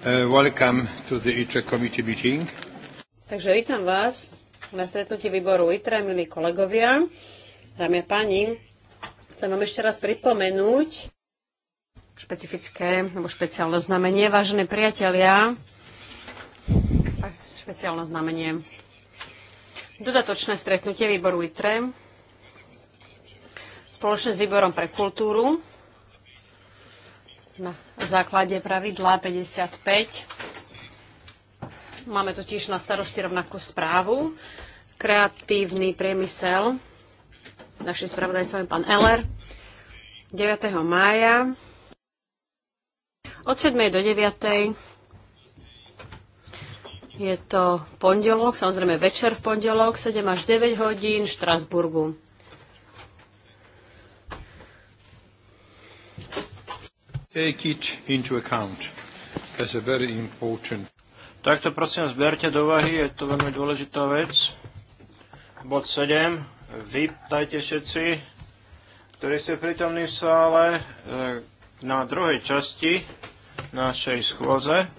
Uh, Takže vítam vás na stretnutí výboru ITRE, milí kolegovia. Dámy a páni, chcem vám ešte raz pripomenúť špecifické alebo špeciálne znamenie. Vážení priatelia, špeciálne znamenie. Dodatočné stretnutie výboru ITRE spoločne s výborom pre kultúru na základe pravidla 55. Máme totiž na starosti rovnakú správu. Kreatívny priemysel. Našim spravodajcom je pán Eller. 9. mája od 7. do 9. Je to pondelok, samozrejme večer v pondelok, 7 až 9 hodín v Štrasburgu. Take it into account a very important. Takto prosím, zberte do vahy, je to veľmi dôležitá vec. Bod 7. Vyptajte všetci, ktorí ste prítomní v sále e, na druhej časti našej schôze.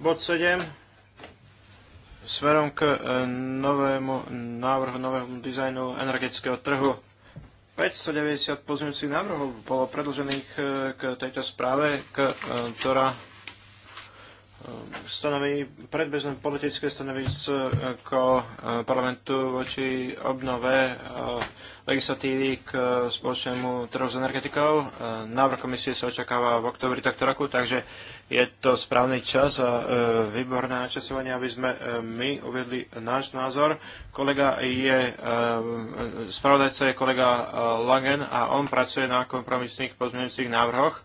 Bod 7 smerom k e, novému návrhu, novému dizajnu energetického trhu. 590 pozmeňujúcich návrhov bolo predložených eh, k tejto správe, eh, ktorá stanoví predbežné politické stanovisko eh, parlamentu voči obnove eh, legislatívy k eh, spoločnému trhu s energetikou. Návrh komisie sa očakáva v oktobri tohto roku, takže je to správny čas a výborné načasovanie, aby sme my uvedli náš názor. Kolega je, spravodajca je kolega Langen a on pracuje na kompromisných pozmeňujúcich návrhoch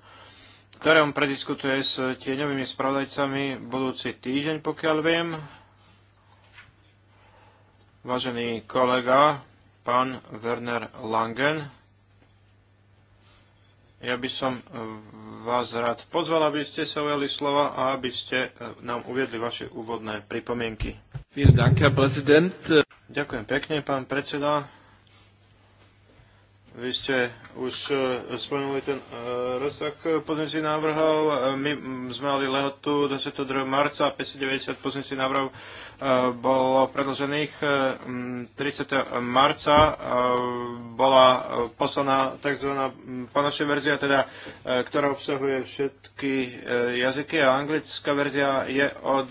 ktorom prediskutuje s tieňovými spravodajcami budúci týždeň, pokiaľ viem. Vážený kolega, pán Werner Langen, ja by som vás rád pozval, aby ste sa ujali slova a aby ste nám uviedli vaše úvodné pripomienky. Ďakujem pekne, pán predseda. Vy ste už e, spomenuli ten e, rozsah pozmeňujúcich návrhov. E, my sme mali lehotu 22. marca 590 pozmeňujúcich návrhov E, bolo predložených 30. E, marca e, bola poslaná tzv. panaše verzia, teda, ktorá obsahuje všetky jazyky a anglická verzia je od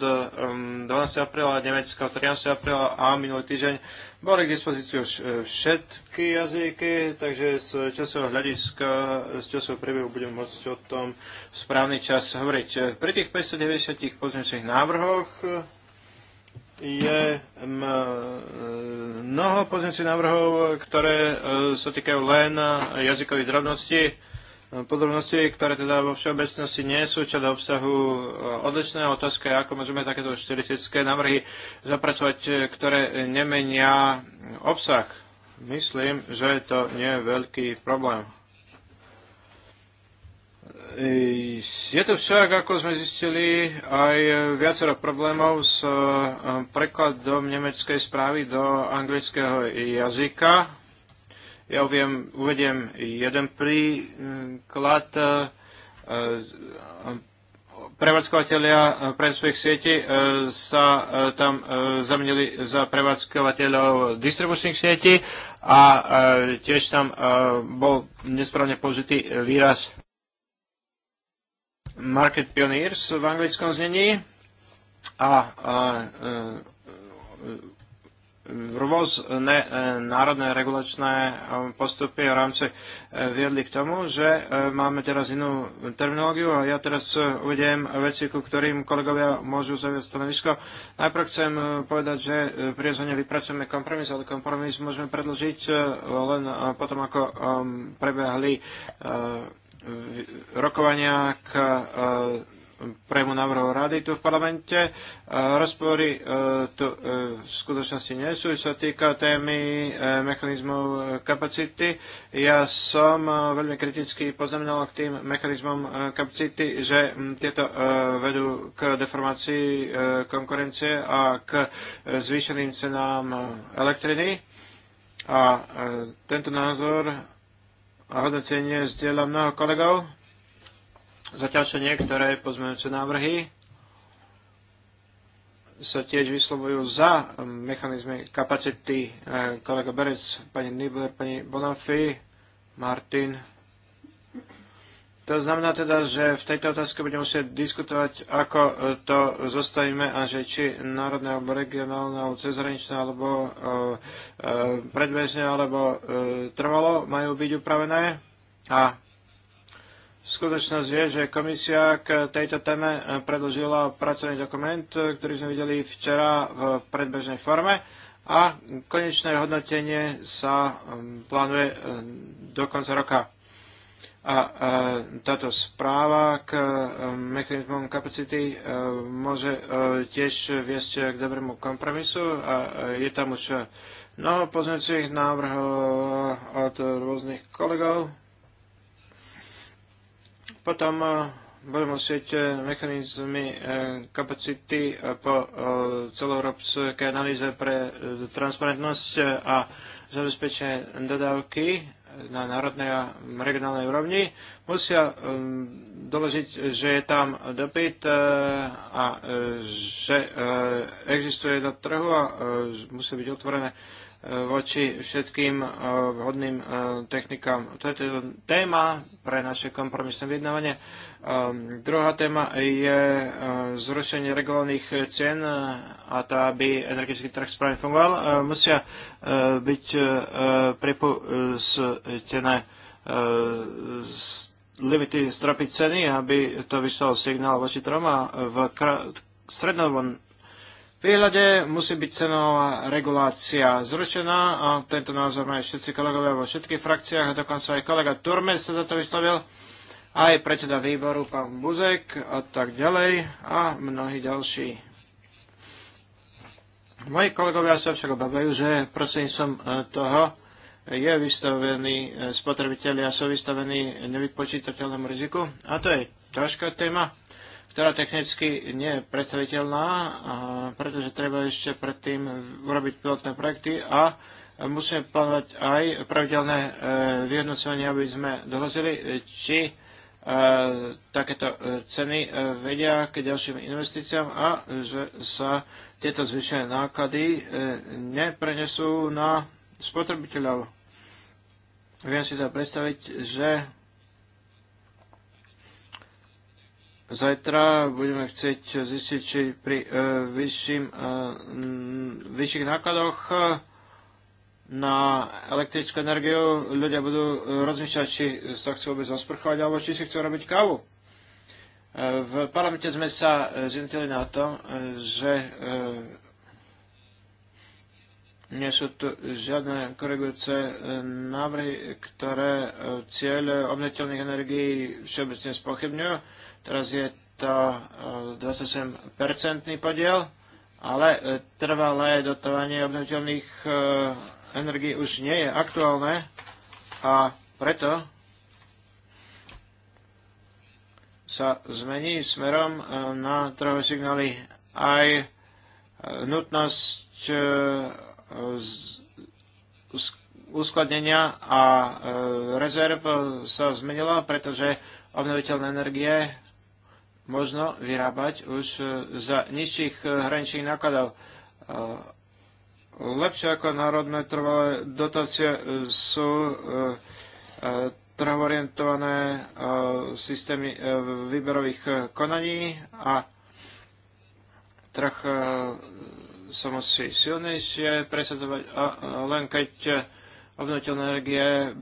12. apríla, nemecká 13. apríla a minulý týždeň boli k dispozícii už všetky jazyky, takže z časového hľadiska, z časového priebehu budem môcť o tom správny čas hovoriť. Pri tých 590 pozmeňujúcich návrhoch je mm, mnoho pozícií návrhov, ktoré e, sa týkajú len jazykových drobností, e, podrobnosti, ktoré teda vo všeobecnosti nie sú čo do obsahu e, odlišné. Otázka ako môžeme takéto štyristické návrhy zapracovať, ktoré nemenia obsah. Myslím, že to nie je veľký problém. Je to však, ako sme zistili, aj viacero problémov s eh, prekladom nemeckej správy do anglického jazyka. Ja uviem, uvediem jeden príklad. Eh, eh, prevádzkovateľia pre svojich sietí sa tam zamenili za prevádzkovateľov distribučných sietí a tiež tam bol nesprávne použitý výraz Market Pioneers v anglickom znení a, a e, e, rôzne e, národné regulačné postupy a rámce viedli k tomu, že máme teraz inú terminológiu a ja teraz uvediem veci, ku ktorým kolegovia môžu zaviať stanovisko. Najprv chcem povedať, že prirodzene vypracujeme kompromis, ale kompromis môžeme predlžiť len potom, ako prebehli rokovania k e, prejmu návrhov rady tu v parlamente. E, rozpory e, tu v skutočnosti nie sú, čo týka témy mechanizmov kapacity. Ja som veľmi kriticky poznamenal k tým mechanizmom kapacity, že tieto vedú k deformácii konkurencie a k zvýšeným cenám elektriny. A tento názor hodnotenie zdieľa mnoho kolegov. Zatiaľ, čo niektoré pozmeňujúce návrhy sa tiež vyslovujú za mechanizmy kapacity eh, kolega Berec, pani Nibler, pani Bonafi, Martin, to znamená teda, že v tejto otázke budeme musieť diskutovať, ako e, to zostavíme a že či národné alebo regionálne alebo cezhraničné alebo e, e, predbežne alebo trvalo majú byť upravené. A skutočnosť je, že komisia k tejto téme predložila pracovný dokument, ktorý sme videli včera v predbežnej forme a konečné hodnotenie sa plánuje do konca roka. A, a táto správa k e, mechanizmom kapacity e, môže e, tiež viesť k dobrému kompromisu a je tam už mnoho pozmeňujúcich návrhov od rôznych kolegov. Potom budeme musieť mechanizmy kapacity po celoeurópskej analýze pre transparentnosť a zabezpečenie dodávky na národnej a regionálnej úrovni, musia um, doložiť, že je tam dopyt uh, a uh, že uh, existuje na trhu a musí byť otvorené voči všetkým vhodným technikám. To je teda téma pre naše kompromisné vyjednávanie. Ehm, druhá téma je eh, zrušenie regulovaných eh, cien eh, a to, aby energetický trh správne fungoval, musia byť pripustené limity stropy ceny, aby to vyšlo signál voči troma. v strednom výhľade musí byť cenová regulácia zrušená a tento názor majú všetci kolegovia vo všetkých frakciách a dokonca aj kolega Turmes sa za to vyslovil aj predseda výboru pán Buzek a tak ďalej a mnohí ďalší. Moji kolegovia sa však obávajú, že prosím som e, toho je vystavený e, spotrebitelia sú vystavení nevypočítateľnému riziku a to je ťažká téma, ktorá technicky nie je predstaviteľná, pretože treba ešte predtým urobiť pilotné projekty a musíme plánovať aj pravidelné e, vyhodnocovanie, aby sme dohozili, či takéto e, ceny e, vedia k ďalším investíciám a že sa tieto zvyšené náklady e, neprenesú na spotrebiteľov. Viem si to predstaviť, že Zajtra budeme chcieť zistiť, či pri vyšších nákladoch na elektrickú energiu, ľudia budú e, rozmýšľať, či sa chcú vôbec osprchovať, alebo či si chcú robiť kávu. E, v parlamente sme sa e, zjednotili na tom, že nie sú tu žiadne korigujúce návrhy, ktoré cieľ obnoviteľných energií všeobecne spochybňujú. Teraz je to 27-percentný podiel, ale trvalé dotovanie obnoviteľných energii už nie je aktuálne a preto sa zmení smerom e, na trhové signály aj e, nutnosť e, uskladnenia a rezerv sa zmenila, pretože obnoviteľné energie možno vyrábať už za nižších hraničných nákladov lepšie ako národné trvalé dotácie sú e, e, trhovorientované e, systémy výberových konaní a trh sa musí silnejšie presadzovať a len keď obnoviteľné energie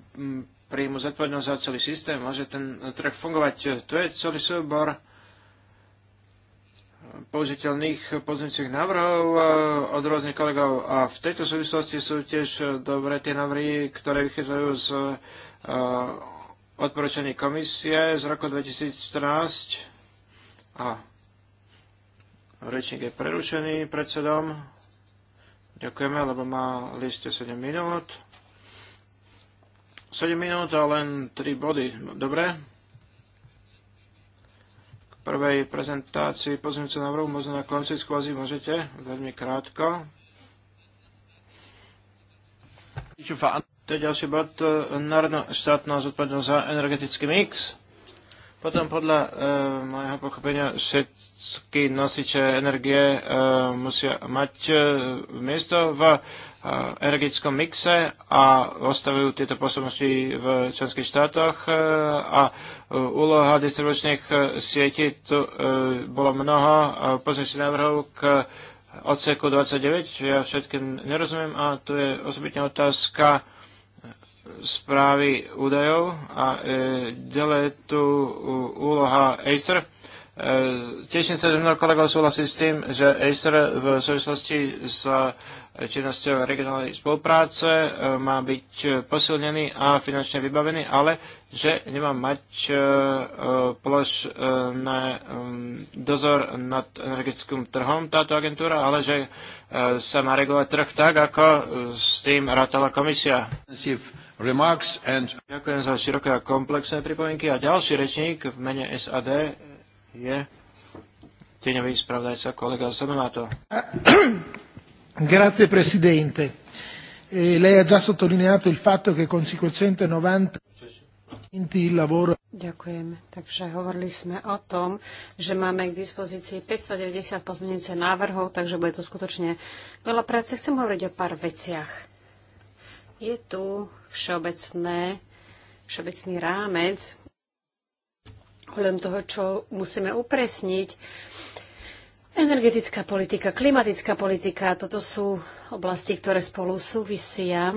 príjmu zodpovednosť za celý systém, môže ten trh fungovať. To je celý súbor použiteľných pozmeňujúcich návrhov e, od rôznych kolegov. A v tejto súvislosti sú tiež dobré tie návrhy, ktoré vychádzajú z e, odporúčaní komisie z roku 2014. A rečník je prerušený predsedom. Ďakujeme, lebo má liste 7 minút. 7 minút a len 3 body. Dobre prvej prezentácii na vrhu, možno na konci skôzy môžete, veľmi krátko. To je ďalší bod, národná štátna zodpovednosť za energetický mix. Potom podľa e, môjho pochopenia všetky nosiče energie e, musia mať e, miesto v Eh, energetickom mixe a ostavujú tieto pôsobnosti v členských štátoch eh, a eh, úloha distribučných sietí tu bolo mnoho si návrhov k odseku 29, ja všetkým nerozumiem a tu je osobitne otázka správy údajov a ďalej je tu úloha Acer E, teším sa, že mnoho kolegov súhlasí s tým, že Acer v súvislosti s činnosťou regionálnej spolupráce e, má byť posilnený a finančne vybavený, ale že nemá mať e, polož na dozor nad energetickým trhom táto agentúra, ale že sa má regulovať trh tak, ako s tým rátala komisia. Ďakujem za široké a komplexné pripomienky a ďalší rečník v mene SAD je tieňový spravodajca kolega Zanonato. Grazie Presidente. E lei ha già sottolineato il fatto che con 590 e il lavoro... Ďakujem. Takže hovorili sme o tom, že máme k dispozícii 590 pozmeňujúcich návrhov, takže bude to skutočne veľa práce. Chcem hovoriť o pár veciach. Je tu všeobecné, všeobecný rámec, len toho, čo musíme upresniť. Energetická politika, klimatická politika, toto sú oblasti, ktoré spolu súvisia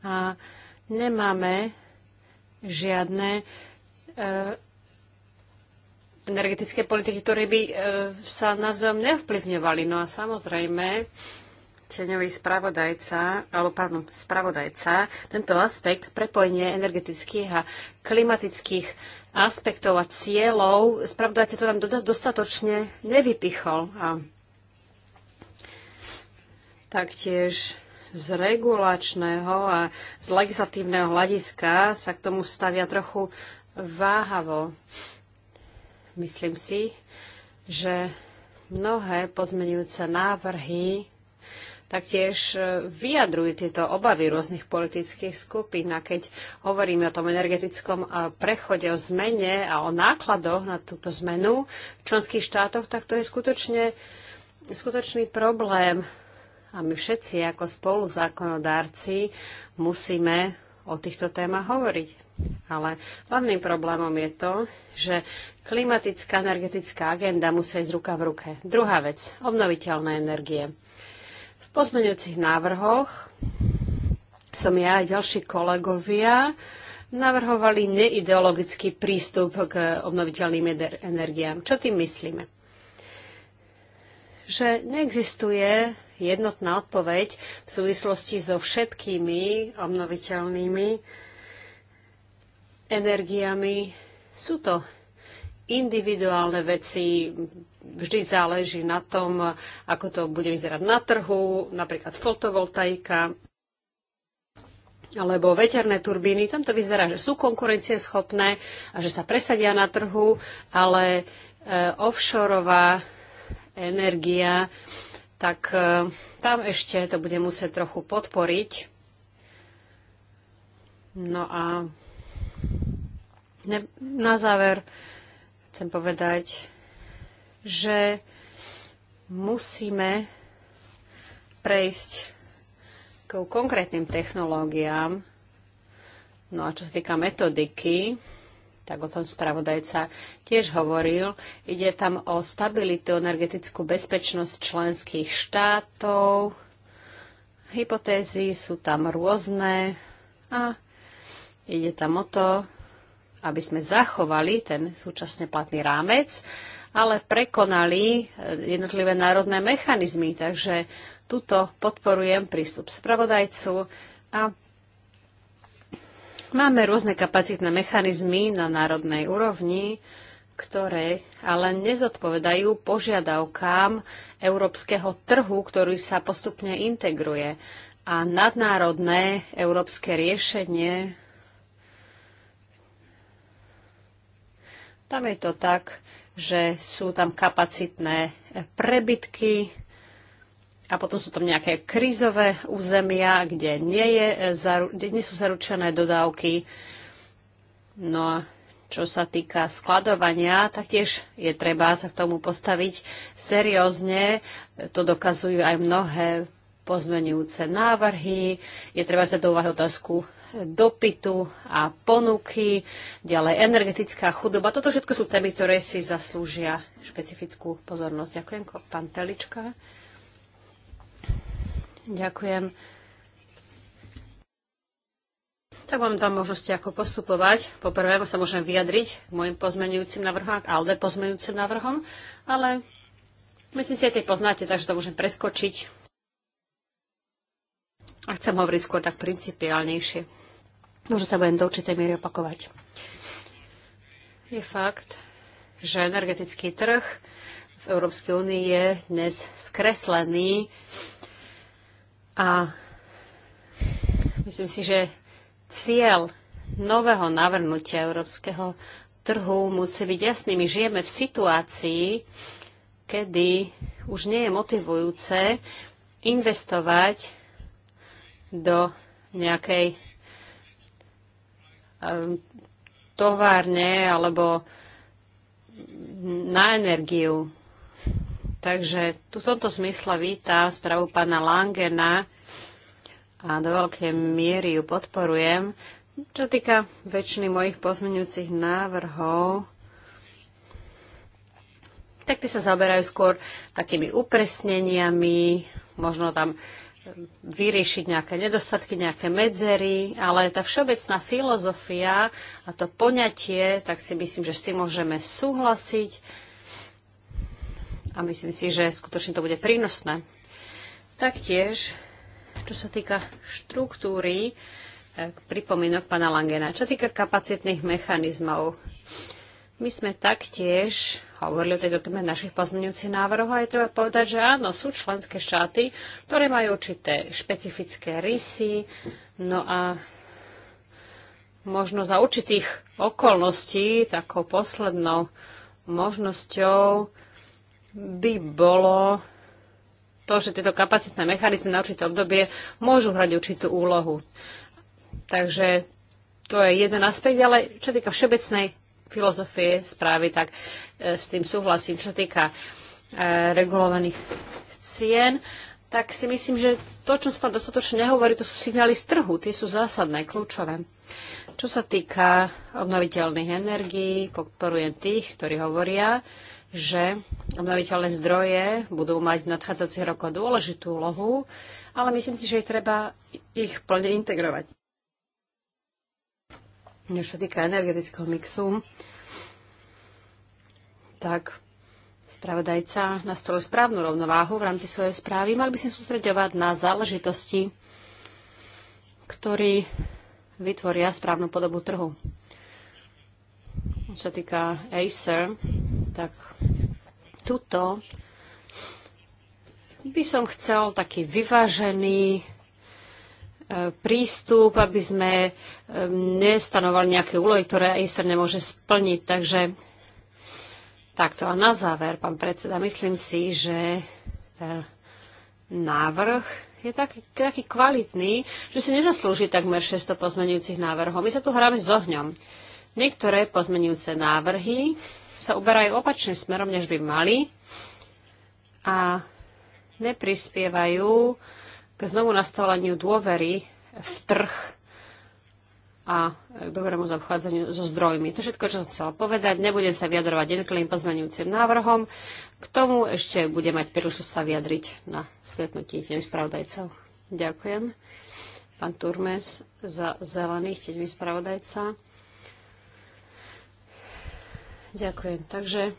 a nemáme žiadne e, energetické politiky, ktoré by e, sa navzájom neovplyvňovali. No a samozrejme, tieňový spravodajca, alebo pardon, spravodajca, tento aspekt prepojenie energetických a klimatických aspektov a cieľov, spravodajca to nám dostatočne nevypichol. A taktiež z regulačného a z legislatívneho hľadiska sa k tomu stavia trochu váhavo. Myslím si, že mnohé pozmenujúce návrhy taktiež e, vyjadrujú tieto obavy rôznych politických skupín. A keď hovoríme o tom energetickom e, prechode, o zmene a o nákladoch na túto zmenu v členských štátoch, tak to je skutočne skutočný problém. A my všetci ako spoluzákonodárci musíme o týchto témach hovoriť. Ale hlavným problémom je to, že klimatická energetická agenda musí ísť ruka v ruke. Druhá vec, obnoviteľné energie pozmeňujúcich návrhoch som ja a ďalší kolegovia navrhovali neideologický prístup k obnoviteľným energiám. Čo tým myslíme? Že neexistuje jednotná odpoveď v súvislosti so všetkými obnoviteľnými energiami. Sú to individuálne veci, vždy záleží na tom, ako to bude vyzerať na trhu, napríklad fotovoltaika alebo veterné turbíny. Tam to vyzerá, že sú konkurencieschopné a že sa presadia na trhu, ale e, offshoreová energia, tak e, tam ešte to bude musieť trochu podporiť. No a ne, na záver chcem povedať, že musíme prejsť k konkrétnym technológiám. No a čo sa týka metodiky, tak o tom spravodajca tiež hovoril. Ide tam o stabilitu, energetickú bezpečnosť členských štátov. Hypotézy sú tam rôzne a ide tam o to, aby sme zachovali ten súčasne platný rámec ale prekonali e, jednotlivé národné mechanizmy. Takže tuto podporujem prístup spravodajcu a máme rôzne kapacitné mechanizmy na národnej úrovni, ktoré ale nezodpovedajú požiadavkám európskeho trhu, ktorý sa postupne integruje. A nadnárodné európske riešenie, tam je to tak, že sú tam kapacitné prebytky a potom sú tam nejaké krízové územia, kde nie, je, e, kde nie sú zaručené dodávky. No a čo sa týka skladovania, taktiež je treba sa k tomu postaviť seriózne. To dokazujú aj mnohé pozmenujúce návrhy. Je treba sa do úvahy otázku dopytu a ponuky, ďalej energetická chudoba. Toto všetko sú témy, ktoré si zaslúžia špecifickú pozornosť. Ďakujem, pán Telička. Ďakujem. Tak mám dva možnosti, ako postupovať. Po prvé sa môžem vyjadriť k môjim pozmenujúcim navrhom, ALDE pozmenujúcim navrhom, ale myslím si, aj tie poznáte, takže to môžem preskočiť. A chcem hovoriť skôr tak principiálnejšie. Možno sa budem do určitej miery opakovať. Je fakt, že energetický trh v Európskej únii je dnes skreslený a myslím si, že cieľ nového navrnutia európskeho trhu musí byť jasný. My žijeme v situácii, kedy už nie je motivujúce investovať do nejakej ehm, továrne alebo na energiu. Takže v tomto zmysle vítam správu pána Langena a do veľkej miery ju podporujem. Čo týka väčšiny mojich pozmeňujúcich návrhov, tak tie sa zaberajú skôr takými upresneniami, možno tam vyriešiť nejaké nedostatky, nejaké medzery, ale tá všeobecná filozofia a to poňatie, tak si myslím, že s tým môžeme súhlasiť a myslím si, že skutočne to bude prínosné. Taktiež, čo sa týka štruktúry, eh, pripomienok pána Langena. Čo týka kapacitných mechanizmov, my sme taktiež hovorili o tejto téme našich pozmeňujúcich návrhov a je treba povedať, že áno, sú členské štáty, ktoré majú určité špecifické rysy, no a možno za určitých okolností, takou poslednou možnosťou by bolo to, že tieto kapacitné mechanizmy na určité obdobie môžu hrať určitú úlohu. Takže to je jeden aspekt, ale čo týka všeobecnej filozofie správy, tak e, s tým súhlasím. Čo týka e, regulovaných cien, tak si myslím, že to, čo sa tam dostatočne nehovorí, to sú signály z trhu. Tie sú zásadné, kľúčové. Čo sa týka obnoviteľných energií, podporujem tých, ktorí hovoria, že obnoviteľné zdroje budú mať v nadchádzajúcich rokoch dôležitú úlohu, ale myslím si, že ich treba ich plne integrovať čo sa týka energetického mixu, tak spravodajca nastrojil správnu rovnováhu v rámci svojej správy. Mal by si sústredovať na záležitosti, ktorí vytvoria správnu podobu trhu. Čo sa týka Acer, tak tuto by som chcel taký vyvážený prístup, aby sme nestanovali nejaké úlohy, ktoré ISR nemôže splniť. Takže takto. A na záver, pán predseda, myslím si, že ten návrh je taký, taký kvalitný, že si nezaslúži takmer 600 pozmenujúcich návrhov. My sa tu hráme s ohňom. Niektoré pozmenujúce návrhy sa uberajú opačným smerom, než by mali a neprispievajú k znovu nastavovaniu dôvery v trh a k dobrému zaobchádzaniu so zdrojmi. To všetko, čo som chcela povedať. Nebudem sa vyjadrovať jednotlivým pozmeňujúcim návrhom. K tomu ešte bude mať príležitosť sa vyjadriť na stretnutí tým spravodajcov. Ďakujem. Pán Turmes za zelených tiež spravodajca. Ďakujem. Takže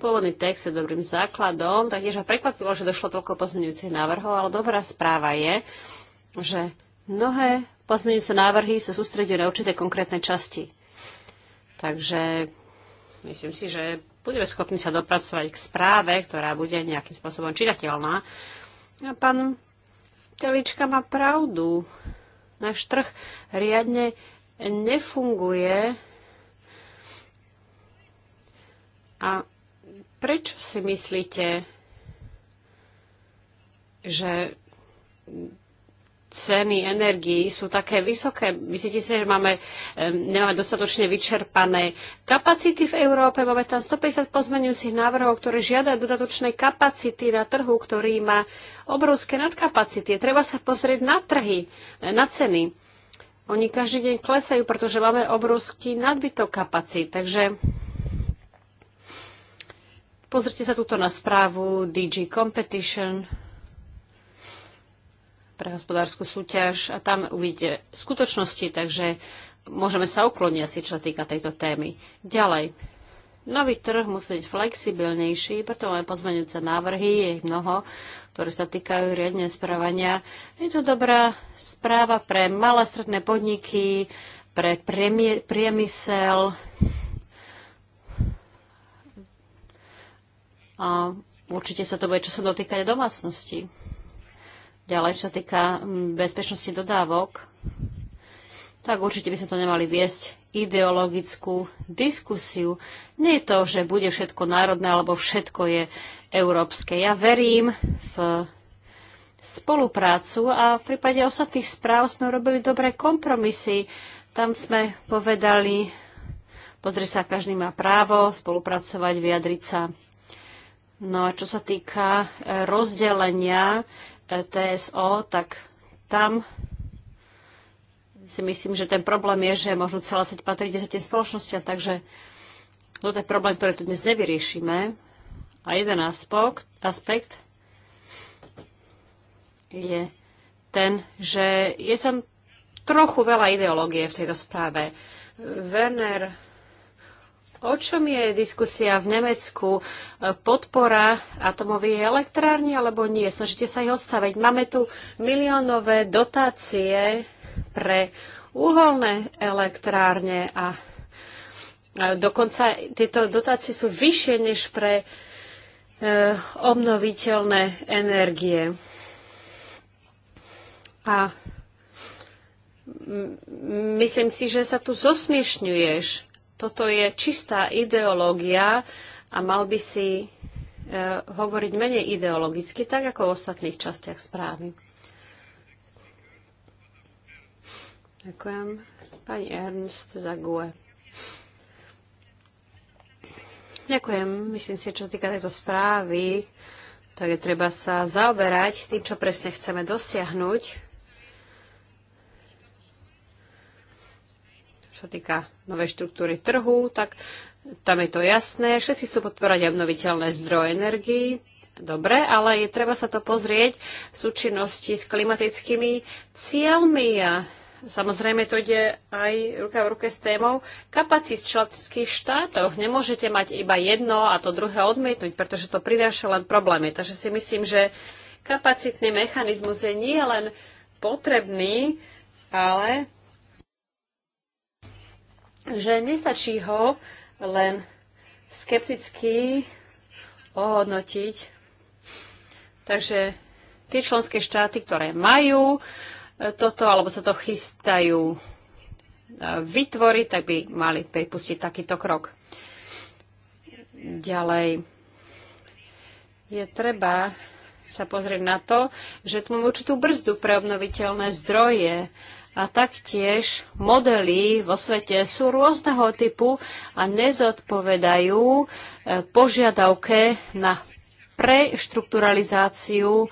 Pôvodný text je dobrým základom, taktiež ma prekvapilo, že došlo toľko pozmeňujúcich návrhov, ale dobrá správa je, že mnohé pozmeňujúce návrhy sa sústredujú na určité konkrétne časti. Takže myslím si, že budeme schopní sa dopracovať k správe, ktorá bude nejakým spôsobom čitateľná. A pán Telička má pravdu. Náš trh riadne nefunguje a Prečo si myslíte, že ceny energií sú také vysoké. Myslíte si, že máme, nemáme dostatočne vyčerpané kapacity v Európe? Máme tam 150 pozmenujúcich návrhov, ktoré žiadajú dodatočné kapacity na trhu, ktorý má obrovské nadkapacity. Treba sa pozrieť na trhy, na ceny. Oni každý deň klesajú, pretože máme obrovský nadbytok kapacít. Takže Pozrite sa tuto na správu DG Competition pre hospodárskú súťaž a tam uvidíte skutočnosti, takže môžeme sa ukloniať, čo týka tejto témy. Ďalej, nový trh musí byť flexibilnejší, preto máme pozmeňujúce návrhy, je ich mnoho, ktoré sa týkajú riadne správania. Je to dobrá správa pre malé stredné podniky, pre priemysel, A určite sa to bude čo sa dotýkať domácnosti. Ďalej, čo sa týka mm, bezpečnosti dodávok, tak určite by sme to nemali viesť ideologickú diskusiu. Nie je to, že bude všetko národné alebo všetko je európske. Ja verím v spoluprácu a v prípade ostatných správ sme urobili dobré kompromisy. Tam sme povedali, pozri sa, každý má právo spolupracovať, vyjadriť sa No a čo sa týka e, rozdelenia e, TSO, tak tam si myslím, že ten problém je, že možno celá sať patrí 10 spoločnosti, takže to je problém, ktorý tu dnes nevyriešime. A jeden aspekt, aspekt je ten, že je tam trochu veľa ideológie v tejto správe. Werner O čom je diskusia v Nemecku? E, podpora atomových elektrární alebo nie? Snažíte sa ich odstaviť. Máme tu miliónové dotácie pre uholné elektrárne a dokonca tieto dotácie sú vyššie než pre e, obnoviteľné energie. A myslím si, že sa tu zosmiešňuješ toto je čistá ideológia a mal by si e, hovoriť menej ideologicky, tak ako v ostatných častiach správy. Ďakujem. Pani Ernst Zague. Ďakujem. Myslím si, čo týka tejto správy, tak je treba sa zaoberať tým, čo presne chceme dosiahnuť sa týka novej štruktúry trhu, tak tam je to jasné. Všetci sú podporať obnoviteľné zdroje energii, dobre, ale je treba sa to pozrieť v súčinnosti s klimatickými cieľmi a Samozrejme, to ide aj ruka v ruke s témou kapacít v členských štátoch. Nemôžete mať iba jedno a to druhé odmietnúť, pretože to prináša len problémy. Takže si myslím, že kapacitný mechanizmus je nie len potrebný, ale že nestačí ho len skepticky ohodnotiť. Takže tie členské štáty, ktoré majú e, toto alebo sa to chystajú e, vytvoriť, tak by mali pripustiť takýto krok. Ďalej je treba sa pozrieť na to, že tu určitú brzdu pre obnoviteľné zdroje a taktiež modely vo svete sú rôzneho typu a nezodpovedajú e, požiadavke na preštrukturalizáciu e,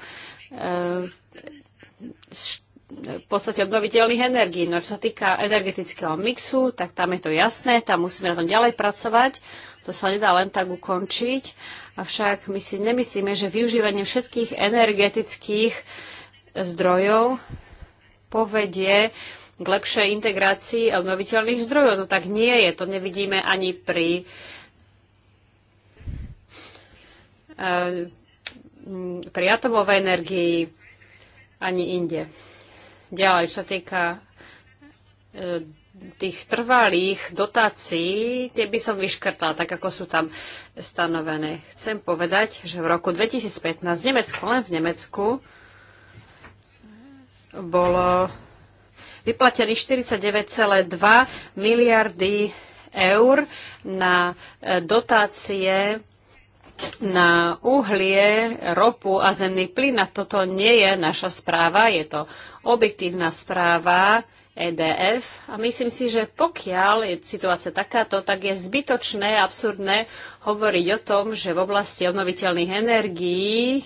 v podstate obnoviteľných energií. No čo sa týka energetického mixu, tak tam je to jasné, tam musíme na tom ďalej pracovať. To sa nedá len tak ukončiť. Avšak my si nemyslíme, že využívanie všetkých energetických zdrojov povedie k lepšej integrácii obnoviteľných zdrojov. To tak nie je, to nevidíme ani pri eh, pri atomovej energii ani inde. Ďalej, čo sa týka eh, tých trvalých dotácií, tie by som vyškrtala, tak ako sú tam stanovené. Chcem povedať, že v roku 2015 Nemecko, len v Nemecku, bolo vyplatených 49,2 miliardy eur na e, dotácie na uhlie, ropu a zemný plyn. A toto nie je naša správa, je to objektívna správa EDF. A myslím si, že pokiaľ je situácia takáto, tak je zbytočné, absurdné hovoriť o tom, že v oblasti obnoviteľných energií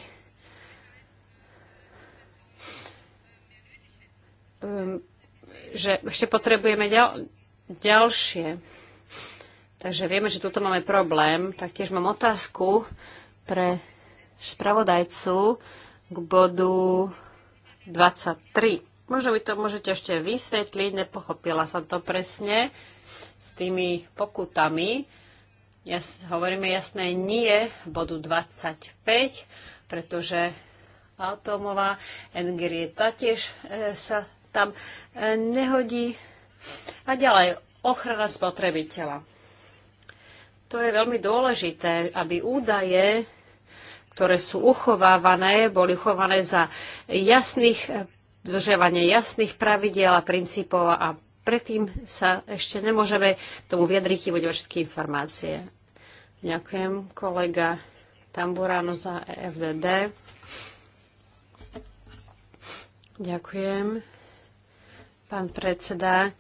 Um, že ešte potrebujeme ďal, ďalšie. Takže vieme, že tuto máme problém. Taktiež mám otázku pre spravodajcu k bodu 23. Možno vy to môžete ešte vysvetliť, nepochopila som to presne s tými pokutami. Ja hovoríme jasné nie bodu 25, pretože atómová energie tiež e, sa tam e, nehodí. A ďalej, ochrana spotrebiteľa. To je veľmi dôležité, aby údaje, ktoré sú uchovávané, boli uchované za jasných, e, dožiavanie jasných pravidiel a princípov a predtým sa ešte nemôžeme tomu vyjadriť, budeme všetky informácie. Ďakujem, kolega Tamburano za e FDD. Ďakujem pán predseda.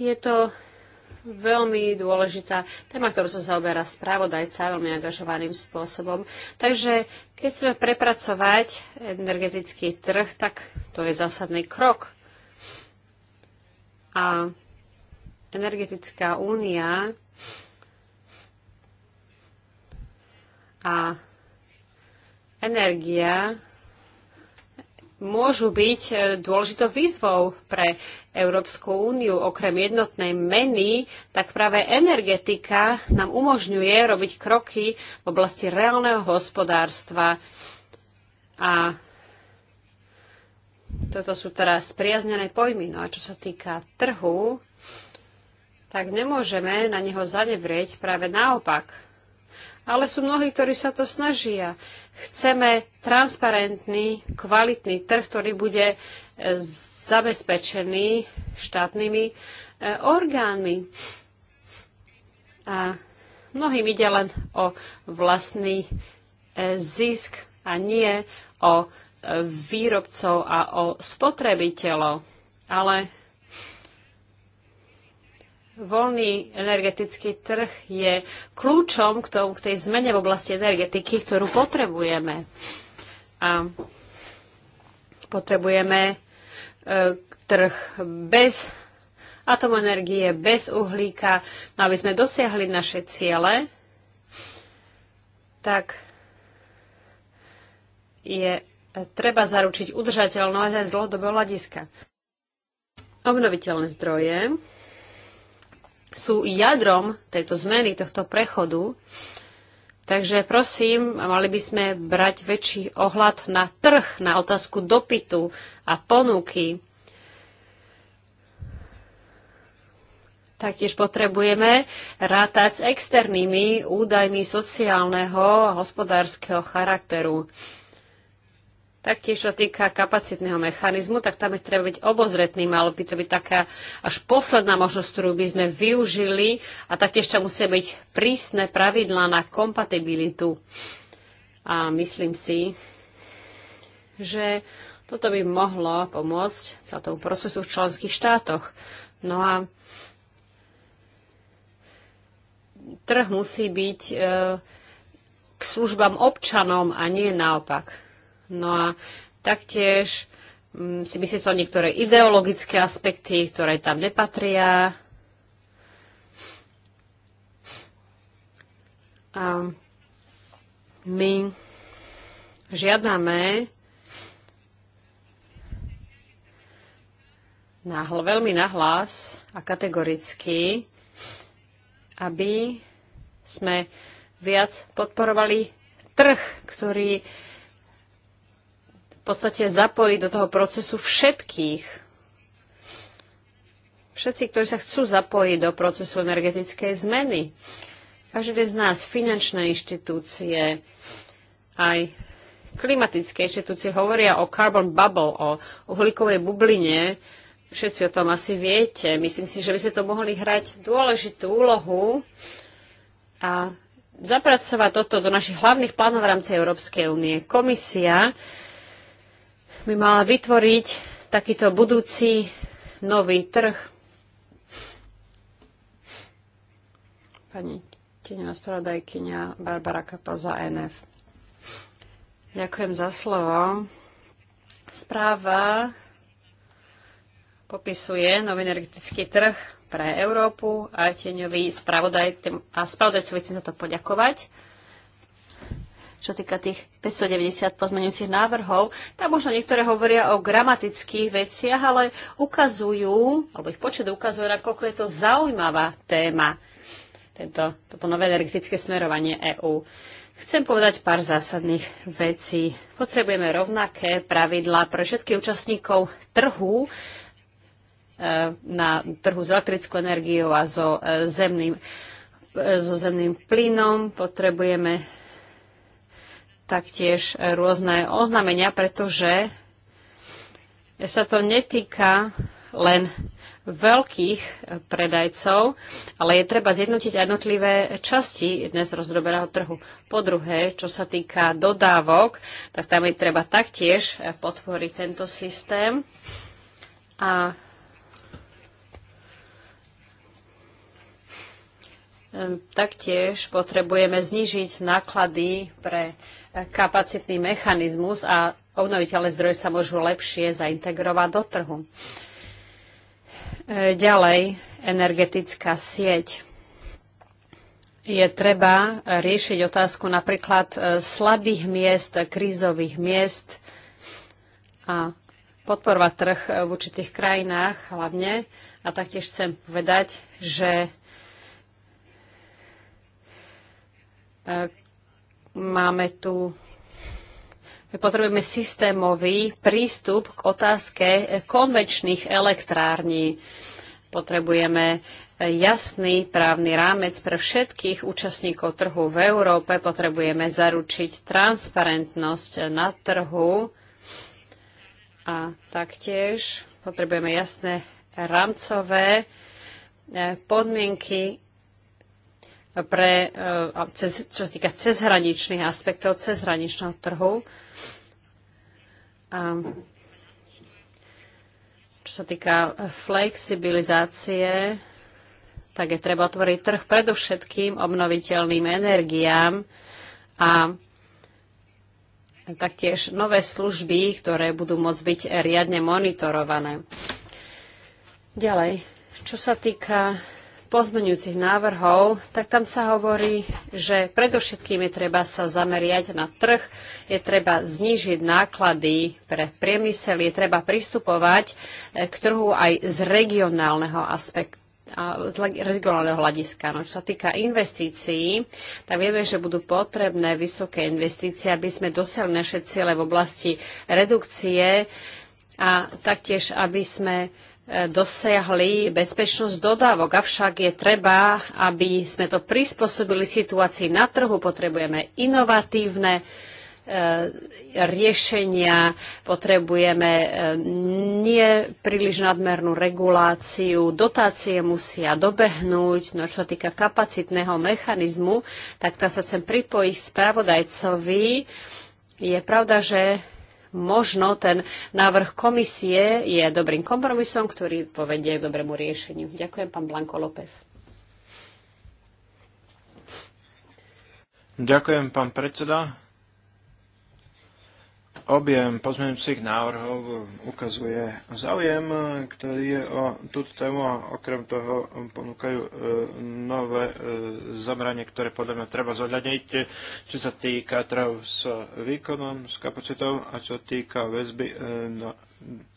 Je to veľmi dôležitá téma, ktorú sa zaoberá správodajca veľmi angažovaným spôsobom. Takže keď chceme prepracovať energetický trh, tak to je zásadný krok. A energetická únia a energia môžu byť e, dôležitou výzvou pre Európsku úniu. Okrem jednotnej meny, tak práve energetika nám umožňuje robiť kroky v oblasti reálneho hospodárstva. A toto sú teraz spriaznené pojmy. No a čo sa týka trhu, tak nemôžeme na neho zanevrieť práve naopak ale sú mnohí, ktorí sa to snažia. Chceme transparentný, kvalitný trh, ktorý bude e, zabezpečený štátnymi e, orgánmi. A mnohým ide len o vlastný e, zisk a nie o výrobcov a o spotrebiteľov. Ale voľný energetický trh je kľúčom k, tomu, k tej zmene v oblasti energetiky, ktorú potrebujeme. A potrebujeme e, trh bez atomenergie, bez uhlíka. No aby sme dosiahli naše ciele, tak je treba zaručiť udržateľnosť aj z dlhodobého hľadiska. Obnoviteľné zdroje sú jadrom tejto zmeny, tohto prechodu. Takže prosím, mali by sme brať väčší ohľad na trh, na otázku dopytu a ponuky. Taktiež potrebujeme rátať s externými údajmi sociálneho a hospodárskeho charakteru. Taktiež, čo týka kapacitného mechanizmu, tak tam je treba byť obozretný, malo by to byť taká až posledná možnosť, ktorú by sme využili a taktiež tam musia byť prísne pravidlá na kompatibilitu. A myslím si, že toto by mohlo pomôcť sa tomu procesu v členských štátoch. No a trh musí byť e, k službám občanom a nie naopak. No a taktiež mm, si to niektoré ideologické aspekty, ktoré tam nepatria. A my žiadame nahl, veľmi nahlas a kategoricky, aby sme viac podporovali trh, ktorý podstate zapojiť do toho procesu všetkých. Všetci, ktorí sa chcú zapojiť do procesu energetickej zmeny. Každý z nás, finančné inštitúcie, aj klimatické inštitúcie hovoria o carbon bubble, o uhlíkovej bubline. Všetci o tom asi viete. Myslím si, že by sme to mohli hrať dôležitú úlohu a zapracovať toto do našich hlavných plánov v rámci Európskej únie. Komisia by mala vytvoriť takýto budúci nový trh. Pani tieňová spravodajkynia Barbara Kapa za e NF. Ďakujem za slovo. Správa popisuje nový energetický trh pre Európu a tieňový spravodaj a spravodajcovi chcem za to poďakovať čo týka tých 590 pozmeňujúcich návrhov. Tam možno niektoré hovoria o gramatických veciach, ale ukazujú, alebo ich počet ukazuje, koľko je to zaujímavá téma, tento, toto nové energetické smerovanie EÚ. Chcem povedať pár zásadných vecí. Potrebujeme rovnaké pravidlá pre všetkých účastníkov trhu, e, na trhu s elektrickou energiou a so e, zemným, e, so zemným plynom. Potrebujeme taktiež rôzne oznámenia, pretože sa to netýka len veľkých predajcov, ale je treba zjednotiť jednotlivé časti dnes rozdrobeného trhu. Po druhé, čo sa týka dodávok, tak tam je treba taktiež podporiť tento systém. A Ehm, taktiež potrebujeme znižiť náklady pre e, kapacitný mechanizmus a obnoviteľné zdroje sa môžu lepšie zaintegrovať do trhu. E, ďalej, energetická sieť. Je treba riešiť otázku napríklad e, slabých miest, krízových miest a podporovať trh v určitých krajinách hlavne. A taktiež chcem povedať, že Máme tu my potrebujeme systémový prístup k otázke konvenčných elektrární. Potrebujeme jasný právny rámec pre všetkých účastníkov trhu v Európe. Potrebujeme zaručiť transparentnosť na trhu a taktiež potrebujeme jasné rámcové podmienky pre, e, cez, čo sa týka cezhraničných aspektov, cezhraničného trhu. A čo sa týka flexibilizácie, tak je treba otvoriť trh predovšetkým obnoviteľným energiám a taktiež nové služby, ktoré budú môcť byť riadne monitorované. Ďalej, čo sa týka pozmeňujúcich návrhov, tak tam sa hovorí, že predovšetkým je treba sa zameriať na trh, je treba znížiť náklady pre priemysel, je treba pristupovať eh, k trhu aj z regionálneho aspektu z regionálneho hľadiska. No, čo sa týka investícií, tak vieme, že budú potrebné vysoké investície, aby sme dosiahli naše ciele v oblasti redukcie a taktiež, aby sme dosiahli bezpečnosť dodávok. Avšak je treba, aby sme to prispôsobili situácii na trhu. Potrebujeme inovatívne e, riešenia, potrebujeme e, nie príliš nadmernú reguláciu, dotácie musia dobehnúť, no čo týka kapacitného mechanizmu, tak tá sa chcem pripojiť spravodajcovi. Je pravda, že možno ten návrh komisie je dobrým kompromisom, ktorý povedie k dobrému riešeniu. Ďakujem, pán Blanko López. Ďakujem, pán predseda objem pozmeňujúcich návrhov ukazuje záujem, ktorý je o túto tému a okrem toho ponúkajú e, nové e, zameranie, ktoré podľa mňa treba zohľadniť, e, čo sa týka trhov s výkonom, s kapacitou a čo týka väzby na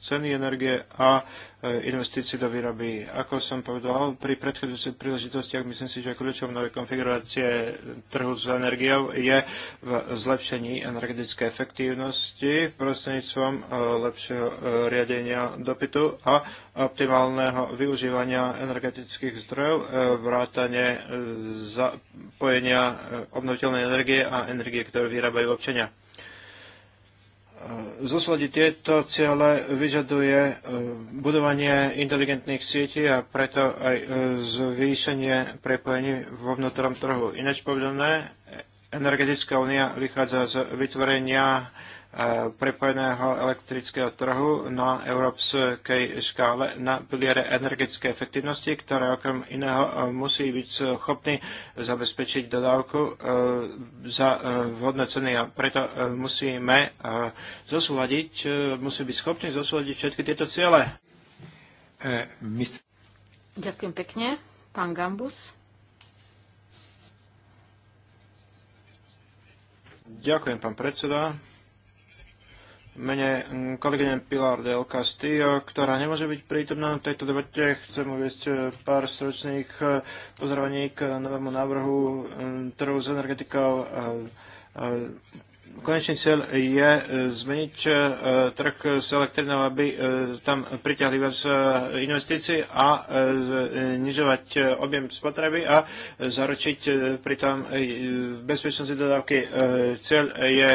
ceny energie a e, investícií do výroby. Ako som povedal, pri predchádzajúcich príležitostiach myslím si, že kľúčom nové konfigurácie trhu s energiou je v zlepšení energetickej efektívnosti prostredníctvom e, lepšieho e, riadenia dopytu a optimálneho využívania energetických zdrojov, vrátane zapojenia obnoviteľnej energie a energie, ktoré vyrábajú občania. Eh, Zosladiť tieto ciele vyžaduje eh, budovanie inteligentných sietí a preto aj eh, zvýšenie prepojení vo vnútornom trhu. Ináč povedané, energetická únia vychádza z vytvorenia E, prepojeného elektrického trhu na európskej škále na piliere energetickej efektivnosti, ktoré okrem iného e, musí byť schopný zabezpečiť dodávku e, za vhodné ceny a preto musíme zosúľadiť, musí byť schopný zosúľadiť všetky tieto ciele. Ďakujem pekne. Pán Gambus. Ďakujem, pán predseda mene mm, kolegyne Pilar del Castillo, ktorá nemôže byť prítomná na tejto debate. Chcem uviesť e, pár stručných e, pozdravení k novému návrhu mm, trhu s energetikou e, konečný cieľ je e, zmeniť e, trh s elektrinou, aby e, tam priťahli viac investícií a znižovať objem spotreby a zaručiť pritom bezpečnosti dodávky. Cieľ je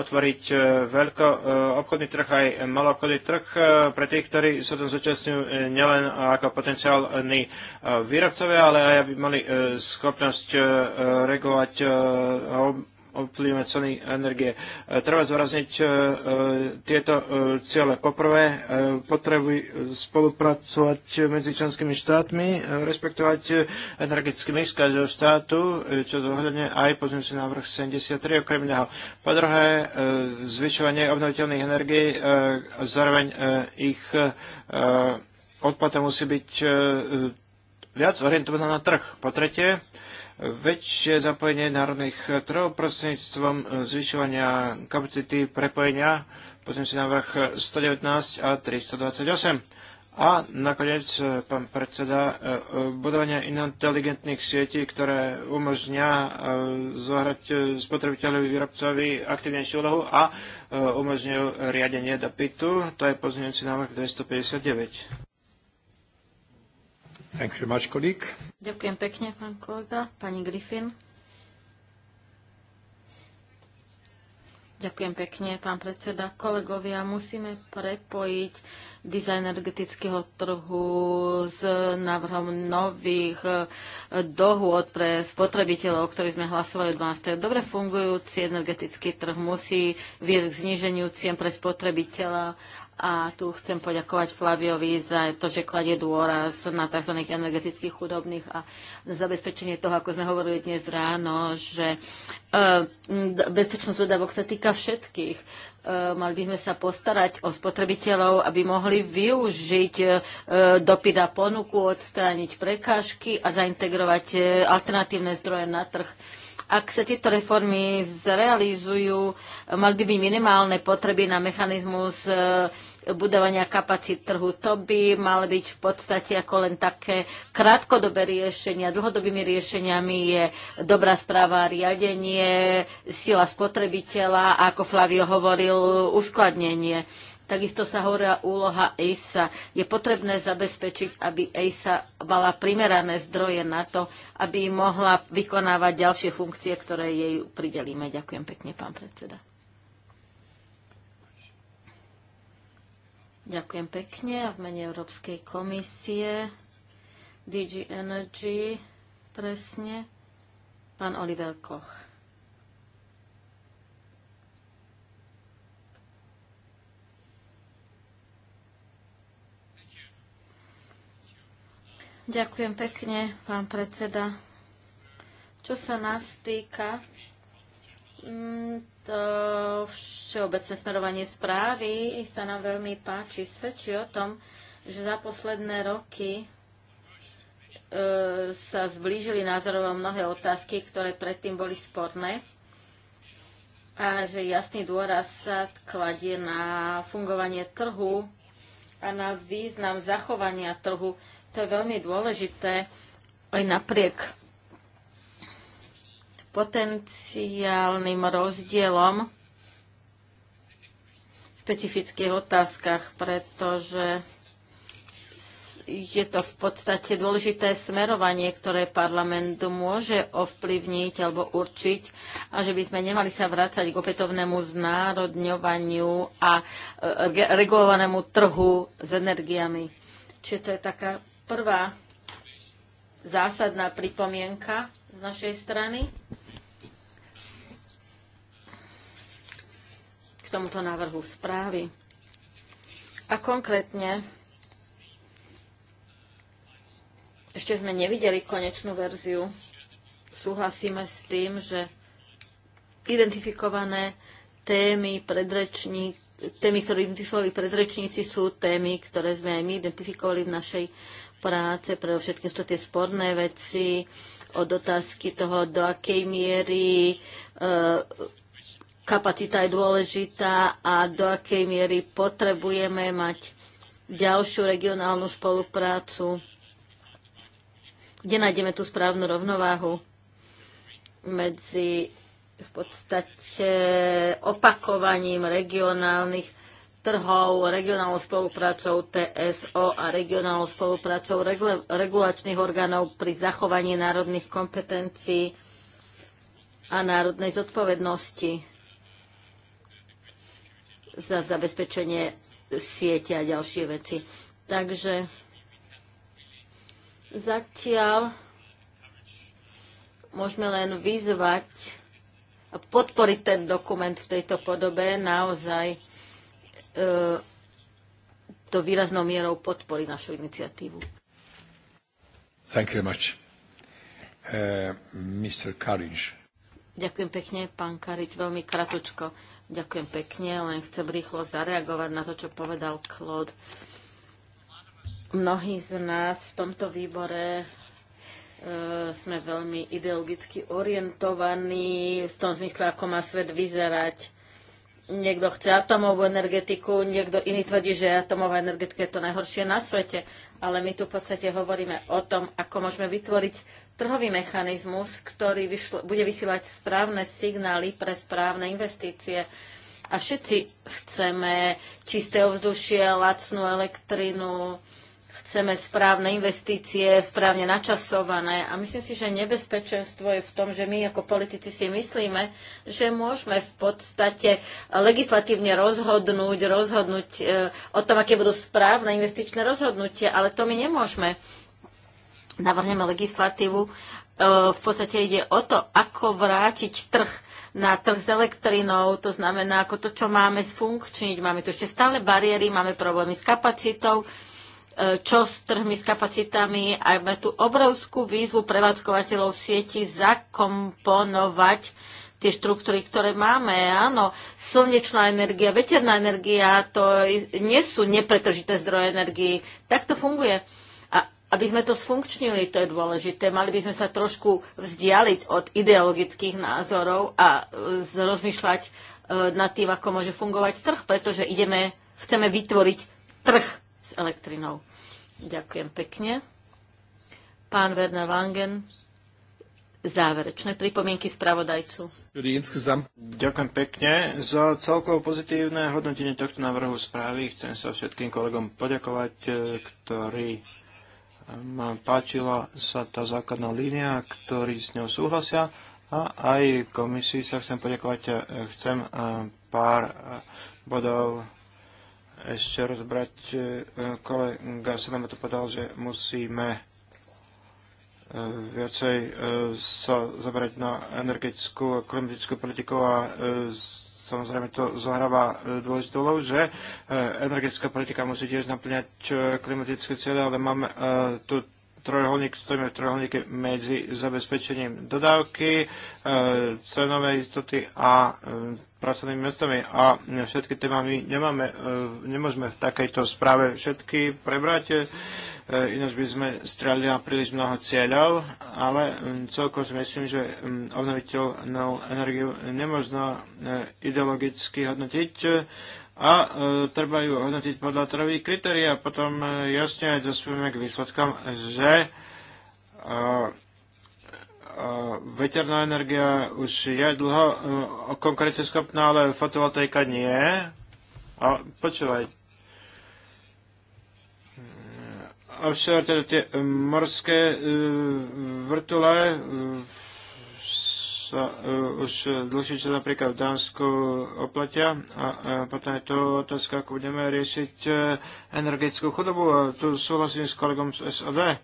otvoriť veľko obchodný trh aj maloobchodný trh pre tých, ktorí sa tam zúčastňujú nielen ako potenciálni výrobcovia, ale aj aby mali schopnosť regulovať vplyve ceny energie. E, treba zvrazniť e, e, tieto ciele. Poprvé, potrebujú spolupracovať medzi členskými štátmi, respektovať energetický mix každého štátu, čo zohľadne aj pozmeňujúci návrh 73 okrem neho. Po druhé, zvyšovanie obnoviteľných energií a zároveň ich odplata musí byť viac orientovaná na trh. Po tretie, väčšie zapojenie národných trhov prostredníctvom zvyšovania kapacity prepojenia, potom si návrh 119 a 328. A nakoniec, eh, pán predseda, eh, budovania inteligentných sietí, ktoré umožňa eh, zohrať spotrebiteľovi výrobcovi aktivnejšiu úlohu a umožňujú riadenie dopytu. To je pozmeňujúci návrh 259. Ďakujem pekne, pán kolega. Pani Griffin. Ďakujem pekne, pán predseda. Kolegovia, musíme prepojiť dizajn energetického trhu s návrhom nových eh, dohôd pre spotrebiteľov, ktorí sme hlasovali 12. Dobre fungujúci energetický trh musí viesť k zníženiu cien pre spotrebiteľa a tu chcem poďakovať Flaviovi za to, že kladie dôraz na tzv. energetických chudobných a zabezpečenie toho, ako sme hovorili dnes ráno, že e, bezpečnosť dodávok sa týka všetkých. E, mali by sme sa postarať o spotrebiteľov, aby mohli využiť e, dopyt a ponuku, odstrániť prekážky a zaintegrovať alternatívne zdroje na trh ak sa tieto reformy zrealizujú, mali by byť minimálne potreby na mechanizmus e, budovania kapacít trhu. To by mal byť v podstate ako len také krátkodobé riešenia. Dlhodobými riešeniami je dobrá správa, riadenie, sila spotrebiteľa a ako Flavio hovoril, uskladnenie Takisto sa hovorila úloha ESA. Je potrebné zabezpečiť, aby ESA mala primerané zdroje na to, aby mohla vykonávať ďalšie funkcie, ktoré jej pridelíme. Ďakujem pekne, pán predseda. Ďakujem pekne a v mene Európskej komisie DG Energy presne pán Oliver Koch. Ďakujem pekne, pán predseda. Čo sa nás týka, mm, to všeobecné smerovanie správy sa nám veľmi páči. Svedčí o tom, že za posledné roky e, sa zblížili názorové mnohé otázky, ktoré predtým boli sporné a že jasný dôraz sa kladie na fungovanie trhu a na význam zachovania trhu to je veľmi dôležité aj napriek potenciálnym rozdielom v špecifických otázkach, pretože je to v podstate dôležité smerovanie, ktoré parlament môže ovplyvniť alebo určiť a že by sme nemali sa vrácať k opätovnému znárodňovaniu a e, e, regulovanému trhu s energiami. Čiže to je taká Prvá zásadná pripomienka z našej strany k tomuto návrhu správy. A konkrétne ešte sme nevideli konečnú verziu. Súhlasíme s tým, že identifikované témy predrečník témy, ktoré identifikovali predrečníci, sú témy, ktoré sme aj my identifikovali v našej práce, pre všetky sú to tie sporné veci, od otázky toho, do akej miery e, kapacita je dôležitá a do akej miery potrebujeme mať ďalšiu regionálnu spoluprácu. Kde nájdeme tú správnu rovnováhu medzi v podstate opakovaním regionálnych trhov, regionálnou spoluprácou TSO a regionálnou spoluprácou regulačných orgánov pri zachovaní národných kompetencií a národnej zodpovednosti za zabezpečenie siete a ďalšie veci. Takže zatiaľ môžeme len vyzvať a podporiť ten dokument v tejto podobe. Naozaj to e, výraznou mierou podporí našu iniciatívu. Thank you very much. Uh, e, Mr. Karinš. Ďakujem pekne, pán Karič, veľmi kratočko. Ďakujem pekne, len chcem rýchlo zareagovať na to, čo povedal Claude. Mnohí z nás v tomto výbore e, sme veľmi ideologicky orientovaní v tom zmysle, ako má svet vyzerať niekto chce atomovú energetiku, niekto iný tvrdí, že atomová energetika je to najhoršie na svete. Ale my tu v podstate hovoríme o tom, ako môžeme vytvoriť trhový mechanizmus, ktorý vyšlo, bude vysielať správne signály pre správne investície. A všetci chceme čisté ovzdušie, lacnú elektrinu, chceme správne investície, správne načasované. A myslím si, že nebezpečenstvo je v tom, že my ako politici si myslíme, že môžeme v podstate legislatívne rozhodnúť, rozhodnúť e, o tom, aké budú správne investičné rozhodnutie, ale to my nemôžeme. Navrhneme legislatívu. E, v podstate ide o to, ako vrátiť trh na trh s elektrinou, to znamená, ako to, čo máme sfunkčniť. Máme tu ešte stále bariéry, máme problémy s kapacitou, E, čo s trhmi s kapacitami. A má tú obrovskú výzvu prevádzkovateľov sieti zakomponovať tie štruktúry, ktoré máme. Áno, slnečná energia, veterná energia, to nie sú nepretržité zdroje energii. Tak to funguje. A aby sme to sfunkčnili, to je dôležité. Mali by sme sa trošku vzdialiť od ideologických názorov a e, rozmýšľať e, nad tým, ako môže fungovať trh, pretože ideme, chceme vytvoriť trh s elektrinou. Ďakujem pekne. Pán Werner Langen, záverečné pripomienky spravodajcu. Ďakujem pekne za celkovo pozitívne hodnotenie tohto návrhu správy. Chcem sa všetkým kolegom poďakovať, eh, ktorí eh, páčila sa tá základná línia, ktorí s ňou súhlasia. A aj komisii sa chcem poďakovať. Eh, chcem pár bodov ešte rozbrať. E, kolega nám to povedal, že musíme e, viacej e, sa zabrať na energetickú a klimatickú politiku a samozrejme to zahráva dôležitú úlohu, že energetická politika musí tiež naplňať klimatické cieľe, ale máme tu trojuholník, stojíme v trojuholníke medzi zabezpečením dodávky, e, cenovej istoty a e, pracovnými miestami a všetky témami nemáme, e, nemôžeme v takejto správe všetky prebrať, ináč by sme strelili na príliš mnoho cieľov, ale celkovo si myslím, že obnoviteľnú energiu nemôžno ideologicky hodnotiť a e, treba ju hodnotiť podľa trových kritérií a potom e, jasne aj dospieme k výsledkom, že e, e, veterná energia už je dlho e, schopná, ale fotovoltaika nie. A počúvaj, offshore, teda tie morské e, vrtule e, sa uh, už dlhšie čas napríklad v Dánsku oplatia a a potom je to otázka, ako budeme riešiť uh, energetickú chudobu a tu súhlasím s kolegom z SAD.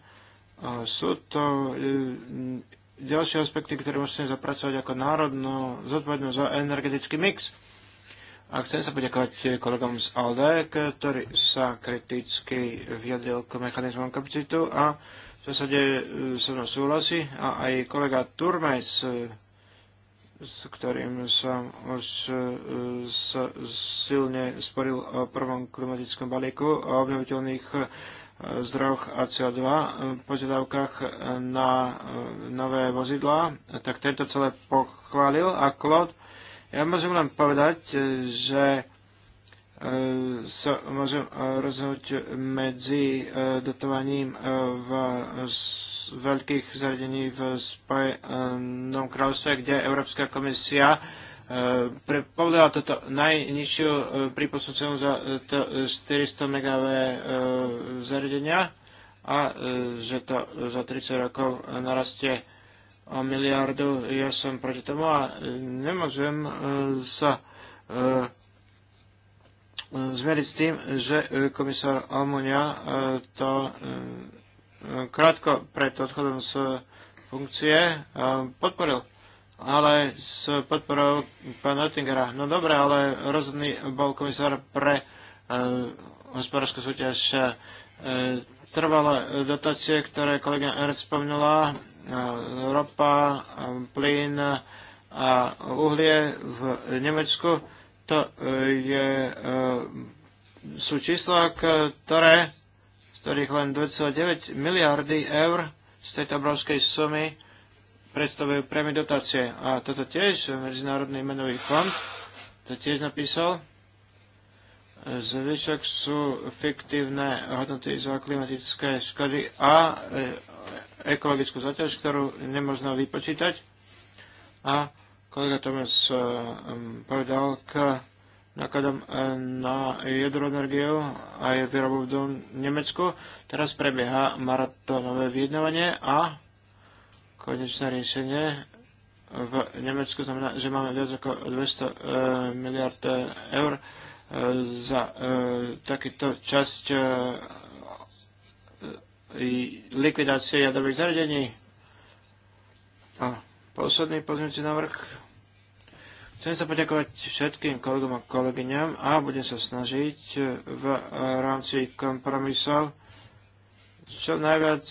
A sú to e, ďalšie aspekty, ktoré musíme zapracovať ako národnú zodpovednosť za energetický mix. A chcem sa poďakovať kolegom z ALDE, ktorý sa kriticky vyjadril k mechanizmom kapacitu a v zásade sa mnou súhlasí a aj kolega Turmes s ktorým som už e, sa silne sporil o prvom klimatickom balíku, o obnoviteľných e, zdrojoch a CO2, e, požiadavkách na nové vozidlá, tak tento celé pochválil a Claude. Ja môžem len povedať, že E, sa môžem e, rozhodnúť medzi e, dotovaním v veľkých zariadení v Spojenom kráľovstve, kde Európska komisia povedala toto najnižšiu prípustnú cenu za 400 MW zariadenia a že to za 30 rokov narastie o miliardu. Ja som proti tomu a nemôžem sa E, zmeriť s tým, že e, komisár Almunia e, to krátko pred odchodom z funkcie podporil ale s podporou pána Oettingera. No dobre, ale rozhodný bol komisár pre hospodárskú súťaž trvalé dotácie, ktoré kolega Ernst spomínala, ropa, plyn a uhlie v Nemecku to eh, je, eh, sú čísla, ktoré, z ktorých len 2,9 miliardy eur z tejto obrovskej sumy predstavujú priame dotácie. A toto tiež Medzinárodný menový fond to tiež napísal. Zvyšok sú fiktívne hodnoty za klimatické škody a eh, ekologickú zaťaž, ktorú nemôžno vypočítať. A kolega Tomas eh, povedal k nákladom eh, na jadroenergiu a je výrobu v Nemecku. Teraz prebieha maratónové vyjednávanie a konečné riešenie v Nemecku znamená, že máme viac ako 200 eh, miliard eur za takýto časť likvidácie jadrových zariadení. A posledný pozmeňujúci návrh Chcem sa poďakovať všetkým kolegom a kolegyňam a budem sa snažiť v rámci kompromisov čo najviac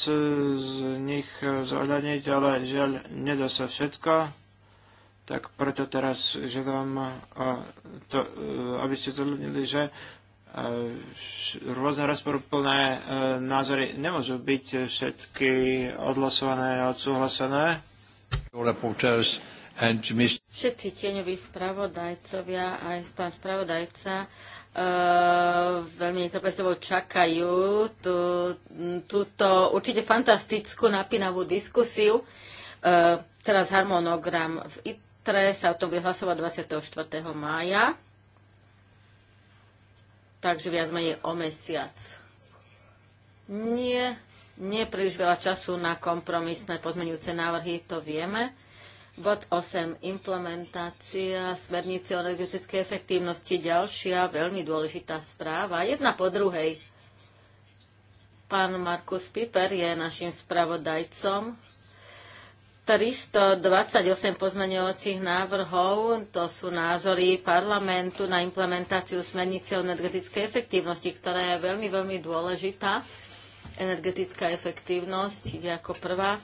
z nich zohľadniť, ale žiaľ, nedá sa všetko. Tak preto teraz žiadam, to, aby ste zohľadnili, že rôzne rozporúplné e, názory nemôžu byť všetky odhlasované a odsúhlasené. Všetci tieňoví spravodajcovia, aj pán spravodajca, Uh, veľmi netrpezlivo čakajú tú, túto určite fantastickú napínavú diskusiu. Uh, teraz harmonogram v ITRE sa o tom bude hlasovať 24. mája, takže viac menej o mesiac. Nie, nie príliš veľa času na kompromisné pozmeňujúce návrhy, to vieme. Bod 8. Implementácia smernice o energetickej efektívnosti. Ďalšia veľmi dôležitá správa. Jedna po druhej. Pán Markus Piper je našim spravodajcom. 328 pozmeňovacích návrhov, to sú názory parlamentu na implementáciu smernice o energetickej efektívnosti, ktorá je veľmi, veľmi dôležitá. Energetická efektívnosť ide ako prvá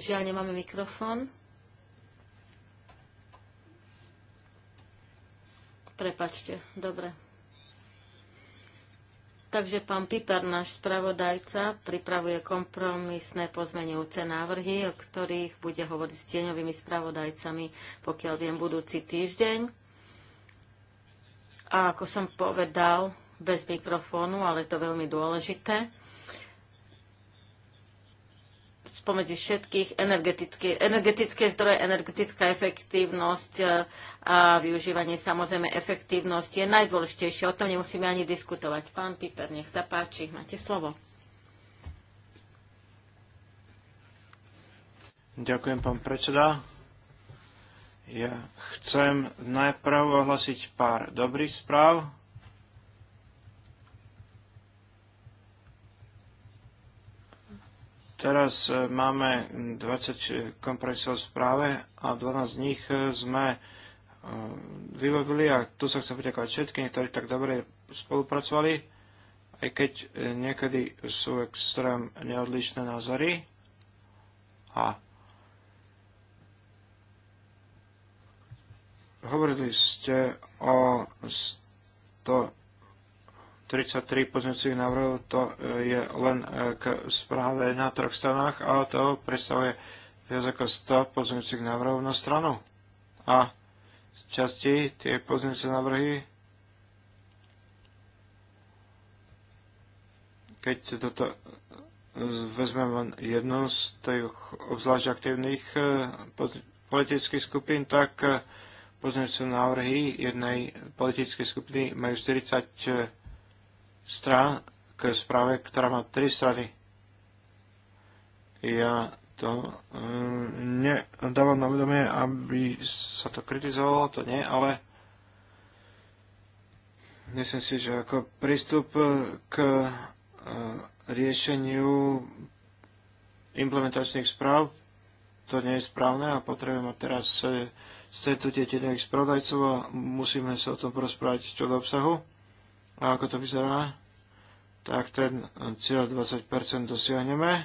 Žiaľ, nemáme mikrofón. Prepačte, dobre. Takže pán Piper, náš spravodajca, pripravuje kompromisné pozmenujúce návrhy, o ktorých bude hovoriť s tieňovými spravodajcami, pokiaľ viem, budúci týždeň. A ako som povedal, bez mikrofónu, ale je to veľmi dôležité spomedzi všetkých energetické, energetické zdroje, energetická efektívnosť e, a využívanie samozrejme efektívnosti je najdôležitejšie. O tom nemusíme ani diskutovať. Pán Piper, nech sa páči, máte slovo. Ďakujem, pán predseda. Ja chcem najprv ohlasiť pár dobrých správ Teraz e, máme 20 e, kompresov v správe a 12 z nich e, sme vybavili a tu sa chcem poďakovať všetkým, ktorí tak dobre spolupracovali, aj keď niekedy sú extrém neodlišné názory. A hovorili ste o 100 33 pozemcích návrhov, to e, je len e, k správe na troch stranách a to predstavuje viac ako 100 pozemcích návrhov na stranu. A z časti tie pozmeňujúce návrhy keď toto vezmem len jednu z tých obzvlášť aktívnych e, politických skupín, tak pozmeňujúce návrhy jednej politickej skupiny majú 40 strán k správe, ktorá má tri strany. Ja to um, mm, nedávam na vedomie, aby sa to kritizovalo, to nie, ale myslím si, že ako prístup k e, riešeniu implementačných správ to nie je správne a potrebujeme teraz e, stretnutie tých spravodajcov a musíme sa o tom porozprávať čo do obsahu. A ako to vyzerá? Tak ten cieľ 20% dosiahneme.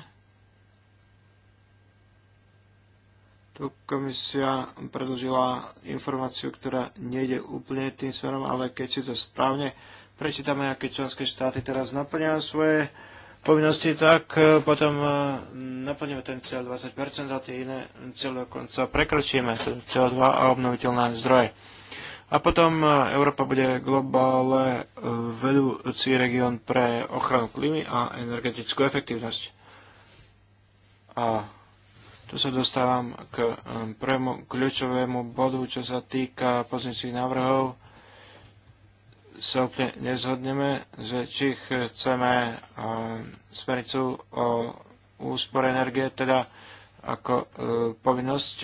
Tu komisia predložila informáciu, ktorá nejde úplne tým smerom, ale keď si to správne prečítame, aké členské štáty teraz naplňajú svoje povinnosti, tak e, potom e, naplňujeme ten cieľ 20% a tie iné cieľ dokonca prekročíme, ten CO2 a obnoviteľné zdroje. A potom e, Európa bude globálne e, vedúci región pre ochranu klímy a energetickú efektívnosť. A tu sa dostávam k e, prvému kľúčovému bodu, čo sa týka pozícií návrhov. Sa úplne nezhodneme, že či chceme smericu o úspore energie, teda ako povinnosť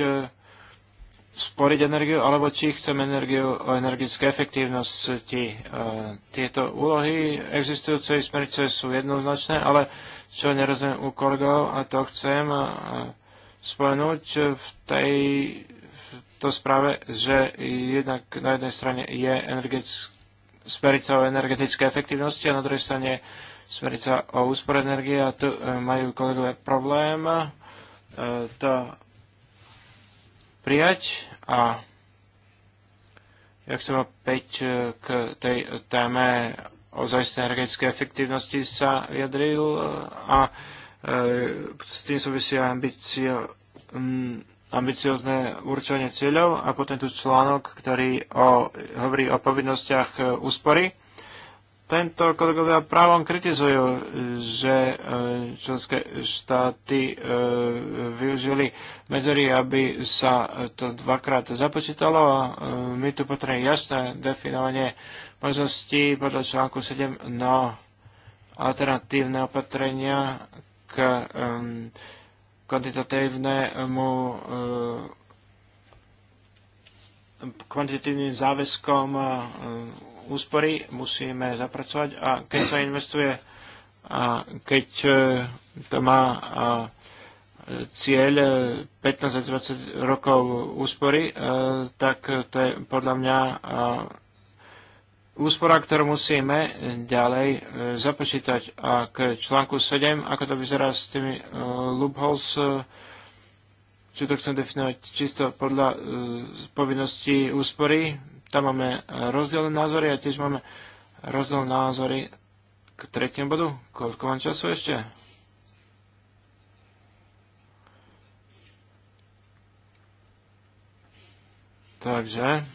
sporiť energiu, alebo či chceme energiu o energetické efektívnosti. E, tieto úlohy existujúcej smernice sú jednoznačné, ale čo nerozumiem u kolegov, a to chcem e, spomenúť v tej v to správe, že jednak na jednej strane je smernica o energetické efektivnosti a na druhej strane smernica o úspore energie a tu e, majú kolegové problém. to prijať a ja chcem opäť eh, k tej téme ozajstnej energetickej efektivnosti sa vyjadril eh, a eh, s tým súvisia ambicio, mm, ambiciozne určenie cieľov a potom tu článok, ktorý o, hovorí o povinnostiach úspory tento kolegovia právom kritizujú, že e, členské štáty e, využili medzery, aby sa to dvakrát započítalo a e, my tu potrebujeme jasné definovanie možností podľa článku 7 na no, alternatívne opatrenia k kvantitatívnemu kvantitatívnym záväzkom úspory musíme zapracovať a keď sa investuje a keď e, to má cieľ 15 e, 20 rokov úspory, e, tak to je podľa mňa úspora, ktorú musíme ďalej započítať. A k článku 7, ako to vyzerá s tými loopholes, či to chcem definovať čisto podľa povinností úspory, tam máme e, rozdielne názory a tiež máme rozdielne názory k tretiemu bodu. Koľko mám času ešte? Takže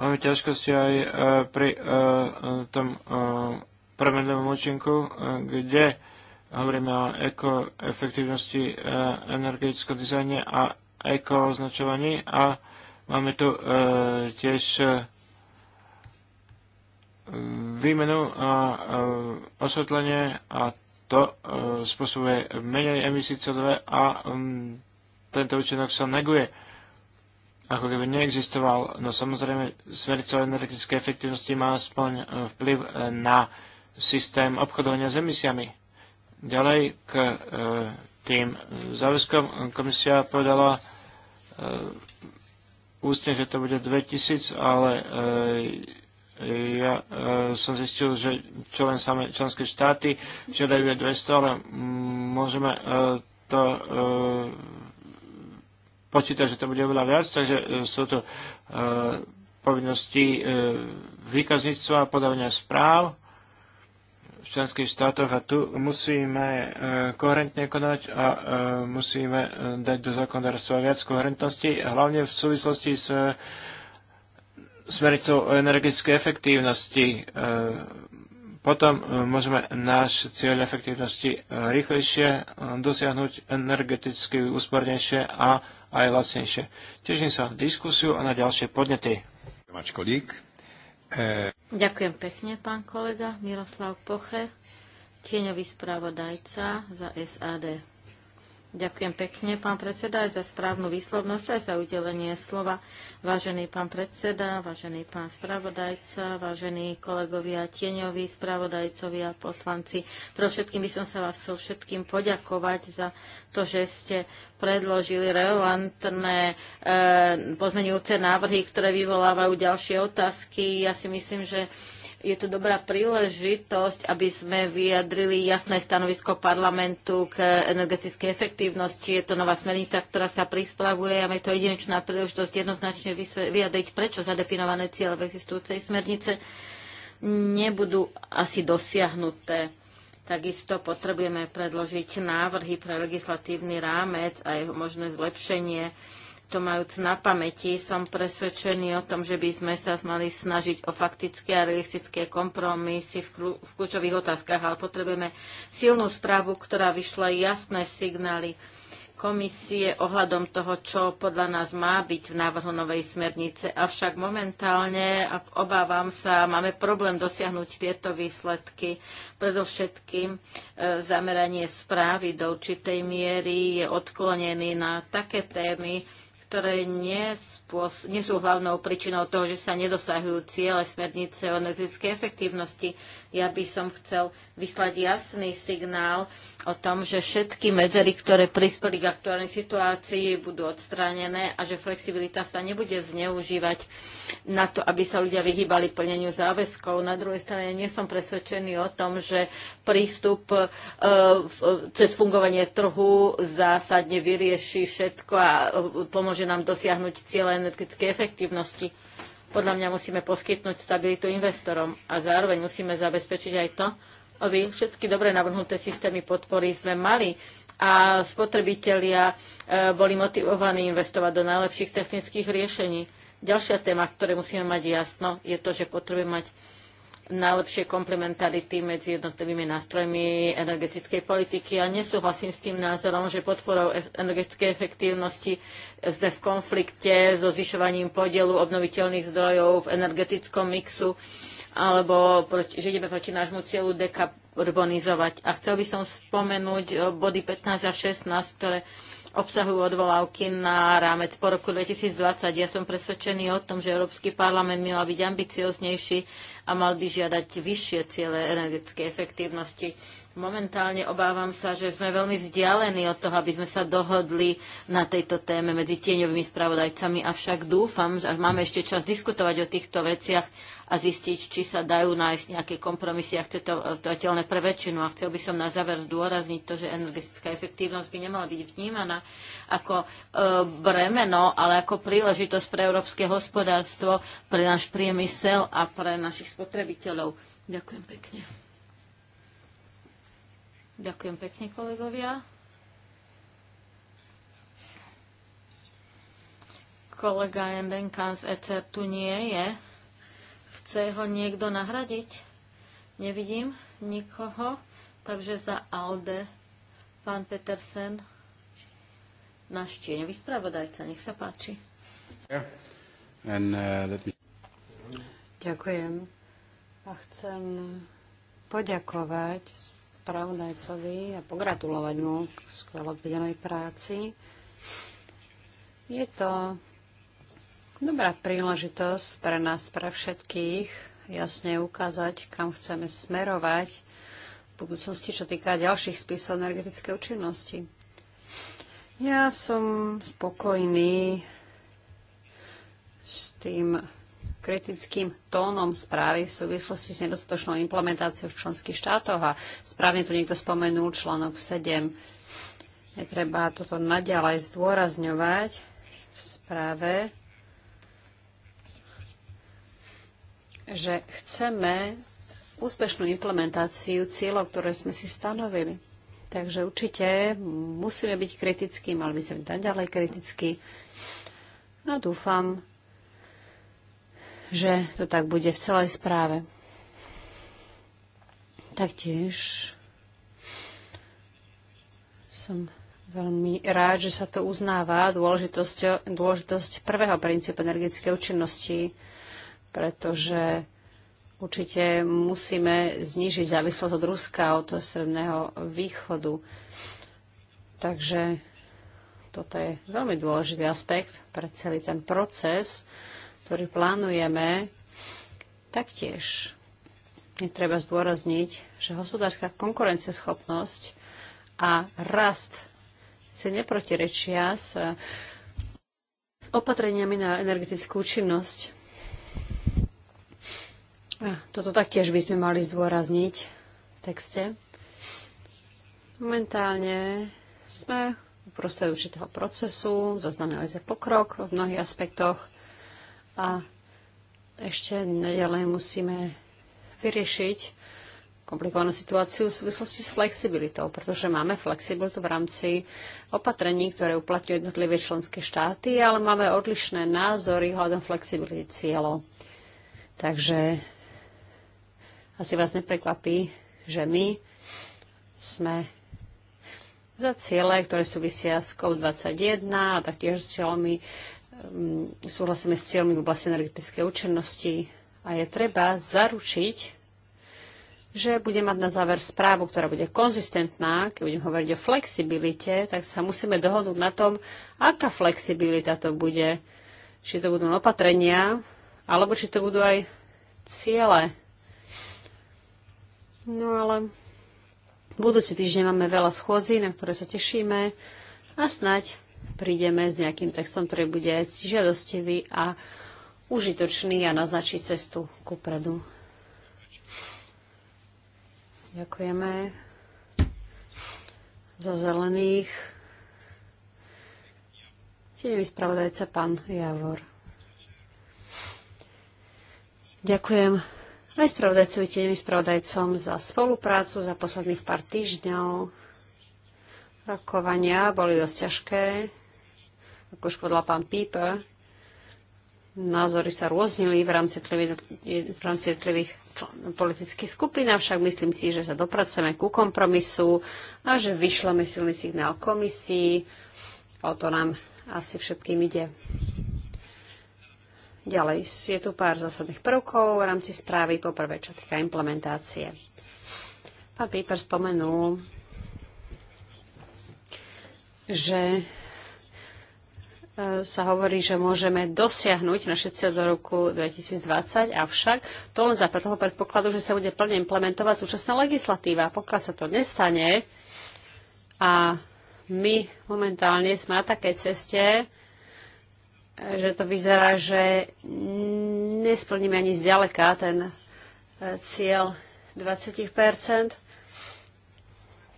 máme ťažkosti aj e, pri e, tom premedlivom účinku, kde hovoríme o ekoefektivnosti energetického dizajne a ekoznačovaní a Máme tu uh, tiež uh, výmenu a uh, osvetlenie a to uh, spôsobuje menej emisí CO2 a um, tento účinok sa neguje. ako keby neexistoval. No samozrejme, smernica o energetickej efektivnosti má aspoň vplyv na systém obchodovania s emisiami. Ďalej k tým záväzkom komisia povedala ústne, že to bude 2000, ale e, e, ja e, som zistil, že čo len same členské štáty žiadajú 200, ale mm, môžeme to počítať, že to bude oveľa viac, takže sú to povinnosti výkazníctva, podávania správ v členských štátoch a tu musíme e, koherentne konať a e, musíme e, dať do zákonodárstva viac koherentnosti, hlavne v súvislosti s smericou o energetickej efektívnosti. Potom môžeme náš cieľ efektívnosti rýchlejšie dosiahnuť energeticky úspornejšie a aj lacnejšie. Teším sa na diskusiu a na ďalšie podnety. Mačkolík. Ďakujem pekne, pán kolega Miroslav Poche, tieňový správodajca za SAD. Ďakujem pekne, pán predseda, aj za správnu výslovnosť, aj za udelenie slova. Vážený pán predseda, vážený pán spravodajca, vážení kolegovia, tieňoví spravodajcovia, poslanci, pre všetkým by som sa vás chcel všetkým poďakovať za to, že ste predložili relevantné e, pozmenujúce návrhy, ktoré vyvolávajú ďalšie otázky. Ja si myslím, že je tu dobrá príležitosť, aby sme vyjadrili jasné stanovisko parlamentu k energetickej efektívnosti. Je to nová smernica, ktorá sa prispravuje a je to jedinečná príležitosť jednoznačne vyjadriť, prečo zadefinované ciele v existujúcej smernice nebudú asi dosiahnuté Takisto potrebujeme predložiť návrhy pre legislatívny rámec a jeho možné zlepšenie. To majúc na pamäti, som presvedčený o tom, že by sme sa mali snažiť o faktické a realistické kompromisy v, kľúčových otázkach, ale potrebujeme silnú správu, ktorá vyšla jasné signály komisie ohľadom toho, čo podľa nás má byť v návrhu novej smernice. Avšak momentálne, ak obávam sa, máme problém dosiahnuť tieto výsledky. Predovšetkým e, zameranie správy do určitej miery je odklonený na také témy, ktoré nie, spôso- nie sú hlavnou príčinou toho, že sa nedosahujú ciele smernice o energetickej efektívnosti. Ja by som chcel vyslať jasný signál o tom, že všetky medzery, ktoré prispeli k aktuálnej situácii, budú odstránené a že flexibilita sa nebude zneužívať na to, aby sa ľudia vyhýbali plneniu záväzkov. Na druhej strane nie som presvedčený o tom, že prístup e, e cez fungovanie trhu zásadne vyrieši všetko a e, pomôže pomôže nám dosiahnuť cieľe energetickej efektívnosti. Podľa mňa musíme poskytnúť stabilitu investorom a zároveň musíme zabezpečiť aj to, aby všetky dobre navrhnuté systémy podpory sme mali a spotrebitelia e, boli motivovaní investovať do najlepších technických riešení. Ďalšia téma, ktoré musíme mať jasno, je to, že potrebujeme mať najlepšie komplementarity medzi jednotlivými nástrojmi energetickej politiky a ja nesúhlasím s tým názorom, že podporou energetickej efektívnosti sme v konflikte so zvyšovaním podielu obnoviteľných zdrojov v energetickom mixu alebo proti, že ideme proti nášmu cieľu dekarbonizovať. A chcel by som spomenúť eh, body 15 a 16, ktoré obsahujú odvolávky na rámec po roku 2020. Ja som presvedčený o tom, že Európsky parlament mal byť ambicioznejší a mal by žiadať vyššie ciele energetickej efektívnosti. Momentálne obávam sa, že sme veľmi vzdialení od toho, aby sme sa dohodli na tejto téme medzi tieňovými spravodajcami, avšak dúfam, že máme ešte čas diskutovať o týchto veciach a zistiť, či sa dajú nájsť nejaké kompromisy, to akceptovateľné pre väčšinu. A chcel by som na záver zdôrazniť to, že energetická efektívnosť by nemala byť vnímaná ako e, bremeno, ale ako príležitosť pre európske hospodárstvo, pre náš priemysel a pre našich spotrebiteľov. Ďakujem pekne. Ďakujem pekne, kolegovia. Kolega Jendenka z ECR tu nie je. Chce ho niekto nahradiť? Nevidím nikoho. Takže za ALDE pán Petersen, náš tieňový spravodajca, nech sa páči. Uh, Ďakujem. A chcem poďakovať spravodajcovi a pogratulovať mu k skvelo odvedenej práci. Je to dobrá príležitosť pre nás, pre všetkých, jasne ukázať, kam chceme smerovať v budúcnosti, čo týka ďalších spisov energetickej účinnosti. Ja som spokojný s tým kritickým tónom správy v súvislosti s nedostatočnou implementáciou v členských štátoch a správne tu niekto spomenul článok 7. Netreba toto naďalej zdôrazňovať v správe, že chceme úspešnú implementáciu cieľov, ktoré sme si stanovili. Takže určite musíme byť kritickí, mali by sme byť naďalej kritickí. A dúfam, že to tak bude v celej správe. Taktiež som veľmi rád, že sa to uznáva dôležitosť, dôležitosť prvého princípu energetickej účinnosti, pretože určite musíme znižiť závislosť od Ruska, od Stredného východu. Takže toto je veľmi dôležitý aspekt pre celý ten proces ktorý plánujeme, taktiež je treba zdôrazniť, že hospodárska konkurencieschopnosť a rast si neprotirečia s eh, opatreniami na energetickú činnosť. Toto taktiež by sme mali zdôrazniť v texte. Momentálne sme uprostred určitého procesu, zaznamenali sa pokrok v mnohých aspektoch, a ešte nedelej musíme vyriešiť komplikovanú situáciu v súvislosti s flexibilitou, pretože máme flexibilitu v rámci opatrení, ktoré uplatňujú jednotlivé členské štáty, ale máme odlišné názory hľadom flexibility cieľov. Takže asi vás neprekvapí, že my sme za ciele, ktoré súvisia s COP21 a taktiež s cieľmi Ehm, súhlasíme s cieľmi v oblasti energetickej účinnosti a je treba zaručiť, že bude mať na záver správu, ktorá bude konzistentná. Keď budem hovoriť o flexibilite, tak sa musíme dohodnúť na tom, aká flexibilita to bude. Či to budú opatrenia, alebo či to budú aj ciele. No ale budúci týždeň máme veľa schôdzí, na ktoré sa tešíme a snať prídeme s nejakým textom, ktorý bude žiadostivý a užitočný a naznačí cestu ku predu. Ďakujeme za zelených. Tieňový vyspravodajca pán Javor. Ďakujem aj spravodajcovi, tieňovým spravodajcom za spoluprácu za posledných pár týždňov. Rokovania boli dosť ťažké. Ako už povedal pán Píper, názory sa rôznili v rámci jednotlivých politických skupín, avšak myslím si, že sa dopracujeme ku kompromisu a že vyšleme silný signál komisii. O to nám asi všetkým ide. Ďalej je tu pár zásadných prvkov v rámci správy, poprvé čo týka implementácie. Pán Píper spomenul, že sa hovorí, že môžeme dosiahnuť naše cieľ do roku 2020, avšak to len za toho predpokladu, že sa bude plne implementovať súčasná legislatíva. Pokiaľ sa to nestane a my momentálne sme na takej ceste, že to vyzerá, že nesplníme ani zďaleka ten e, cieľ 20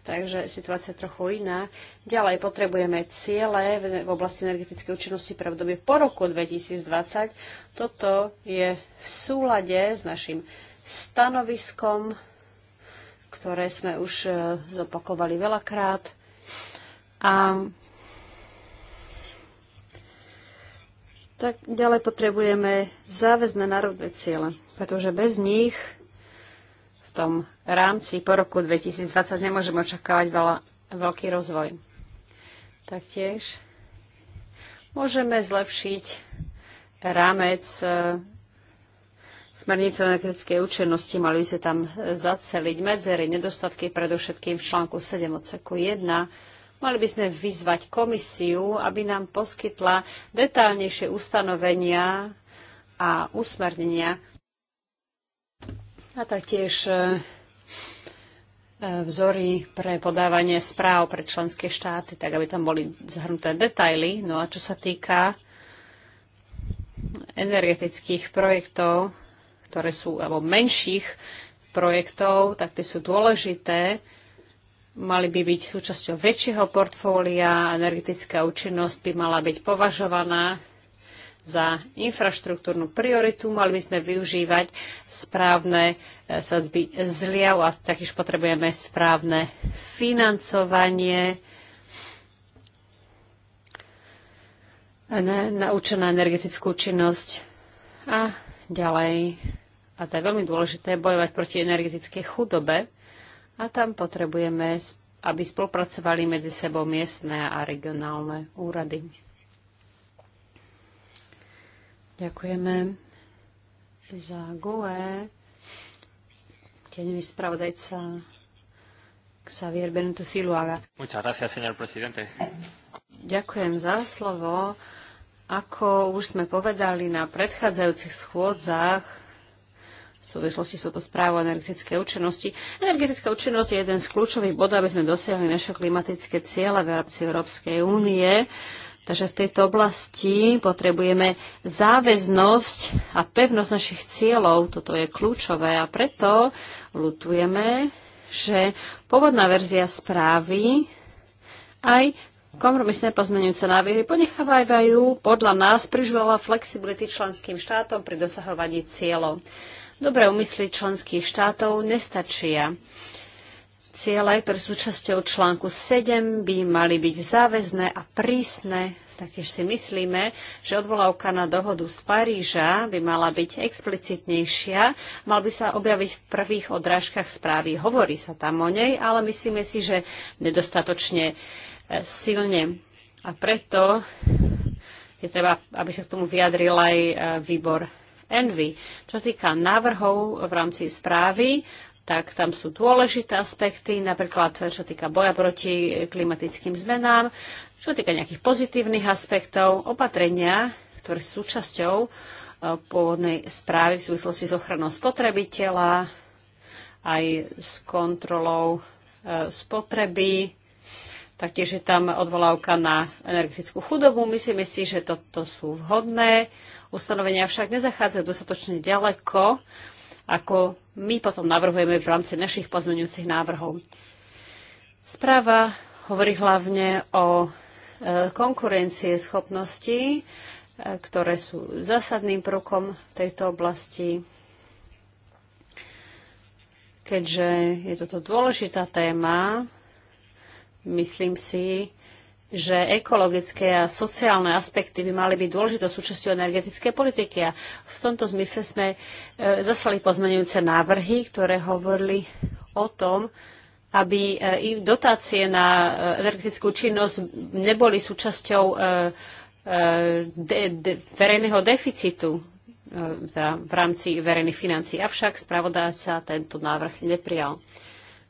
takže situácia je trochu iná. Ďalej potrebujeme ciele v oblasti energetickej účinnosti pre obdobie po roku 2020. Toto je v súlade s našim stanoviskom, ktoré sme už e, zopakovali veľakrát. A tak ďalej potrebujeme záväzné národné ciele, pretože bez nich v tom rámci po roku 2020 nemôžeme očakávať veľa, veľký rozvoj. Taktiež môžeme zlepšiť rámec e, smernice energetickej účinnosti. Mali by sa tam e, zaceliť medzery, nedostatky predovšetkým v článku 7 odseku 1. Mali by sme vyzvať komisiu, aby nám poskytla detálnejšie ustanovenia a usmernenia a taktiež e, Eh, vzory pre podávanie správ pre členské štáty, tak aby tam boli zahrnuté detaily. No a čo sa týka energetických projektov, ktoré sú, alebo menších projektov, tak tie sú dôležité. Mali by byť súčasťou väčšieho portfólia, energetická účinnosť by mala byť považovaná za infraštruktúrnu prioritu, mali by sme využívať správne e, sadzby zliav a taktiež potrebujeme správne financovanie. naučená energetickú činnosť a ďalej. A to je veľmi dôležité bojovať proti energetickej chudobe a tam potrebujeme, aby spolupracovali medzi sebou miestne a regionálne úrady. Ďakujeme za GUE. mi spravodajca Xavier Benuto Siluaga. Ďakujem za slovo. Ako už sme povedali na predchádzajúcich schôdzach, v súvislosti sú to správou energetické účinnosti. Energetická účinnosť je jeden z kľúčových bodov, aby sme dosiahli naše klimatické ciele v rámci Európskej únie. Mm Takže v tejto oblasti potrebujeme záväznosť a pevnosť našich cieľov. Toto je kľúčové a preto lutujeme, že pôvodná verzia správy aj kompromisné pozmenujúce návrhy ponechávajú podľa nás príliš veľa flexibility členským štátom pri dosahovaní cieľov. Dobré úmysly členských štátov nestačia. Ciele, ktoré sú súčasťou článku 7, by mali byť záväzné a prísne. Taktiež si myslíme, že odvolávka na dohodu z Paríža by mala byť explicitnejšia. Mal by sa objaviť v prvých odrážkach správy. Hovorí sa tam o nej, ale myslíme si, že nedostatočne e, silne. A preto je treba, aby sa k tomu vyjadril aj e, výbor Envy. Čo týka návrhov v rámci správy, tak tam sú dôležité aspekty, napríklad čo týka boja proti klimatickým zmenám, čo týka nejakých pozitívnych aspektov, opatrenia, ktoré sú súčasťou e, pôvodnej správy v súvislosti s ochranou spotrebiteľa, aj s kontrolou e, spotreby. Taktiež je tam odvolávka na energetickú chudobu. Myslíme si, že toto sú vhodné. Ustanovenia však nezachádzajú dostatočne ďaleko ako my potom navrhujeme v rámci našich pozmeňujúcich návrhov. Správa hovorí hlavne o e, konkurencie schopností, e, ktoré sú zásadným prvkom tejto oblasti. Keďže je toto dôležitá téma, myslím si, že ekologické a sociálne aspekty by mali byť dôležitou súčasťou energetickej politiky. A v tomto zmysle sme e, zaslali pozmenujúce návrhy, ktoré hovorili o tom, aby e, i dotácie na e, energetickú činnosť neboli súčasťou e, de, de, verejného deficitu v rámci verejných financií. Avšak spravodajca tento návrh neprijal.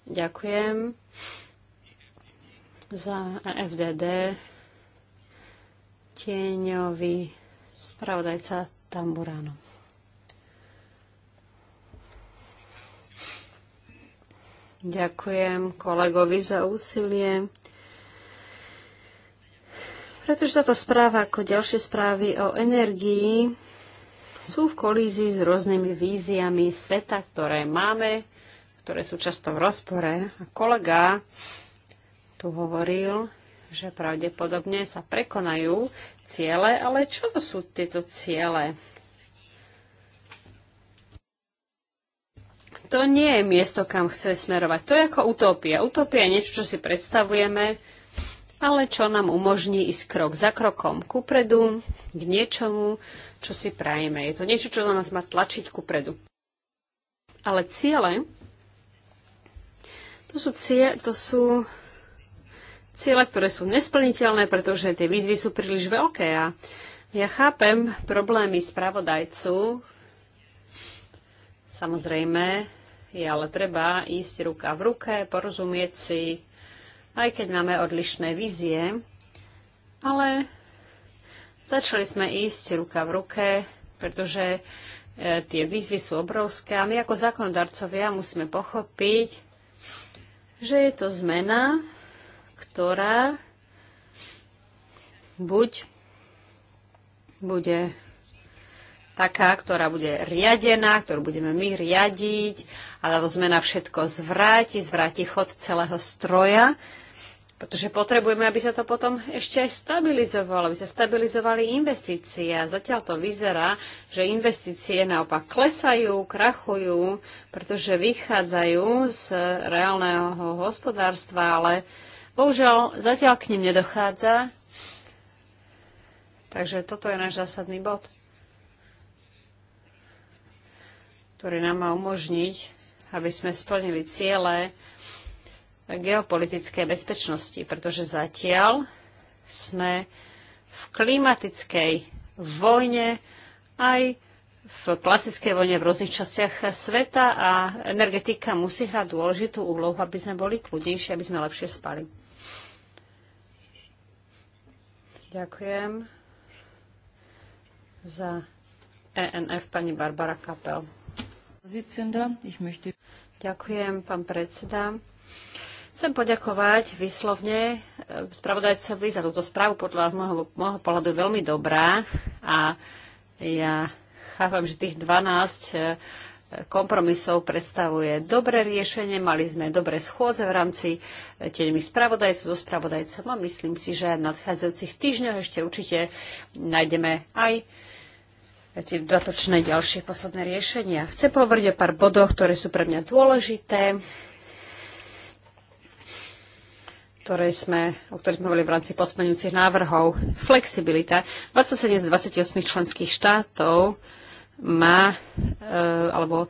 Ďakujem za e FDD tieňový spravodajca Tamburano. Ďakujem kolegovi za úsilie, pretože táto správa ako ďalšie správy o energii sú v kolízii s rôznymi víziami sveta, ktoré máme, ktoré sú často v rozpore. A kolega tu hovoril, že pravdepodobne sa prekonajú ciele, ale čo to sú tieto ciele? To nie je miesto, kam chce smerovať. To je ako utopia. Utopia je niečo, čo si predstavujeme, ale čo nám umožní ísť krok za krokom kupredu, k niečomu, čo si prajeme. Je to niečo, čo na nás má tlačiť kupredu. Ale ciele, to sú, cie, to sú ciele, ktoré sú nesplniteľné, pretože tie výzvy sú príliš veľké. A ja chápem problémy spravodajcu. Samozrejme, je ale treba ísť ruka v ruke, porozumieť si, aj keď máme odlišné vízie, ale začali sme ísť ruka v ruke, pretože e, tie výzvy sú obrovské a my ako zákonodarcovia musíme pochopiť, že je to zmena, ktorá buď bude taká, ktorá bude riadená, ktorú budeme my riadiť, alebo zmena všetko zvráti, zvráti chod celého stroja, pretože potrebujeme, aby sa to potom ešte aj stabilizovalo, aby sa stabilizovali investície. A zatiaľ to vyzerá, že investície naopak klesajú, krachujú, pretože vychádzajú z reálneho hospodárstva, ale Bohužiaľ, zatiaľ k ním nedochádza, takže toto je náš zásadný bod, ktorý nám má umožniť, aby sme splnili ciele geopolitickej bezpečnosti, pretože zatiaľ sme v klimatickej vojne aj v klasickej vojne v rôznych častiach sveta a energetika musí hrať dôležitú úlohu, aby sme boli kľudnejšie, aby sme lepšie spali. Ďakujem za ENF pani Barbara Kapel. Ďakujem, pán predseda. Chcem poďakovať vyslovne e, spravodajcovi za túto správu. Podľa môjho, môjho pohľadu je veľmi dobrá a ja chápam, že tých 12 kompromisov predstavuje dobré riešenie. Mali sme dobré schôdze v rámci eh, tieňmi spravodajcov so spravodajcom a myslím si, že v nadchádzajúcich týždňoch ešte určite nájdeme aj tie dodatočné ďalšie posledné riešenia. Chcem povrť o pár bodoch, ktoré sú pre mňa dôležité, ktoré sme, o ktorých sme hovorili v rámci posmenujúcich návrhov. Flexibilita. 27 z 28 členských štátov má eh, alebo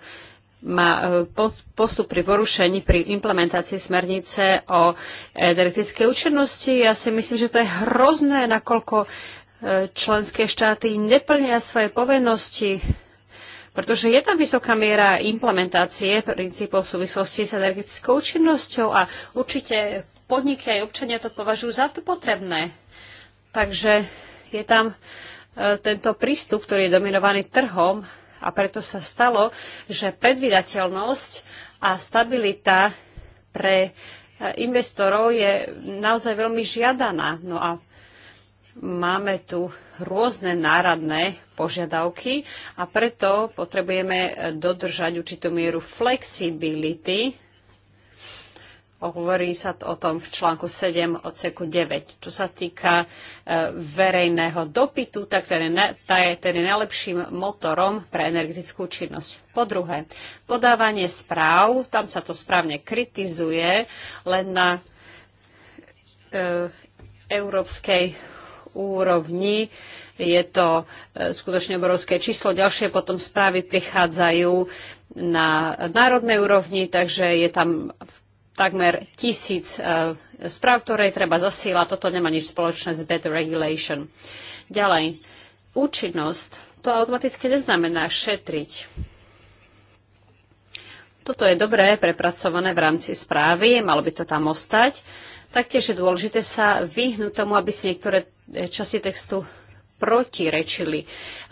má eh, postup pri porušení pri implementácii smernice o energetickej účinnosti. Ja si myslím, že to je hrozné, nakoľko eh, členské štáty neplnia svoje povinnosti, pretože je tam vysoká miera implementácie princípov v súvislosti s energetickou účinnosťou a určite podniky aj občania to považujú za to potrebné. Takže je tam E, tento prístup, ktorý je dominovaný trhom a preto sa stalo, že predvydateľnosť a stabilita pre e, investorov je naozaj veľmi žiadaná. No a máme tu rôzne náradné požiadavky a preto potrebujeme dodržať určitú mieru flexibility Hovorí sa o tom v článku 7 odseku 9. Čo sa týka e, verejného dopytu, tak ten je, tá je tedy najlepším motorom pre energetickú činnosť. Po druhé, podávanie správ, tam sa to správne kritizuje, len na e, európskej úrovni. Je to e, skutočne obrovské číslo. Ďalšie potom správy prichádzajú na národnej úrovni, takže je tam takmer tisíc e, správ, ktoré treba zasielať. Toto nemá nič spoločné s better regulation. Ďalej, účinnosť. To automaticky neznamená šetriť. Toto je dobré prepracované v rámci správy, malo by to tam ostať. Taktiež je dôležité sa vyhnúť tomu, aby si niektoré časti textu protirečili.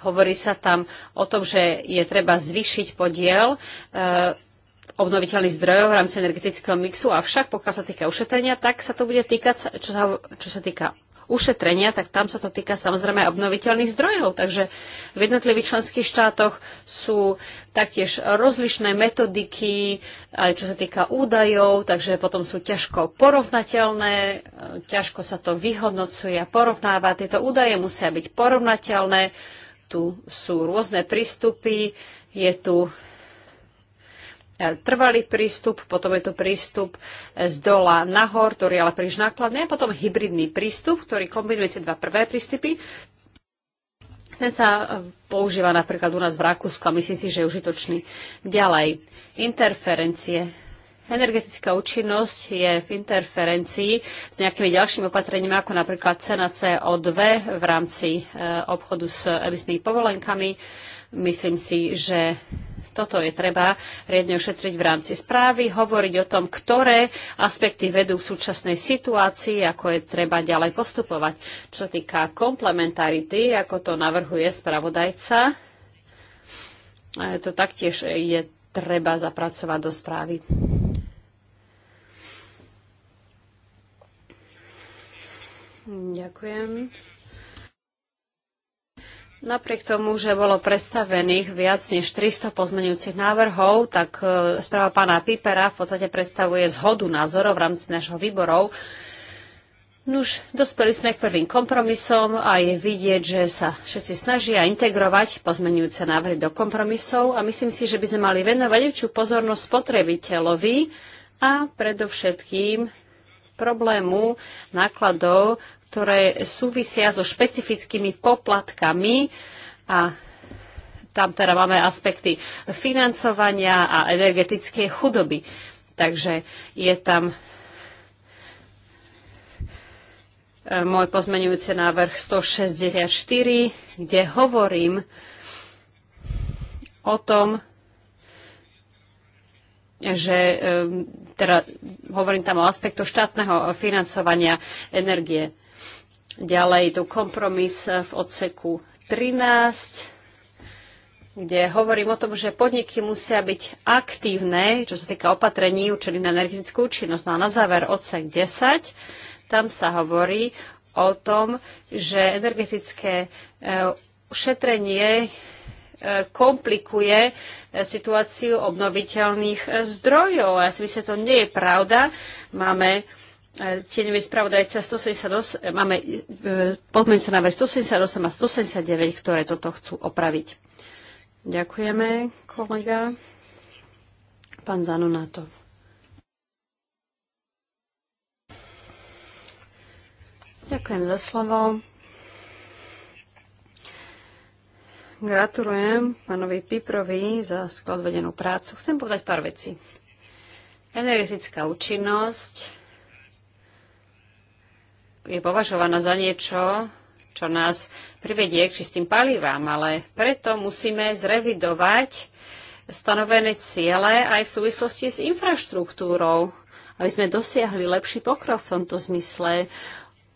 Hovorí sa tam o tom, že je treba zvýšiť podiel e, obnoviteľných zdrojov v rámci energetického mixu, avšak pokiaľ sa týka ušetrenia, tak sa to bude týkať, čo sa, čo sa týka ušetrenia, tak tam sa to týka samozrejme obnoviteľných zdrojov. Takže v jednotlivých členských štátoch sú taktiež rozlišné metodiky, aj čo sa týka údajov, takže potom sú ťažko porovnateľné, ťažko sa to vyhodnocuje a porovnáva. Tieto údaje musia byť porovnateľné, tu sú rôzne prístupy, je tu E, trvalý prístup, potom je to prístup e, z dola nahor, ktorý je ale príliš nákladný, a potom hybridný prístup, ktorý kombinuje tie dva prvé prístupy. Ten sa e, používa napríklad u nás v Rakúsku a myslím si, že je užitočný. Ďalej, interferencie. Energetická účinnosť je v interferencii s nejakými ďalšími opatreniami, ako napríklad cena CO2 v rámci obchodu s emisnými povolenkami. Myslím si, že toto je treba riadne ošetriť v rámci správy, hovoriť o tom, ktoré aspekty vedú v súčasnej situácii, ako je treba ďalej postupovať. Čo sa týka komplementarity, ako to navrhuje spravodajca, to taktiež je treba zapracovať do správy. Ďakujem. Napriek tomu, že bolo predstavených viac než 300 pozmenujúcich návrhov, tak e, správa pána Pipera v podstate predstavuje zhodu názorov v rámci našho výborov. Nuž, dospeli sme k prvým kompromisom a je vidieť, že sa všetci snažia integrovať pozmenujúce návrhy do kompromisov a myslím si, že by sme mali venovať väčšiu pozornosť spotrebiteľovi a predovšetkým problému nákladov, ktoré súvisia so špecifickými poplatkami a tam teda máme aspekty financovania a energetickej chudoby. Takže je tam e, môj pozmenujúci návrh 164, kde hovorím o tom, že teda hovorím tam o aspektu štátneho financovania energie. Ďalej tu kompromis eh, v odseku 13 kde hovorím o tom, že podniky musia byť aktívne, čo sa týka opatrení určených na energetickú účinnosť. No a na záver odsek 10, tam sa hovorí o tom, že energetické eh, šetrenie komplikuje eh, situáciu obnoviteľných eh, zdrojov. Ja si myslím, že to nie je pravda. Máme eh, tieňový spravodajca 178, máme podmiencu návrh 178 a 179, ktoré toto chcú opraviť. Ďakujeme, kolega. Pán Zanonato. Ďakujem za slovo. Gratulujem pánovi Piprovi za skladvedenú prácu. Chcem povedať pár vecí. Energetická účinnosť je považovaná za niečo, čo nás privedie k čistým palivám, ale preto musíme zrevidovať stanovené ciele aj v súvislosti s infraštruktúrou, aby sme dosiahli lepší pokrok v tomto zmysle.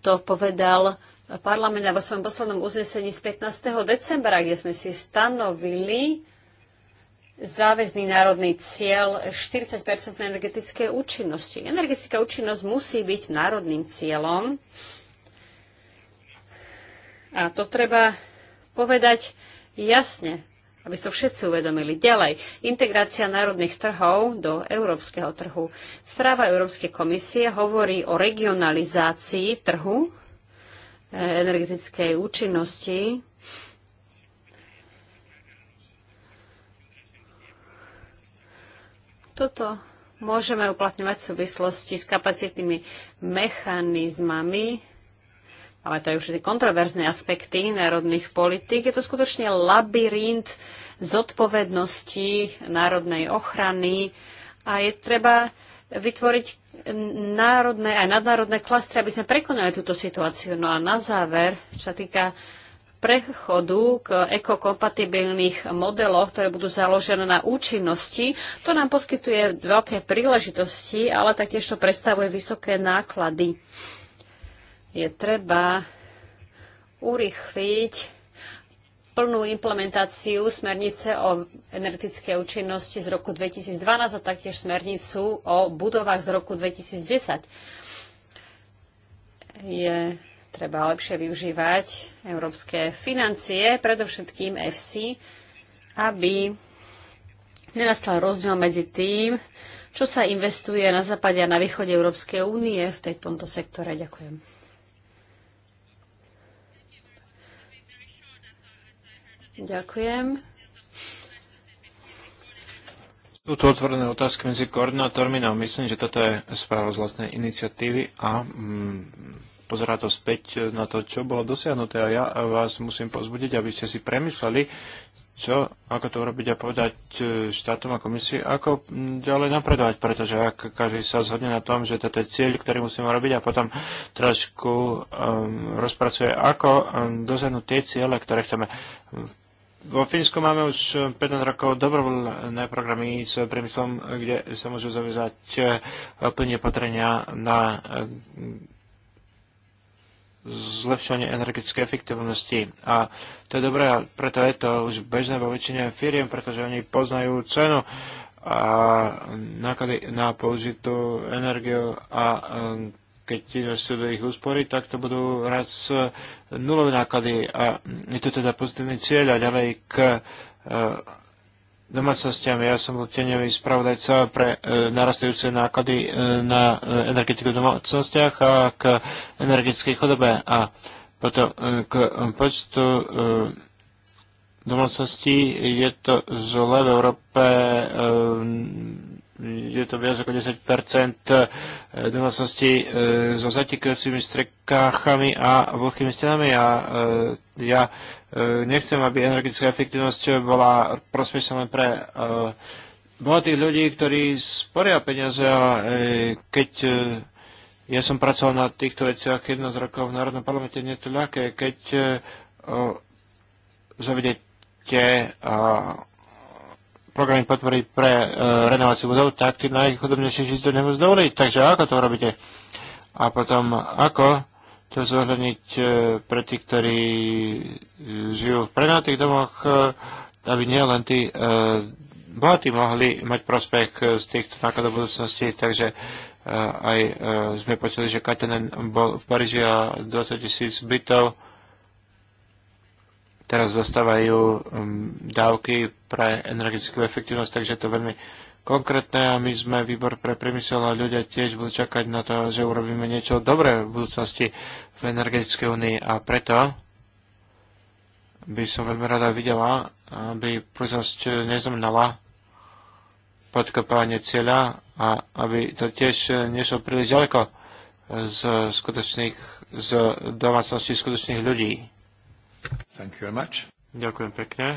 To povedal parlamenta vo svojom poslednom uznesení z 15. decembra, kde sme si stanovili záväzný národný cieľ 40 energetickej účinnosti. Energetická účinnosť musí byť národným cieľom. A to treba povedať jasne, aby to všetci uvedomili. Ďalej, integrácia národných trhov do európskeho trhu. Správa Európskej komisie hovorí o regionalizácii trhu energetickej účinnosti. Toto môžeme uplatňovať v súvislosti s kapacitnými mechanizmami, ale to je tie kontroverzné aspekty národných politík. Je to skutočne labyrint zodpovednosti národnej ochrany a je treba vytvoriť národné aj nadnárodné klastry, aby sme prekonali túto situáciu. No a na záver, čo sa týka prechodu k ekokompatibilných modeloch, ktoré budú založené na účinnosti. To nám poskytuje veľké príležitosti, ale taktiež to predstavuje vysoké náklady. Je treba urýchliť plnú implementáciu smernice o energetickej účinnosti z roku 2012 a taktiež smernicu o budovách z roku 2010. Je treba lepšie využívať európske financie, predovšetkým FC, aby nenastal rozdiel medzi tým, čo sa investuje na západe a na východe Európskej únie v tomto sektore. Ďakujem. Ďakujem. Sú tu otvorené otázky medzi koordinátormi, no myslím, že toto je správa z vlastnej iniciatívy a mm, pozerá to späť na to, čo bolo dosiahnuté a ja vás musím pozbudiť, aby ste si premysleli, čo, ako to urobiť a povedať e, štátom a komisii, ako mm, ďalej napredovať, pretože ak každý sa zhodne na tom, že toto je cieľ, ktorý musíme robiť a potom trošku um, rozpracuje, ako um, dosiahnuť tie ciele, ktoré chceme. V vo Fínsku máme už 15 eh, rokov dobrovoľné programy s priemyslom, kde sa môžu zaviazať eh, plne potrenia na eh, zlepšovanie energetickej efektivnosti. A to je dobré, preto je to už bežné vo väčšine firiem, pretože oni poznajú cenu a náklady na použitú energiu a keď investujú do ich úspory, tak to budú raz nulové náklady a je to teda pozitívny cieľ a ďalej k e, domácnostiam. Ja som bol tieňový spravodajca pre e, narastajúce náklady e, na energetiku v domácnostiach a k energetickej chodobe a potom k počtu domácností je to zle v Európe je to viac ako 10 eh, domácnosti eh, so zatekajúcimi strekáchami a vlhkými stenami a eh, ja nechcem, aby energetická efektivnosť bola prospešná len pre bohatých ľudí, ktorí sporia peniaze a keď ja som pracoval na týchto veciach 11 rokov v Národnom parlamente, nie je to ľahké, keď zavedete programy podpory pre e, renováciu budov, tak tým najchudobnejšie žiť to nemôžu dovoliť. Takže ako to robíte? A potom ako to zohľadniť e, pre tých, ktorí e, žijú v prenatých domoch, e, aby nie len tí e, bohatí mohli mať prospech e, z týchto nákladov budúcnosti. Takže e, aj sme počuli, že Katenen bol v Paríži a 20 tisíc bytov teraz dostávajú um, dávky pre energetickú efektivnosť, takže je to veľmi konkrétne a my sme výbor pre priemysel a ľudia tiež budú čakať na to, že urobíme niečo dobré v budúcnosti v energetickej únii a preto by som veľmi rada videla, aby prúžnosť neznamenala podkopávanie cieľa a aby to tiež nešlo príliš ďaleko z skutočných, z domácností skutočných ľudí. Thank you very much. Ďakujem pekne.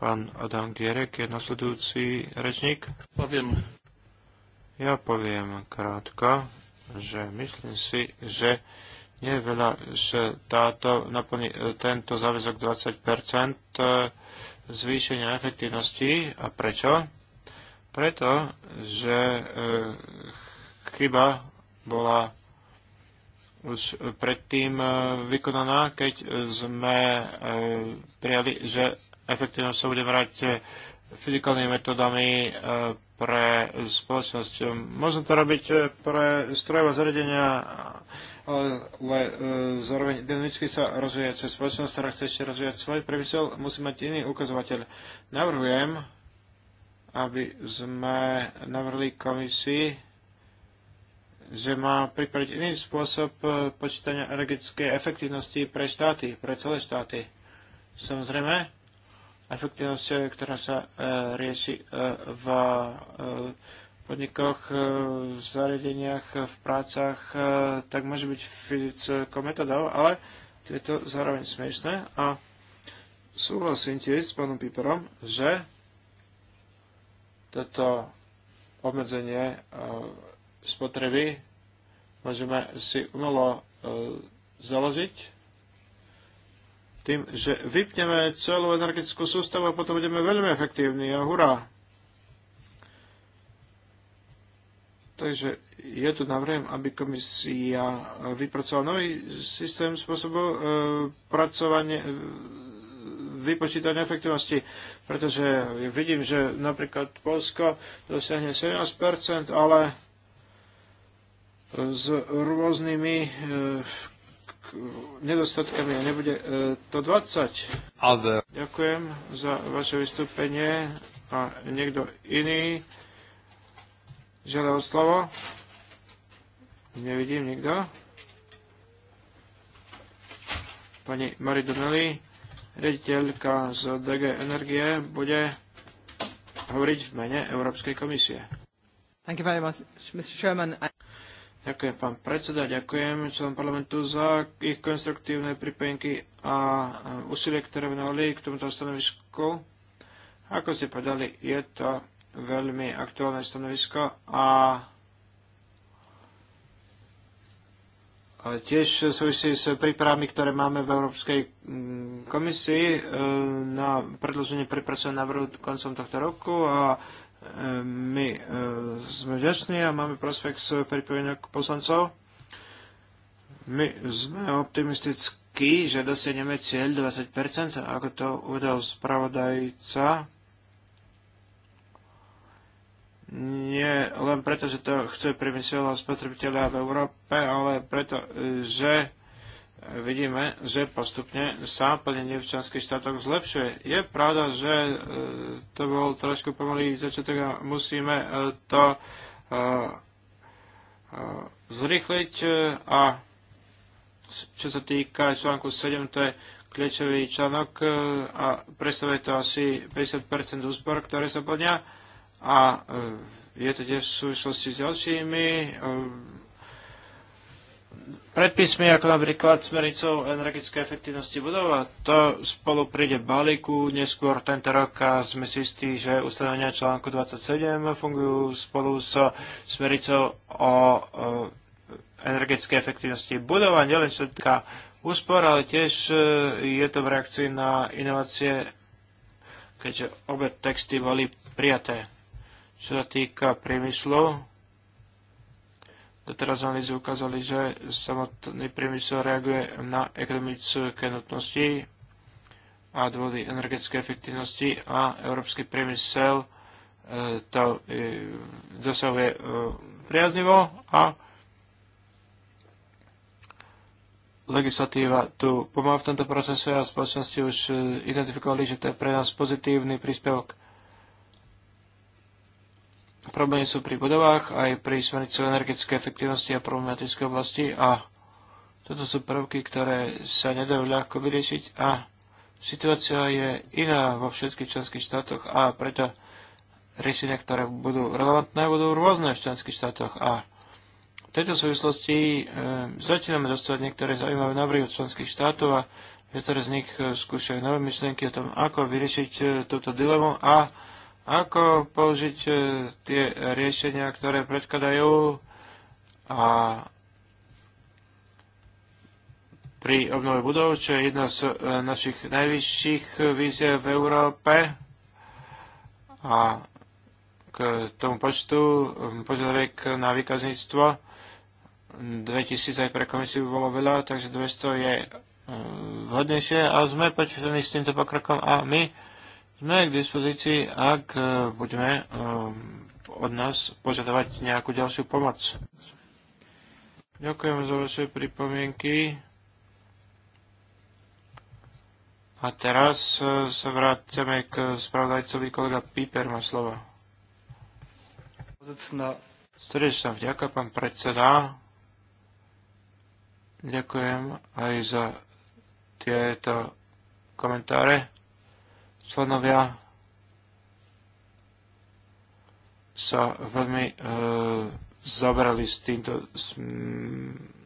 Pán Adam Gierek je nasledujúci rečník. Poviem. Ja poviem krátko, že myslím si, že nie je veľa štátov naplní e, tento záväzok 20 e, zvýšenia efektívnosti. A prečo? Preto, že e, chyba bola už predtým e, vykonaná, keď sme e, prijali, že efektívne sa bude merať e, fyzikálnymi metodami pre spoločnosť. Možno to robiť pre strojové zariadenia, ale zároveň dynamicky sa rozvíja cez spoločnosť, ktorá chce ešte rozvíjať svoj priemysel, musí mať iný ukazovateľ. Navrhujem, aby sme navrhli komisii, že má pripraviť iný spôsob e, počítania energetickej efektivnosti pre štáty, pre celé štáty. Samozrejme, efektivnosť, e, ktorá sa e, rieši v podnikoch, v zariadeniach, v prácach, tak môže byť fyzickou metodou, ale to je to zároveň smiešné a súhlasím tiež s pánom Piperom, že toto obmedzenie spotreby môžeme si umelo e, založiť tým, že vypneme celú energetickú sústavu a potom budeme veľmi efektívni a hurá. Takže je tu navrhujem, aby komisia vypracovala nový systém spôsobu e, pracovania, e, vypočítania efektivnosti, pretože vidím, že napríklad Polsko dosiahne 17%, ale s rôznymi e, nedostatkami a nebude e, to 20. Other. Ďakujem za vaše vystúpenie a niekto iný žiadal slovo. Nevidím nikto. Pani Mari Donnelly, rediteľka z DG Energie, bude hovoriť v mene Európskej komisie. Thank you very much, Mr. Chairman. Ďakujem, pán predseda, ďakujem členom parlamentu za ich konstruktívne pripojenky a úsilie, ktoré venovali k tomuto stanovisku. Ako ste povedali, je to veľmi aktuálne stanovisko a A tiež súvisí s prípravami, ktoré máme v Európskej mm, komisii e, na predloženie prepracovania návrhu koncom tohto roku a my e, sme vďační a máme prospekt s k poslancov. My sme optimistickí, že dosiahneme cieľ 20%, ako to uvedal spravodajca. Nie len preto, že to chce priemysel a spotrebiteľa v Európe, ale preto, že vidíme, že postupne sa plnenie v členských štátoch zlepšuje. Je pravda, že e, to bol trošku pomalý začiatok a musíme e, to e, zrychliť a čo sa týka článku 7, to je kľúčový článok a predstavuje to asi 50% úspor, ktoré sa plnia a je to tiež v súvislosti s ďalšími predpismi, ako napríklad smernicou energetickej efektivnosti budov a to spolu príde balíku neskôr tento rok a sme si istí, že ustanovenia článku 27 fungujú spolu s so smernicou o energetickej efektivnosti budov a nielen sa týka úspor, ale tiež e, je to v reakcii na inovácie, keďže obe texty boli prijaté. Čo sa týka priemyslu, Doteraz analýzy ukázali, že samotný priemysel reaguje na ekonomické nutnosti a dôvody energetické efektivnosti a európsky priemysel e, to e, dosahuje e, priaznivo a legislatíva tu pomáha v tomto procese a spoločnosti už identifikovali, že to je pre nás pozitívny príspevok problémy sú pri budovách, aj pri smernici energetickej efektivnosti a problematické oblasti a toto sú prvky, ktoré sa nedajú ľahko vyriešiť a situácia je iná vo všetkých členských štátoch a preto riešenia, ktoré budú relevantné, budú rôzne v členských štátoch a v tejto súvislosti e, začíname dostať niektoré zaujímavé návrhy od členských štátov a viaceré z nich e, skúšajú nové myšlienky o tom, ako vyriešiť e, túto dilemu a ako použiť e, tie riešenia, ktoré predkladajú a pri obnove budov, čo je jedna z e, našich najvyšších víziev v Európe. A k tomu počtu požiadaviek na výkazníctvo 2000 aj pre komisiu bolo veľa, takže 200 je e, vhodnejšie a sme potešení s týmto pokrokom a my sme k dispozícii, ak e, budeme e, od nás požadovať nejakú ďalšiu pomoc. Ďakujem za vaše pripomienky. A teraz e, sa vrátime k spravodajcovi kolega Piper má slovo. Srdečná vďaka, pán predseda. Ďakujem aj za tieto komentáre členovia sa veľmi e, zabrali s týmto s,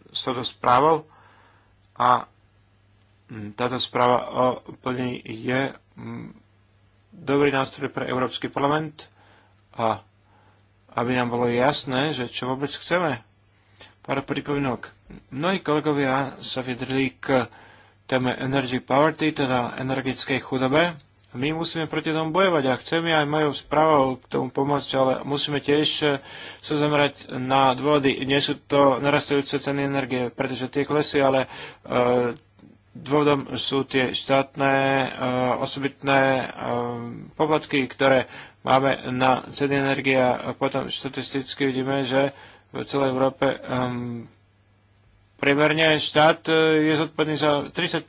s správou a táto správa o plnení je dobrý nástroj pre Európsky parlament a aby nám bolo jasné, že čo vôbec chceme. Pár pripomínok. Mnohí kolegovia sa vyjadrili k téme Energy Poverty, teda energetickej chudobe my musíme proti tomu bojovať a chceme aj mojou správou k tomu pomôcť, ale musíme tiež sa zamerať na dôvody. Nie sú to narastajúce ceny energie, pretože tie klesy, ale e, dôvodom sú tie štátne e, osobitné e, poplatky, ktoré máme na ceny energie a potom štatisticky vidíme, že v celej Európe um, Priemerne štát e, je zodpovedný za 30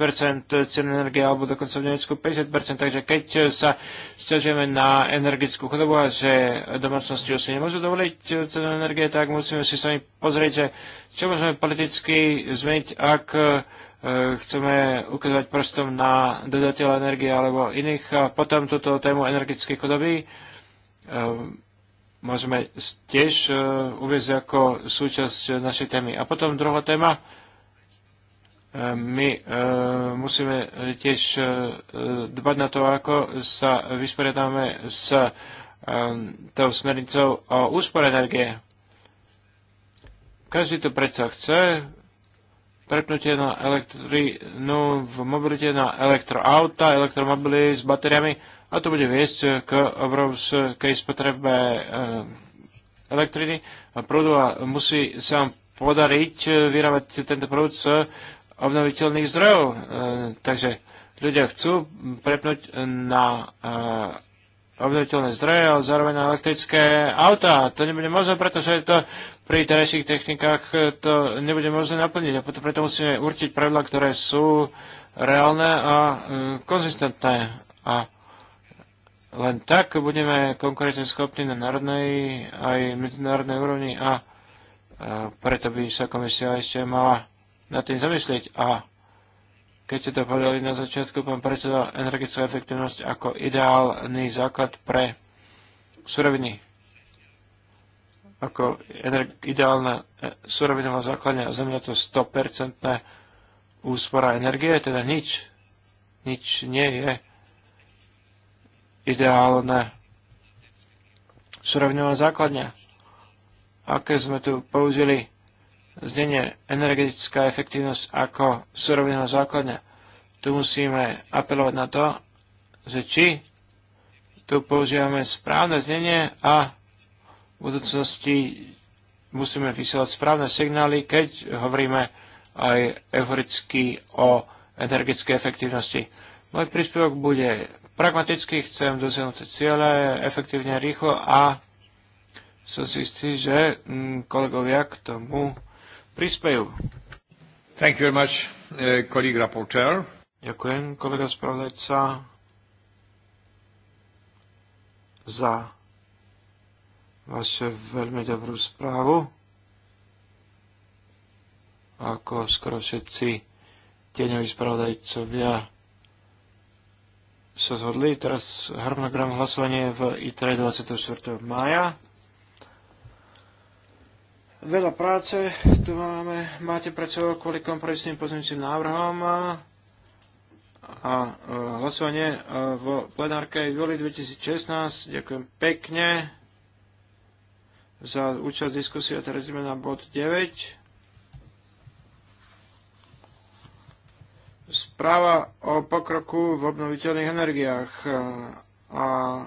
cien energie alebo dokonca v Nemecku 50 takže keď sa stiažujeme na energetickú chudobu a že domácnosti si nemôžu dovoliť e, cenu energie, tak musíme si sami pozrieť, že čo môžeme politicky zmeniť, ak e, chceme ukazovať prstom na dodateľa energie alebo iných a potom túto tému energetickej chudoby môžeme tiež e, uvieť ako súčasť našej témy. A potom druhá téma, e, my e, musíme tiež dbať na to, ako sa vysporiadáme s tou smernicou o úspore energie. Každý to predsa chce, prepnutie na elektrínu v mobilite na elektroauta, elektromobily s batériami, a to bude viesť k obrovskej spotrebe eh, elektriny a prúdu a musí sa podariť eh, vyrábať tento prúd z obnoviteľných zdrojov. Eh, takže ľudia chcú prepnúť na obnoviteľné zdroje, ale zároveň na elektrické autá. To nebude možné, pretože to pri terajších technikách to nebude možné naplniť. A preto, preto musíme určiť pravidla, ktoré sú reálne a konzistentné. A len tak budeme konkurenčne schopní na národnej aj medzinárodnej úrovni a preto by sa komisia ešte mala na tým zamyslieť. A keď ste to povedali na začiatku, pán predseda, energetická efektivnosť ako ideálny základ pre suroviny ako ideálna e, surovinová základňa Zemňa, to 100% úspora energie, teda nič, nič nie je ideálne surovinová základňa. Aké sme tu použili znenie energetická efektívnosť ako surovinová základňa. Tu musíme apelovať na to, že či tu používame správne znenie a v budúcnosti musíme vysielať správne signály, keď hovoríme aj euforicky o energetickej efektívnosti. Môj príspevok bude pragmaticky, chcem dosiahnuť cieľe efektívne, rýchlo a som si istý, že mm, kolegovia k tomu prispejú. Thank you very much, eh, rapporteur. Ďakujem, kolega spravodajca, za vaše veľmi dobrú správu. Ako skoro všetci tieňoví spravodajcovia sa zhodli. Teraz harmonogram hlasovanie v ITRE 24. mája. Veľa práce tu máme. Máte pred sebou kvôli kompromisným pozemným návrhom a e, hlasovanie e, v plenárke júli 2016. Ďakujem pekne za účasť diskusie a teraz ideme na bod 9. Správa o pokroku v obnoviteľných energiách a e,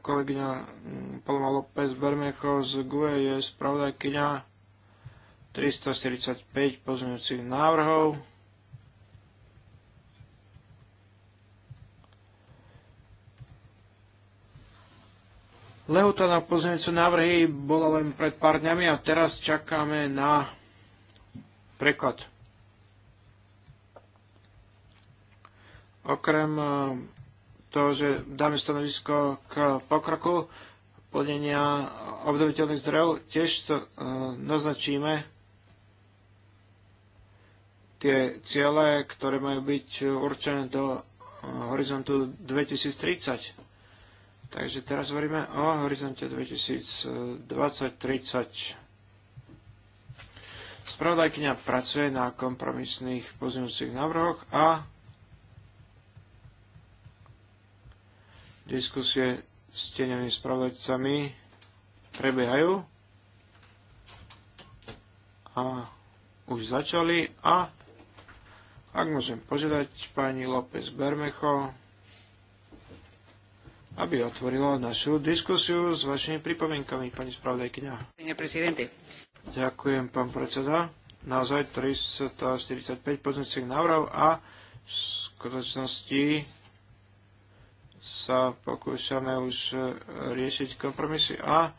kolegyňa mm, Paloma López Bermecho z GUE je spravodajkyňa 345 pozmeňujúcich návrhov. Lehota na pozmeňujúce návrhy bola len pred pár dňami a teraz čakáme na preklad. Okrem e, toho, že dáme stanovisko k pokroku plnenia obnoviteľných zdrojov, tiež to e, naznačíme tie ciele, ktoré majú byť určené do e, horizontu 2030. Takže teraz hovoríme o horizonte 2020-30. Spravodajkynia pracuje na kompromisných pozimujúcich návrhoch a Diskusie s tenými spravodajcami prebiehajú a už začali a ak môžem požiadať pani López Bermecho, aby otvorila našu diskusiu s vašimi pripomienkami, pani spravodajkyňa. Ďakujem, pán predseda. Naozaj 345 pozmeňujúcich návrhov a v skutočnosti sa pokúšame už e, riešiť kompromisy a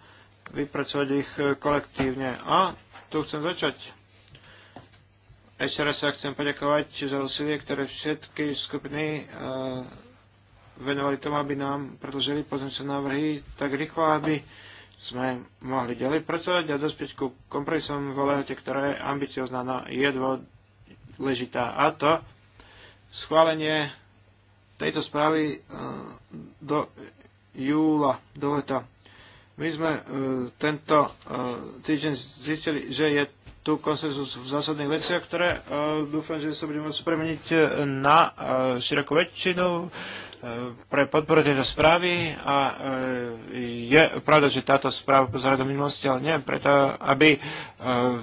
vypracovať ich e, kolektívne. A tu chcem začať. Ešte raz sa chcem poďakovať za úsilie, ktoré všetky skupiny e, venovali tomu, aby nám predložili pozemce návrhy tak rýchlo, aby sme mohli ďalej pracovať a dospieť ku kompromisom v lehote, ktorá je ambiciozná, no je dôležitá. A to schválenie tejto správy e, do júla, do leta. My sme e, tento e, týždeň zistili, že je tu konsensus v zásadných veciach, ktoré dúfam, že sa budeme môcť premeniť na širokú väčšinu pre podporu tejto správy a je pravda, že táto správa pozera do minulosti, ale nie preto, aby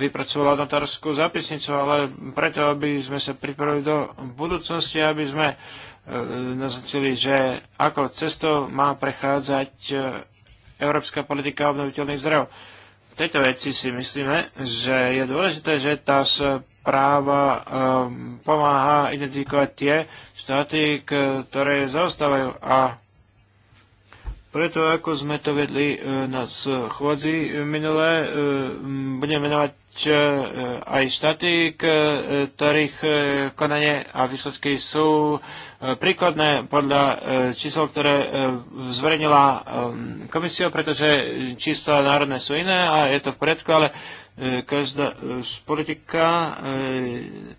vypracovala notárskú zápisnicu, ale preto, aby sme sa pripravili do budúcnosti, aby sme uh, E, naznačili, že ako cestou má prechádzať e, európska politika obnoviteľných zdrojov. V tejto veci si myslíme, že je dôležité, že tá práva e, pomáha identifikovať tie štáty, ktoré zaostávajú a preto, ako sme to vedli na schôdzi minulé, budem menovať E, aj štáty, e, ktorých e, konanie a výsledky sú príkladné podľa čísel, ktoré zverejnila komisia, pretože čísla národné sú iné a je to v poriadku, ale E, každá e, politika e,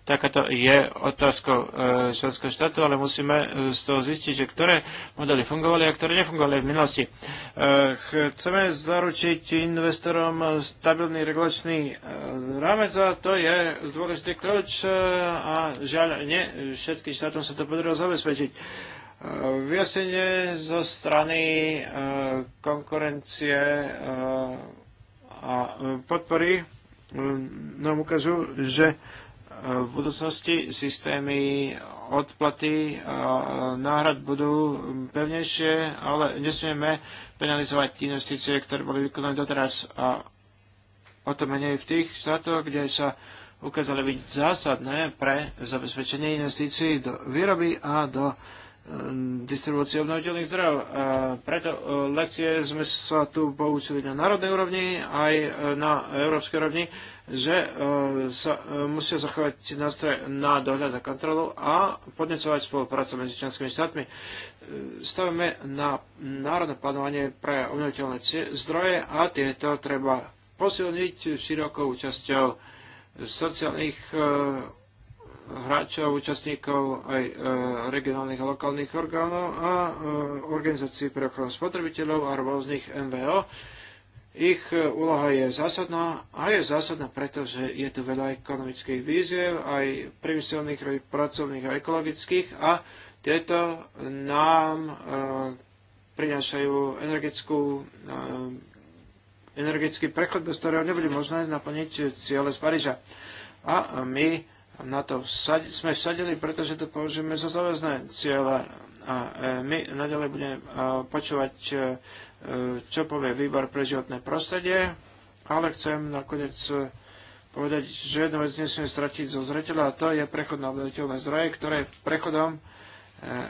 takáto je otázkou členského štátu, ale musíme z toho zistiť, že ktoré modely fungovali a ktoré nefungovali v minulosti. Chceme zaručiť investorom stabilný regulačný rámec a to je dôležitý kľúč a žiaľ, nie všetkým štátom sa to podarilo zabezpečiť. Vyjasnenie zo strany konkurencie a e, podpory e, nám ukazujú, že e, v budúcnosti systémy odplaty a náhrad budú pevnejšie, ale nesmieme penalizovať investície, ktoré boli vykonané doteraz a o to menej v tých štátoch, kde sa ukázali byť zásadné pre zabezpečenie investícií do výroby a do Ehm, distribúcii obnoviteľných zdrojov. Preto e, lekcie sme sa tu poučili na národnej úrovni aj e, na európskej úrovni, že e, sa musia zachovať nástroje na dohľad a kontrolu a podnecovať spoluprácu medzi členskými štátmi. Stavíme na národné plánovanie pre obnoviteľné zdroje a tieto treba posilniť širokou účasťou sociálnych hráčov, účastníkov aj e, regionálnych a lokálnych orgánov a e, organizácií pre ochranu spotrebiteľov a rôznych MVO. Ich e, úloha je zásadná a je zásadná, pretože je tu veľa ekonomických víziev, aj priemyselných, aj pracovných, aj ekologických a tieto nám prinášajú energetickú energetický prechod, bez ktorého nebude možné naplniť ciele z Paríža. A my na to vsad, sme vsadili, pretože to považujeme za záväzné ciele. A e, my nadalej budeme e, počúvať, e, čo povie výbor pre životné prostredie, ale chcem nakoniec povedať, že jednu vec nesmieme stratiť zo zreteľa a to je prechod na obnoviteľné zdroje, ktoré prechodom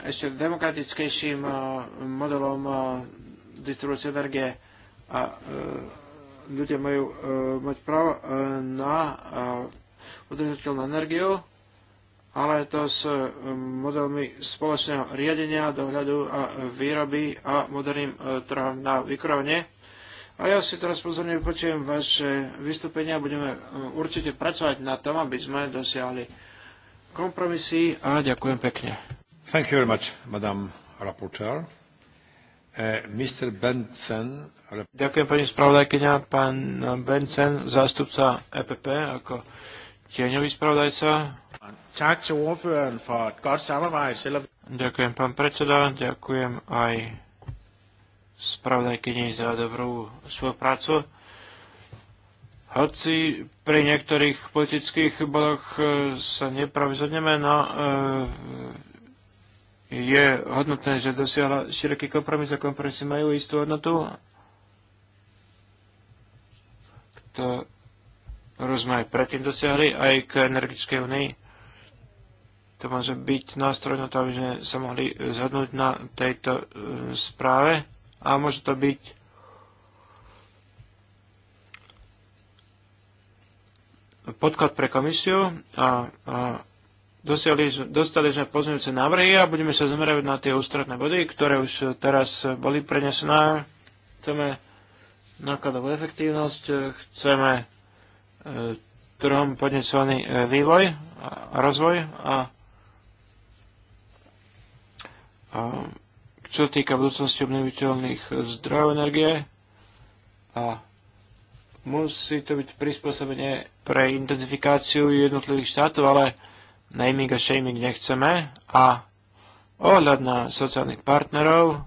ešte demokratickejším modelom distribúcie energie a ľudia majú mať právo na udržateľnou energiou, ale to s e, modelmi spoločného riadenia, dohľadu a výroby a moderným e, trhom na vykrovne. A ja si teraz pozorne vypočujem vaše vystúpenia a budeme e, určite pracovať na tom, aby sme dosiahli kompromisy a ďakujem pekne. Thank you very much, Madame Rapporteur. Uh, Mr. Benson. Ďakujem pani spravodajkyňa, pán Benson, zástupca EPP, ako tieňový spravodajca. Ďakujem, pán predseda. Ďakujem aj spravodajkyni za dobrú svoju prácu. Hoci pri niektorých politických bodoch e, sa nepravi zhodneme, no e, je hodnotné, že dosiahla široký kompromis a kompromisy majú istú hodnotu, Kto ktorú sme aj predtým dosiahli, aj k energetickej únii. To môže byť nástroj na to, aby sme sa mohli zhodnúť na tejto e, správe a môže to byť podklad pre komisiu a, a dostali sme pozmeňujúce návrhy a budeme sa zmerať na tie ústredné body, ktoré už teraz boli prenesené. Chceme nákladovú efektívnosť, chceme trhom e, podnecovaný e, vývoj, a rozvoj a, čo týka budúcnosti obnoviteľných zdrojov energie a musí to byť prispôsobenie pre intenzifikáciu jednotlivých štátov, ale naming a shaming nechceme a ohľad na sociálnych partnerov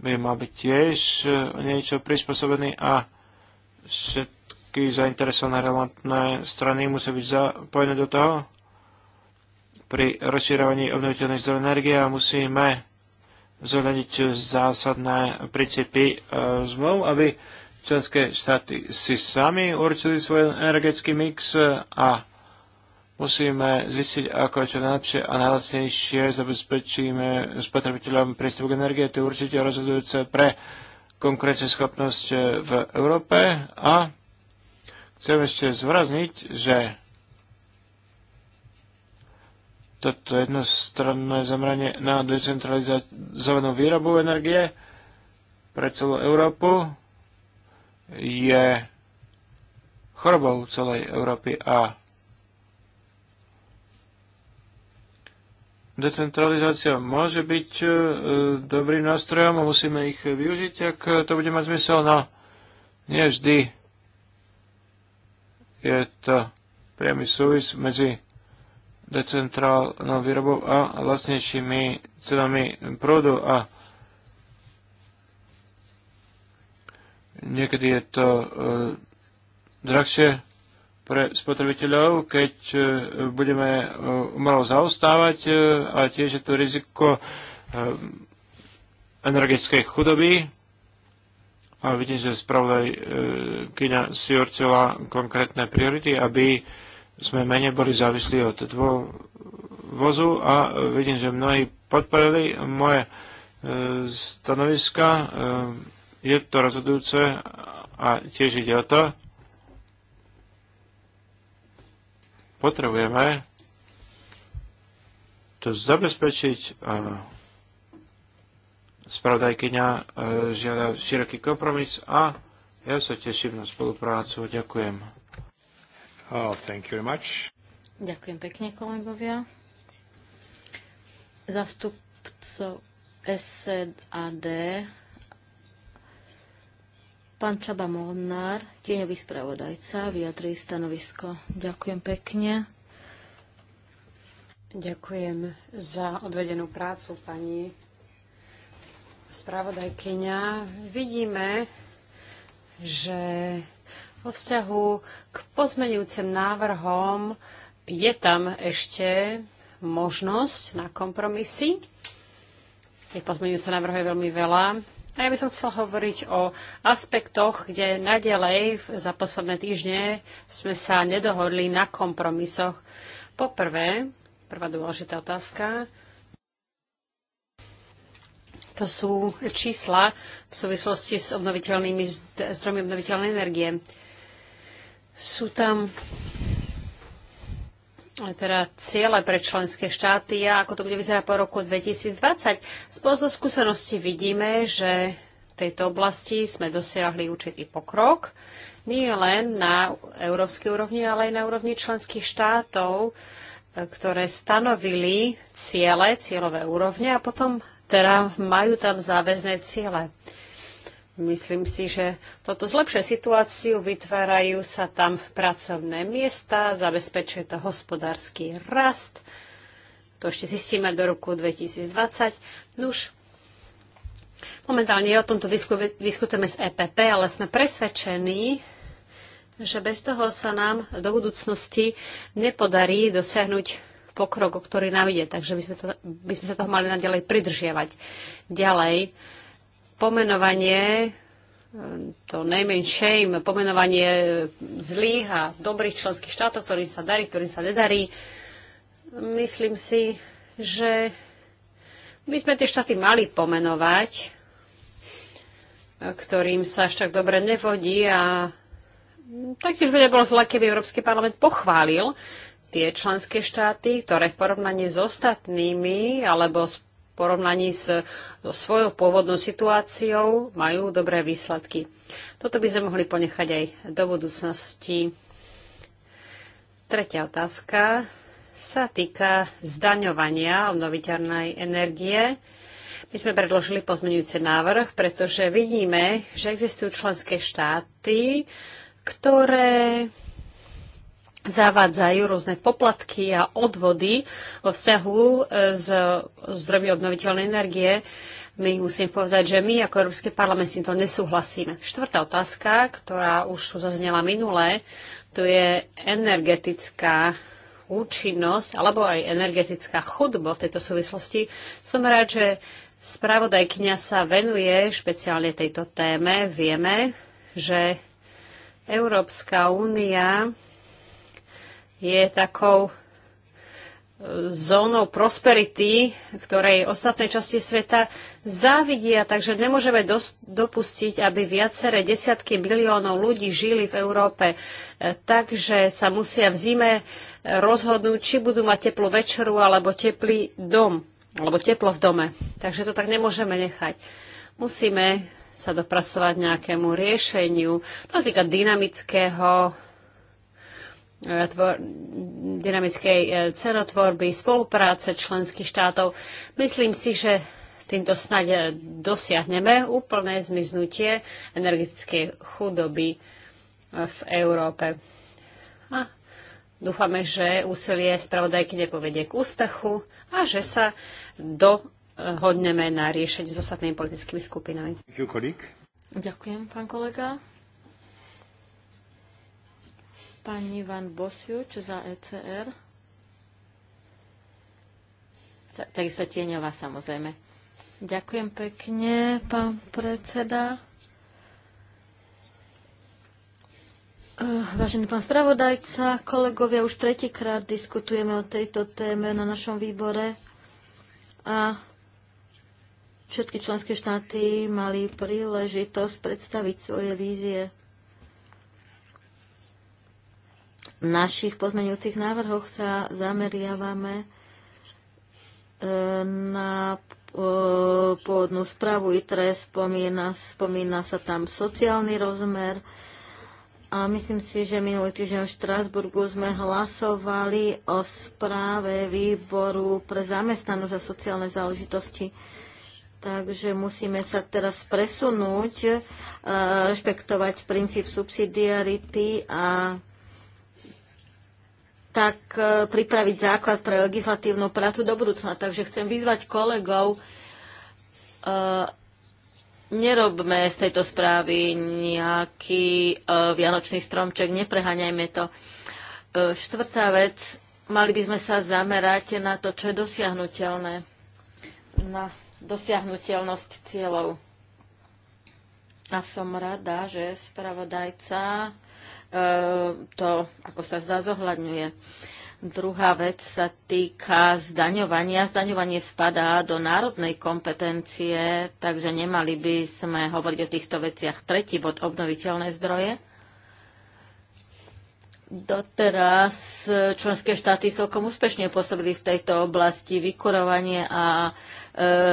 by mal byť tiež e, niečo prispôsobený a všetko všetky zainteresované relevantné strany musia byť zapojené do toho pri rozširovaní obnoviteľných zdrojov energie a musíme zohľadiť zásadné princípy e, zmluv, aby členské štáty si sami určili svoj energetický mix e, a musíme zistiť, ako čo najlepšie a najlacnejšie zabezpečíme spotrebiteľom prístup k energie. To je určite rozhodujúce pre konkurenceschopnosť e, v Európe a Chcem ešte zvrazniť, že toto jednostranné zamranie na decentralizovanú výrobu energie pre celú Európu je chorobou celej Európy a decentralizácia môže byť e, dobrým nástrojom a musíme ich využiť, ak to bude mať zmysel, no nie vždy je to priamy súvis medzi decentrálnou výrobou a lacnejšími cenami prúdu a niekedy je to e, drahšie pre spotrebiteľov, keď e, budeme e, umelo zaostávať e, a tiež je to riziko e, energetickej chudoby a vidím, že spravodaj e, Kina si určila konkrétne priority, aby sme menej boli závislí od vozu a vidím, že mnohí podporili moje e, stanoviska. E, je to rozhodujúce a tiež ide o to. Potrebujeme to zabezpečiť a spravodajkyňa e, žiada široký kompromis a ja sa teším na spoluprácu. Ďakujem. Oh, thank you very much. Ďakujem pekne, kolegovia. Zastupcov SAD pán Čaba Molnár, tieňový spravodajca, vyjadrí stanovisko. Ďakujem pekne. Ďakujem za odvedenú prácu pani spravodajkyňa, vidíme, že vo vzťahu k pozmenujúcim návrhom je tam ešte možnosť na kompromisy. Tých pozmenujúcich návrhov je veľmi veľa. A ja by som chcela hovoriť o aspektoch, kde nadalej za posledné týždne sme sa nedohodli na kompromisoch. Poprvé, prvá dôležitá otázka, to sú čísla v súvislosti s obnoviteľnými zdrojmi obnoviteľnej energie. Sú tam teda ciele pre členské štáty a ako to bude vyzerať po roku 2020. Z zo skúsenosti vidíme, že v tejto oblasti sme dosiahli určitý pokrok. Nie len na európskej úrovni, ale aj na úrovni členských štátov, e, ktoré stanovili ciele, cieľové úrovne a potom teda majú tam záväzné ciele. Myslím si, že toto zlepšuje situáciu, vytvárajú sa tam pracovné miesta, zabezpečuje to hospodársky rast. To ešte zistíme do roku 2020. Nuž, momentálne o tomto diskutujeme s EPP, ale sme presvedčení, že bez toho sa nám do budúcnosti nepodarí dosiahnuť pokrok, o ktorý nám ide. Takže by sme, to, by sme sa toho mali naďalej pridržiavať. Ďalej, pomenovanie eh, to name and shame, pomenovanie zlých a dobrých členských štátov, ktorým sa darí, ktorým sa nedarí. Myslím si, že by sme tie štáty mali pomenovať, ktorým sa až tak dobre nevodí a taktiež by nebolo zle, keby Európsky parlament pochválil tie členské štáty, ktoré v porovnaní s ostatnými alebo v porovnaní s so svojou pôvodnou situáciou majú dobré výsledky. Toto by sme mohli ponechať aj do budúcnosti. Tretia otázka sa týka zdaňovania obnoviteľnej energie. My sme predložili pozmeňujúci návrh, pretože vidíme, že existujú členské štáty, ktoré zavádzajú rôzne poplatky a odvody vo vzťahu s e, zdrojmi obnoviteľnej energie. My musím povedať, že my ako Európsky parlament s týmto nesúhlasíme. Štvrtá otázka, ktorá už tu zaznela minulé, to je energetická účinnosť alebo aj energetická chudba v tejto súvislosti. Som rád, že spravodajkňa sa venuje špeciálne tejto téme. Vieme, že Európska únia je takou e, zónou prosperity, ktorej ostatnej časti sveta závidia, takže nemôžeme dos- dopustiť, aby viaceré desiatky miliónov ľudí žili v Európe. E, takže sa musia v zime rozhodnúť, či budú mať teplú večeru alebo teplý dom, alebo teplo v dome. Takže to tak nemôžeme nechať. Musíme sa dopracovať nejakému riešeniu, napríklad dynamického tvor, dynamickej e, cenotvorby, spolupráce členských štátov. Myslím si, že týmto snad e, dosiahneme úplné zmiznutie energetickej chudoby e, v Európe. A dúfame, že úsilie spravodajky nepovedie k úspechu a že sa dohodneme na riešenie s ostatnými politickými skupinami. Ďakujem, pán kolega. Pani Van Bosiuč za ECR. sa Tieňová samozrejme. Ďakujem pekne, pán predseda. Eh, vážený pán spravodajca, kolegovia, už tretíkrát diskutujeme o tejto téme na našom výbore a všetky členské štáty mali príležitosť predstaviť svoje vízie našich pozmeňujúcich návrhoch sa zameriavame e, na e, pôvodnú správu ITRE, spomína, spomína sa tam sociálny rozmer a myslím si, že minulý týždeň v Štrásburgu sme hlasovali o správe výboru pre zamestnanosť a sociálne záležitosti. Takže musíme sa teraz presunúť, e, rešpektovať princíp subsidiarity a tak e, pripraviť základ pre legislatívnu prácu do budúcna. Takže chcem vyzvať kolegov, e, nerobme z tejto správy nejaký e, vianočný stromček, nepreháňajme to. Štvrtá vec, mali by sme sa zamerať na to, čo je dosiahnutelné, na dosiahnutelnosť cieľov. A som rada, že spravodajca E, to, ako sa zdá, zohľadňuje. Druhá vec sa týka zdaňovania. Zdaňovanie spadá do národnej kompetencie, takže nemali by sme hovoriť o týchto veciach. Tretí bod, obnoviteľné zdroje. Doteraz členské štáty celkom úspešne pôsobili v tejto oblasti vykurovanie a e,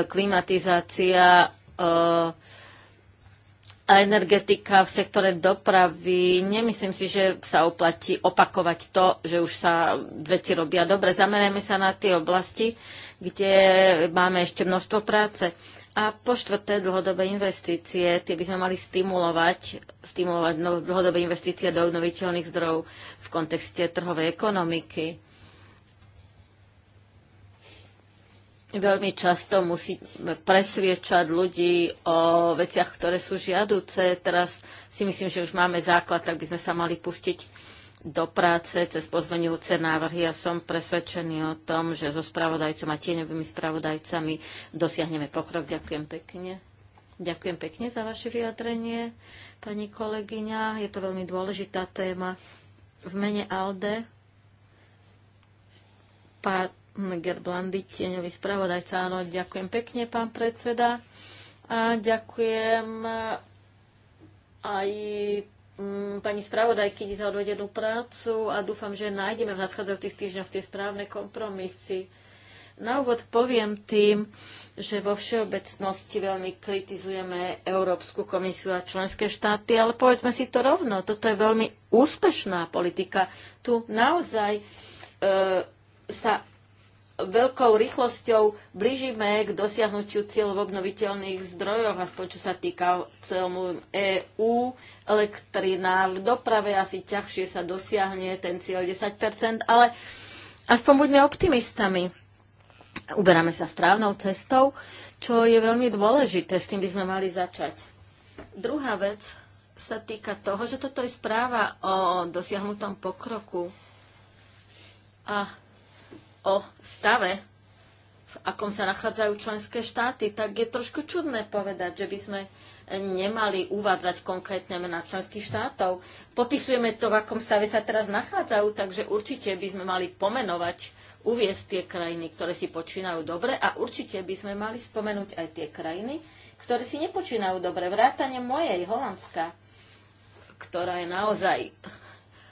klimatizácia e, a energetika v sektore dopravy, nemyslím si, že sa oplatí opakovať to, že už sa veci robia dobre. Zamerajme sa na tie oblasti, kde máme ešte množstvo práce. A po štvrté, dlhodobé investície. Tie by sme mali stimulovať, stimulovať dlhodobé investície do obnoviteľných zdrojov v kontexte trhovej ekonomiky veľmi často musí presviečať ľudí o veciach, ktoré sú žiaduce. Teraz si myslím, že už máme základ, tak by sme sa mali pustiť do práce cez pozmenujúce návrhy. Ja som presvedčený o tom, že so spravodajcom a tieňovými spravodajcami dosiahneme pokrok. Ďakujem pekne. Ďakujem pekne za vaše vyjadrenie, pani kolegyňa. Je to veľmi dôležitá téma. V mene ALDE pán Meger Blandy, tieňový spravodajca. Áno, ďakujem pekne, pán predseda. A ďakujem eh, aj mm, pani spravodajky za odvedenú prácu a dúfam, že nájdeme v nadchádzajúcich týždňoch tie správne kompromisy. Na úvod poviem tým, že vo všeobecnosti veľmi kritizujeme Európsku komisiu a členské štáty, ale povedzme si to rovno, toto je veľmi úspešná politika. Tu naozaj e, sa veľkou rýchlosťou blížime k dosiahnutiu cieľov obnoviteľných zdrojov, aspoň čo sa týka celému EÚ, elektrina. v doprave asi ťažšie sa dosiahne ten cieľ 10%, ale aspoň buďme optimistami. Uberáme sa správnou cestou, čo je veľmi dôležité, s tým by sme mali začať. Druhá vec sa týka toho, že toto je správa o dosiahnutom pokroku. A o stave, v akom sa nachádzajú členské štáty, tak je trošku čudné povedať, že by sme nemali uvádzať konkrétne mená členských štátov. Popisujeme to, v akom stave sa teraz nachádzajú, takže určite by sme mali pomenovať, uviesť tie krajiny, ktoré si počínajú dobre a určite by sme mali spomenúť aj tie krajiny, ktoré si nepočínajú dobre. Vrátane mojej, Holandska, ktorá je naozaj,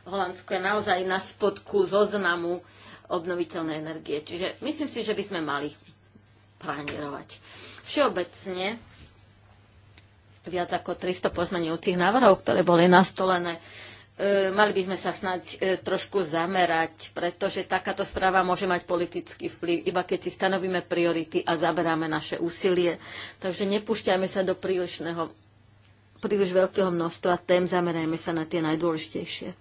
Holandsko je naozaj na spodku zoznamu obnoviteľné energie. Čiže myslím si, že by sme mali pranierovať. Všeobecne viac ako 300 pozmenujúcich návrhov, ktoré boli nastolené, e, mali by sme sa snať e, trošku zamerať, pretože takáto správa môže mať politický vplyv, iba keď si stanovíme priority a zaberáme naše úsilie. Takže nepúšťajme sa do prílišného, príliš veľkého množstva tém, zamerajme sa na tie najdôležitejšie.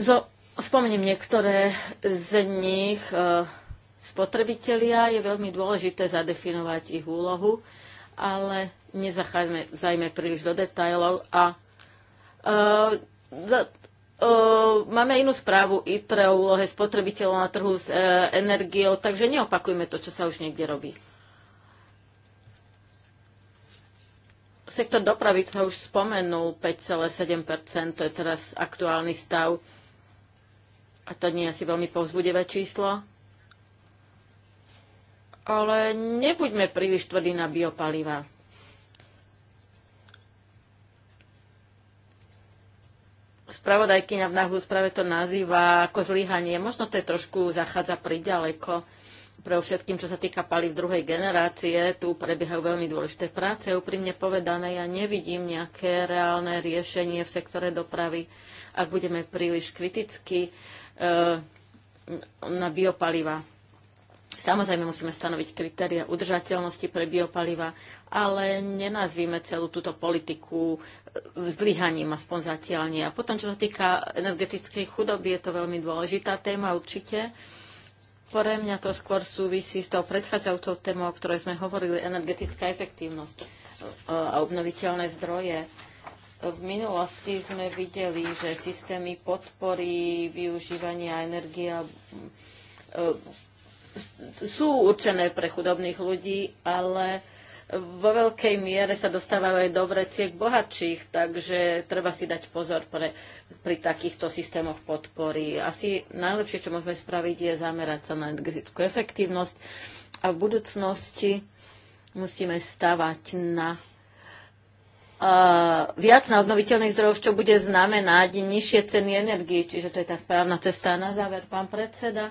Zo Spomeniem niektoré z nich. E, spotrebitelia je veľmi dôležité zadefinovať ich úlohu, ale nezachádzajme príliš do detajlov a uh, uh, máme inú správu ITRE o úlohe spotrebiteľov na trhu s uh, energiou, takže neopakujme to, čo sa už niekde robí. Sektor dopravy sa už spomenul 5,7%, to je teraz aktuálny stav a to nie je asi veľmi povzbudivé číslo, ale nebuďme príliš tvrdí na biopaliva. Spravodajkyňa v náhľu sprave to nazýva ako zlyhanie. Možno to je trošku zachádza priďaleko. Pre všetkým, čo sa týka palív druhej generácie, tu prebiehajú veľmi dôležité práce. Úprimne povedané, ja nevidím nejaké reálne riešenie v sektore dopravy, ak budeme príliš kriticky E, na biopaliva. Samozrejme musíme stanoviť kritéria udržateľnosti pre biopaliva, ale nenazvíme celú túto politiku e, zlyhaním aspoň zatiaľ nie. A potom, čo sa týka energetickej chudoby, je to veľmi dôležitá téma určite. Pre mňa to skôr súvisí s tou predchádzajúcou témou, o ktorej sme hovorili, energetická efektívnosť e, a obnoviteľné zdroje v minulosti sme videli, že systémy podpory využívania energie e, sú určené pre chudobných ľudí, ale vo veľkej miere sa dostávajú aj do vreciek bohatších, takže treba si dať pozor pre, pri takýchto systémoch podpory. Asi najlepšie, čo môžeme spraviť, je zamerať sa na energetickú efektívnosť a v budúcnosti musíme stavať na viac na obnoviteľných zdrojov, čo bude znamenať nižšie ceny energii. Čiže to je tá správna cesta. Na záver, pán predseda,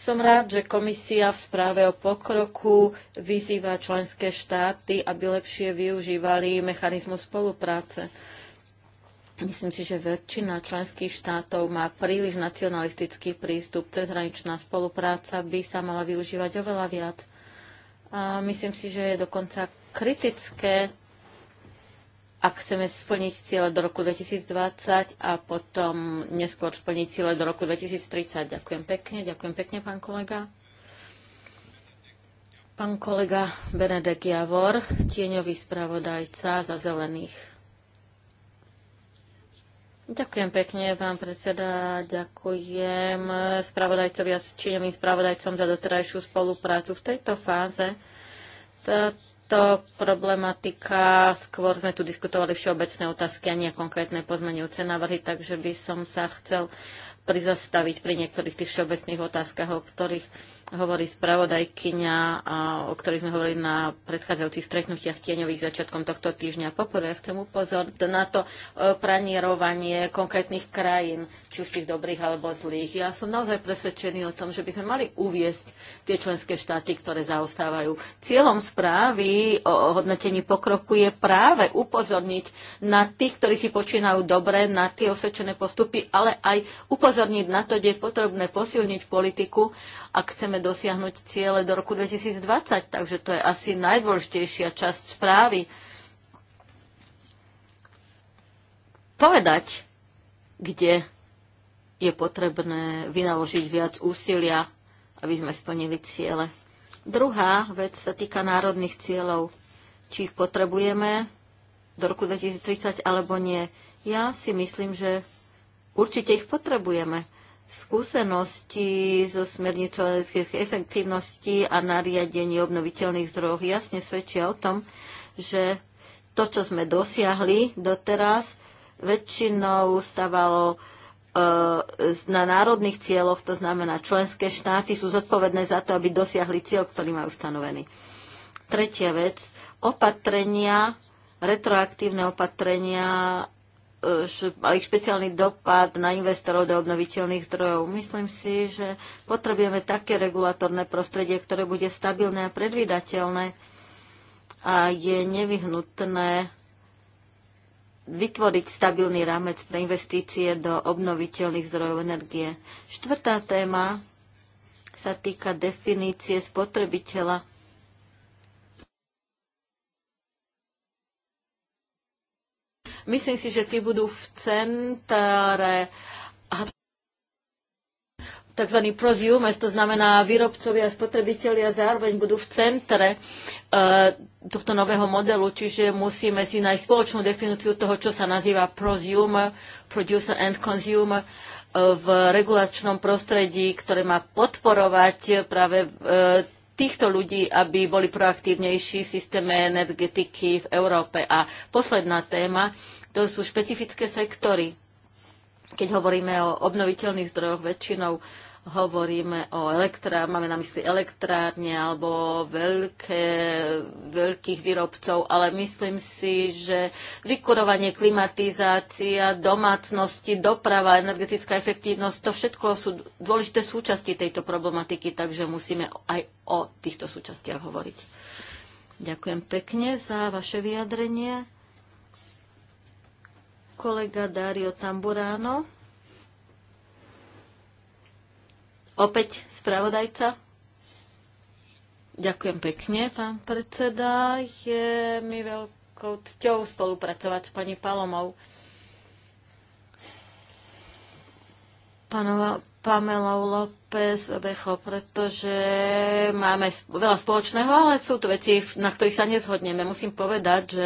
som rád, že komisia v správe o pokroku vyzýva členské štáty, aby lepšie využívali mechanizmus spolupráce. Myslím si, že väčšina členských štátov má príliš nacionalistický prístup. Cezhraničná spolupráca by sa mala využívať oveľa viac. A myslím si, že je dokonca kritické ak chceme splniť ciele do roku 2020 a potom neskôr splniť cieľe do roku 2030. Ďakujem pekne, ďakujem pekne, pán kolega. Pán kolega Benedek Javor, tieňový spravodajca za zelených. Ďakujem pekne, pán predseda. Ďakujem spravodajcovi a tieňovým spravodajcom za doterajšiu spoluprácu v tejto fáze táto problematika. Skôr sme tu diskutovali všeobecné otázky a nie konkrétne pozmenujúce návrhy, takže by som sa chcel prizastaviť pri niektorých tých všeobecných otázkach, o ktorých hovorí spravodajkyňa a o ktorých sme hovorili na predchádzajúcich stretnutiach tieňových začiatkom tohto týždňa. Poprvé chcem upozorniť na to e, pranierovanie konkrétnych krajín či už tých dobrých alebo zlých. Ja som naozaj presvedčený o tom, že by sme mali uviesť tie členské štáty, ktoré zaostávajú. Cieľom správy o hodnotení pokroku je práve upozorniť na tých, ktorí si počínajú dobre, na tie osvedčené postupy, ale aj upozorniť na to, kde je potrebné posilniť politiku, ak chceme dosiahnuť ciele do roku 2020. Takže to je asi najdôležitejšia časť správy. povedať, kde je potrebné vynaložiť viac úsilia, aby sme splnili ciele. Druhá vec sa týka národných cieľov. Či ich potrebujeme do roku 2030 alebo nie. Ja si myslím, že určite ich potrebujeme. Skúsenosti zo smernicu efektívnosti a nariadení obnoviteľných zdrojov jasne svedčia o tom, že to, čo sme dosiahli doteraz, väčšinou stávalo na národných cieľoch, to znamená, členské štáty sú zodpovedné za to, aby dosiahli cieľ, ktorý majú stanovený. Tretia vec, opatrenia, retroaktívne opatrenia, e, ich špeciálny dopad na investorov do obnoviteľných zdrojov. Myslím si, že potrebujeme také regulatorné prostredie, ktoré bude stabilné a predvídateľné a je nevyhnutné vytvoriť stabilný rámec pre investície do obnoviteľných zdrojov energie. Štvrtá téma sa týka definície spotrebiteľa. Myslím si, že tí budú v centre tzv. prosumers, to znamená výrobcovia spotrebitelia zároveň budú v centre e, tohto nového modelu, čiže musíme si nájsť spoločnú definíciu toho, čo sa nazýva prosumer, producer and consumer e, v regulačnom prostredí, ktoré má podporovať práve e, týchto ľudí, aby boli proaktívnejší v systéme energetiky v Európe. A posledná téma, to sú špecifické sektory. Keď hovoríme o obnoviteľných zdrojoch, väčšinou hovoríme o elektrárne, máme na mysli elektrárne alebo veľké, veľkých výrobcov, ale myslím si, že vykurovanie, klimatizácia, domácnosti, doprava, energetická efektívnosť, to všetko sú dôležité súčasti tejto problematiky, takže musíme aj o týchto súčastiach hovoriť. Ďakujem pekne za vaše vyjadrenie. Kolega Dario Tamburano. Opäť spravodajca. Ďakujem pekne, pán predseda. Je mi veľkou cťou spolupracovať s pani Palomou. Pánova Pamela López Becho, pretože máme veľa spoločného, ale sú tu veci, na ktorých sa nezhodneme. Musím povedať, že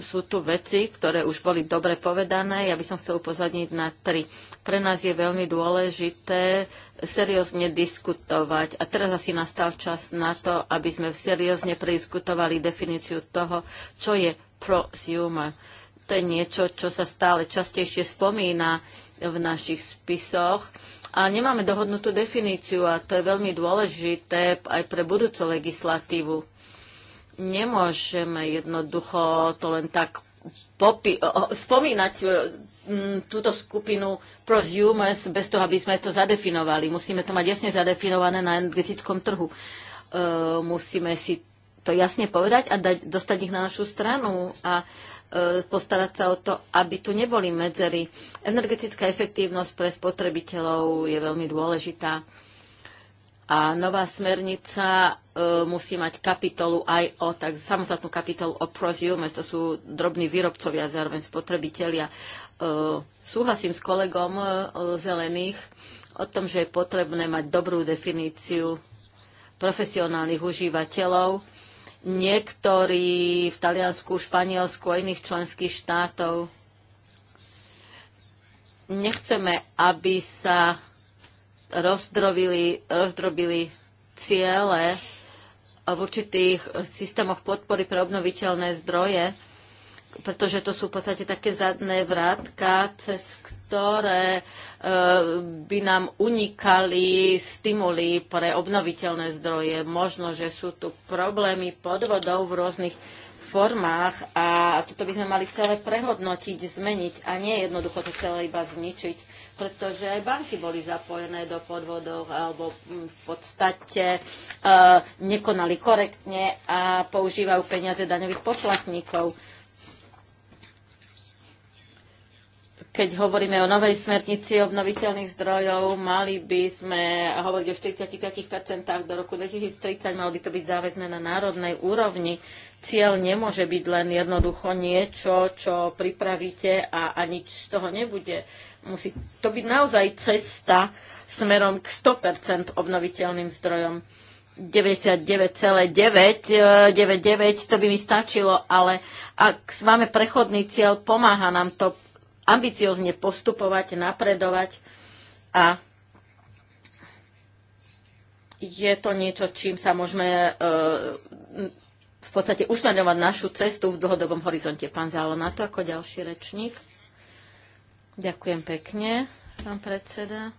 sú tu veci, ktoré už boli dobre povedané. Ja by som chcel upozorniť na tri. Pre nás je veľmi dôležité seriózne diskutovať. A teraz asi nastal čas na to, aby sme seriózne prediskutovali definíciu toho, čo je prosumer. To je niečo, čo sa stále častejšie spomína v našich spisoch. A nemáme dohodnutú definíciu a to je veľmi dôležité aj pre budúcu legislatívu nemôžeme jednoducho to len tak popi- spomínať e, túto skupinu prosumers bez toho, aby sme to zadefinovali. Musíme to mať jasne zadefinované na energetickom trhu. E, musíme si to jasne povedať a dať, dostať ich na našu stranu a e, postarať sa o to, aby tu neboli medzery. Energetická efektívnosť pre spotrebiteľov je veľmi dôležitá a nová smernica e, musí mať kapitolu aj o, tak samostatnú kapitolu o prosumers, to sú drobní výrobcovia, zároveň spotrebitelia. E, súhlasím s kolegom e, zelených o tom, že je potrebné mať dobrú definíciu profesionálnych užívateľov. Niektorí v Taliansku, Španielsku a iných členských štátov nechceme, aby sa rozdrobili, rozdrobili ciele v určitých systémoch podpory pre obnoviteľné zdroje, pretože to sú v podstate také zadné vrátka, cez ktoré e, by nám unikali stimuly pre obnoviteľné zdroje. Možno, že sú tu problémy podvodov v rôznych formách a toto by sme mali celé prehodnotiť, zmeniť a nie jednoducho to celé iba zničiť pretože aj banky boli zapojené do podvodov alebo mm, v podstate e, nekonali korektne a používajú peniaze daňových poplatníkov. keď hovoríme o novej smernici obnoviteľných zdrojov, mali by sme hovoriť o 45% do roku 2030, malo by to byť záväzné na národnej úrovni. Cieľ nemôže byť len jednoducho niečo, čo pripravíte a, a nič z toho nebude. Musí to byť naozaj cesta smerom k 100% obnoviteľným zdrojom. 99,99 eh, to by mi stačilo, ale ak máme prechodný cieľ, pomáha nám to ambiciozne postupovať, napredovať a je to niečo, čím sa môžeme eh, v podstate usmerňovať našu cestu v dlhodobom horizonte. Pán Zálo, na to ako ďalší rečník. Ďakujem pekne, pán predseda.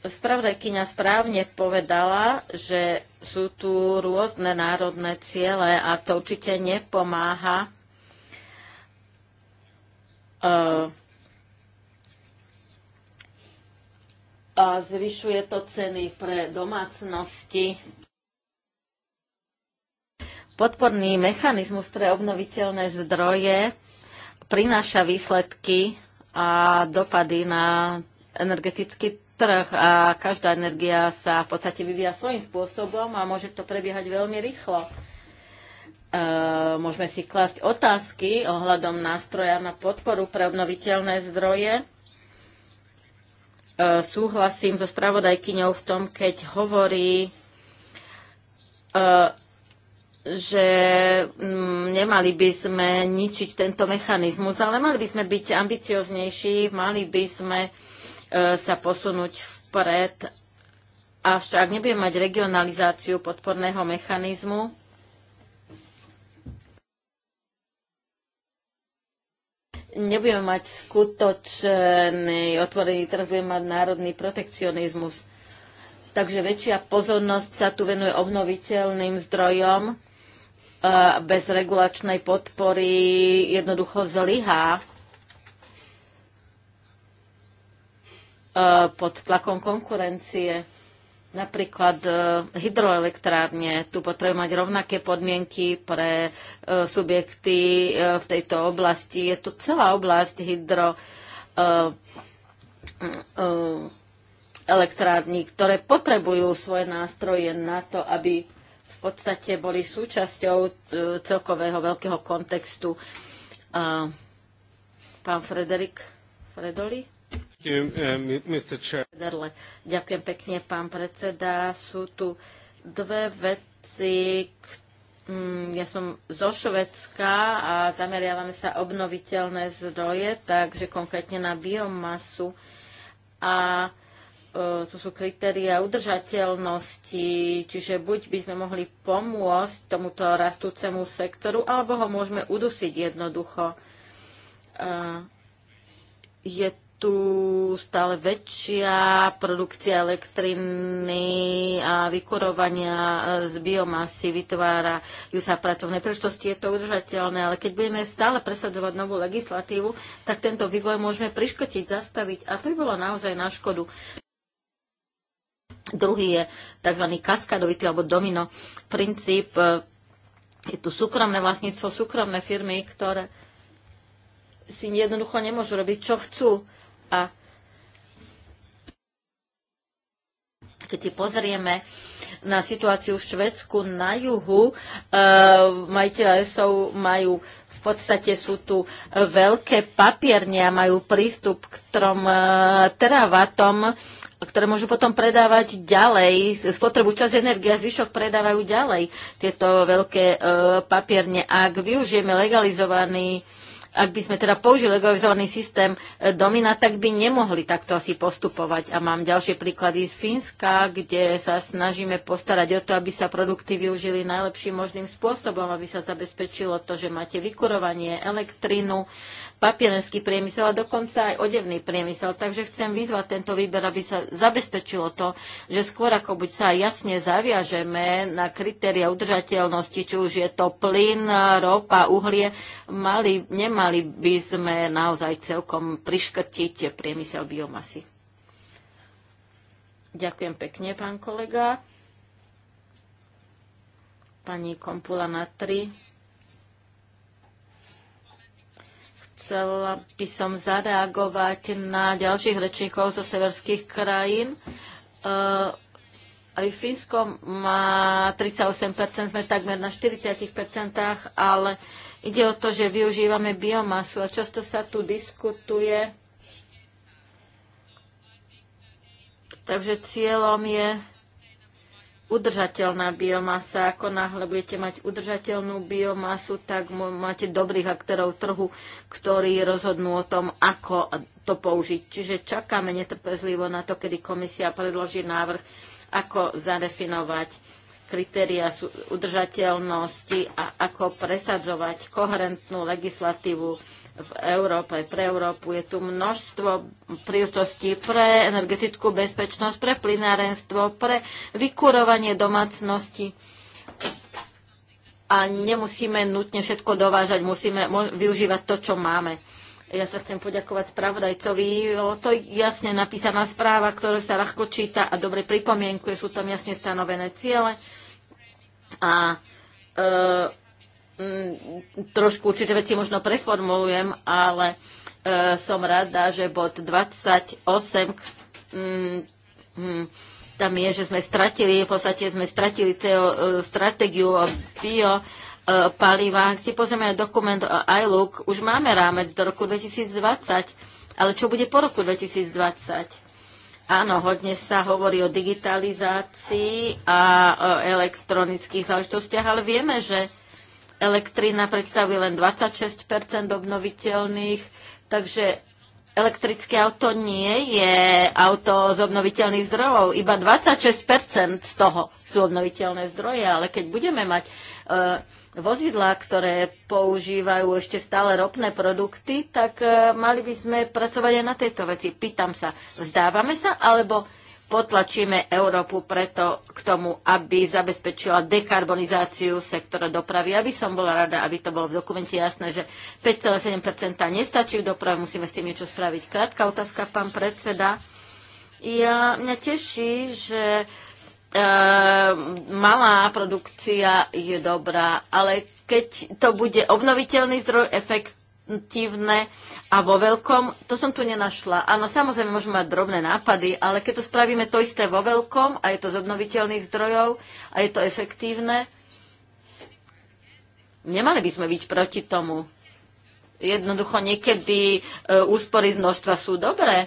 Spravodajkyňa správne povedala, že sú tu rôzne národné ciele a to určite nepomáha eh, a zvyšuje to ceny pre domácnosti. Podporný mechanizmus pre obnoviteľné zdroje prináša výsledky a dopady na energetický trh a každá energia sa v podstate vyvíja svojím spôsobom a môže to prebiehať veľmi rýchlo. E, môžeme si klásť otázky ohľadom nástroja na podporu pre obnoviteľné zdroje. E, súhlasím so spravodajkyňou v tom, keď hovorí e, že mm, nemali by sme ničiť tento mechanizmus, ale mali by sme byť ambicioznejší, mali by sme e, sa posunúť vpred. Avšak nebudeme mať regionalizáciu podporného mechanizmu, nebudeme mať skutočný otvorený trh, budeme mať národný protekcionizmus. Takže väčšia pozornosť sa tu venuje obnoviteľným zdrojom bez regulačnej podpory jednoducho zlyhá e, pod tlakom konkurencie. Napríklad e, hydroelektrárne, tu potrebujú mať rovnaké podmienky pre e, subjekty v tejto oblasti. Je tu celá oblasť hydro elektrární, ktoré potrebujú svoje nástroje na to, aby podstate boli súčasťou e, celkového veľkého kontextu. pán Frederik Fredoli? Um, Ďakujem pekne, pán predseda. Sú tu dve veci. Mm, ja som zo Švedska a zameriavame sa obnoviteľné zdroje, takže konkrétne na biomasu. A E, to sú kritéria udržateľnosti, čiže buď by sme mohli pomôcť tomuto rastúcemu sektoru, alebo ho môžeme udusiť jednoducho. E, je tu stále väčšia produkcia elektriny a vykurovania e, z biomasy vytvára ju sa pracovné príležitosti, je to udržateľné, ale keď budeme stále presadzovať novú legislatívu, tak tento vývoj môžeme priškotiť, zastaviť a to by bolo naozaj na škodu. Druhý je tzv. kaskadovitý alebo domino princíp. E, je tu súkromné vlastníctvo, súkromné firmy, ktoré si jednoducho nemôžu robiť, čo chcú. A keď si pozrieme na situáciu v Švedsku na juhu, e, majiteľe lesov majú v podstate sú tu veľké papierne a majú prístup k trom e, teravatom ktoré môžu potom predávať ďalej, spotrebu čas energie a zvyšok predávajú ďalej tieto veľké e, papierne. Ak využijeme legalizovaný ak by sme teda použili legalizovaný systém e, domina, tak by nemohli takto asi postupovať. A mám ďalšie príklady z Fínska, kde sa snažíme postarať o to, aby sa produkty využili najlepším možným spôsobom, aby sa zabezpečilo to, že máte vykurovanie, elektrínu, papierenský priemysel a dokonca aj odevný priemysel. Takže chcem vyzvať tento výber, aby sa zabezpečilo to, že skôr ako buď sa jasne zaviažeme na kritéria udržateľnosti, či už je to plyn, ropa, uhlie, mali, nemali by sme naozaj celkom priškrtiť priemysel biomasy. Ďakujem pekne, pán kolega. Pani Kompula na 3. Chcela by som zareagovať na ďalších rečníkov zo severských krajín. E, aj Fínsko má 38%, sme takmer na 40%, ale ide o to, že využívame biomasu a často sa tu diskutuje. Takže cieľom je udržateľná biomasa. Ako náhle budete mať udržateľnú biomasu, tak máte dobrých aktérov trhu, ktorí rozhodnú o tom, ako to použiť. Čiže čakáme netrpezlivo na to, kedy komisia predloží návrh, ako zadefinovať kritéria udržateľnosti a ako presadzovať koherentnú legislatívu v Európe, pre Európu. Je tu množstvo príležitostí pre energetickú bezpečnosť, pre plynárenstvo, pre vykurovanie domácnosti. A nemusíme nutne všetko dovážať, musíme využívať to, čo máme. Ja sa chcem poďakovať spravodajcovi. To je jasne napísaná správa, ktorú sa ľahko číta a dobre pripomienkuje. Sú tam jasne stanovené ciele. A e, Mm, trošku určité veci možno preformulujem, ale e, som rada, že bod 28 mm, mm, tam je, že sme stratili, v podstate sme stratili e, stratégiu o bio e, Ak Si pozrieme dokument o iLook, už máme rámec do roku 2020, ale čo bude po roku 2020? Áno, hodne sa hovorí o digitalizácii a o elektronických záležitostiach, ale vieme, že Elektrina predstavuje len 26 obnoviteľných, takže elektrické auto nie je auto z obnoviteľných zdrojov. Iba 26 z toho sú obnoviteľné zdroje, ale keď budeme mať e, vozidlá, ktoré používajú ešte stále ropné produkty, tak e, mali by sme pracovať aj na tejto veci. Pýtam sa, vzdávame sa alebo potlačíme Európu preto k tomu, aby zabezpečila dekarbonizáciu sektora dopravy. Aby som bola rada, aby to bolo v dokumente jasné, že 5,7 nestačí v doprave, musíme s tým niečo spraviť. Krátka otázka, pán predseda. Ja, mňa teší, že e, malá produkcia je dobrá, ale keď to bude obnoviteľný zdroj, efekt preventívne a vo veľkom, to som tu nenašla. Áno, samozrejme môžeme mať drobné nápady, ale keď to spravíme to isté vo veľkom a je to z obnoviteľných zdrojov a je to efektívne, nemali by sme byť proti tomu. Jednoducho niekedy e, úspory z množstva sú dobré, e,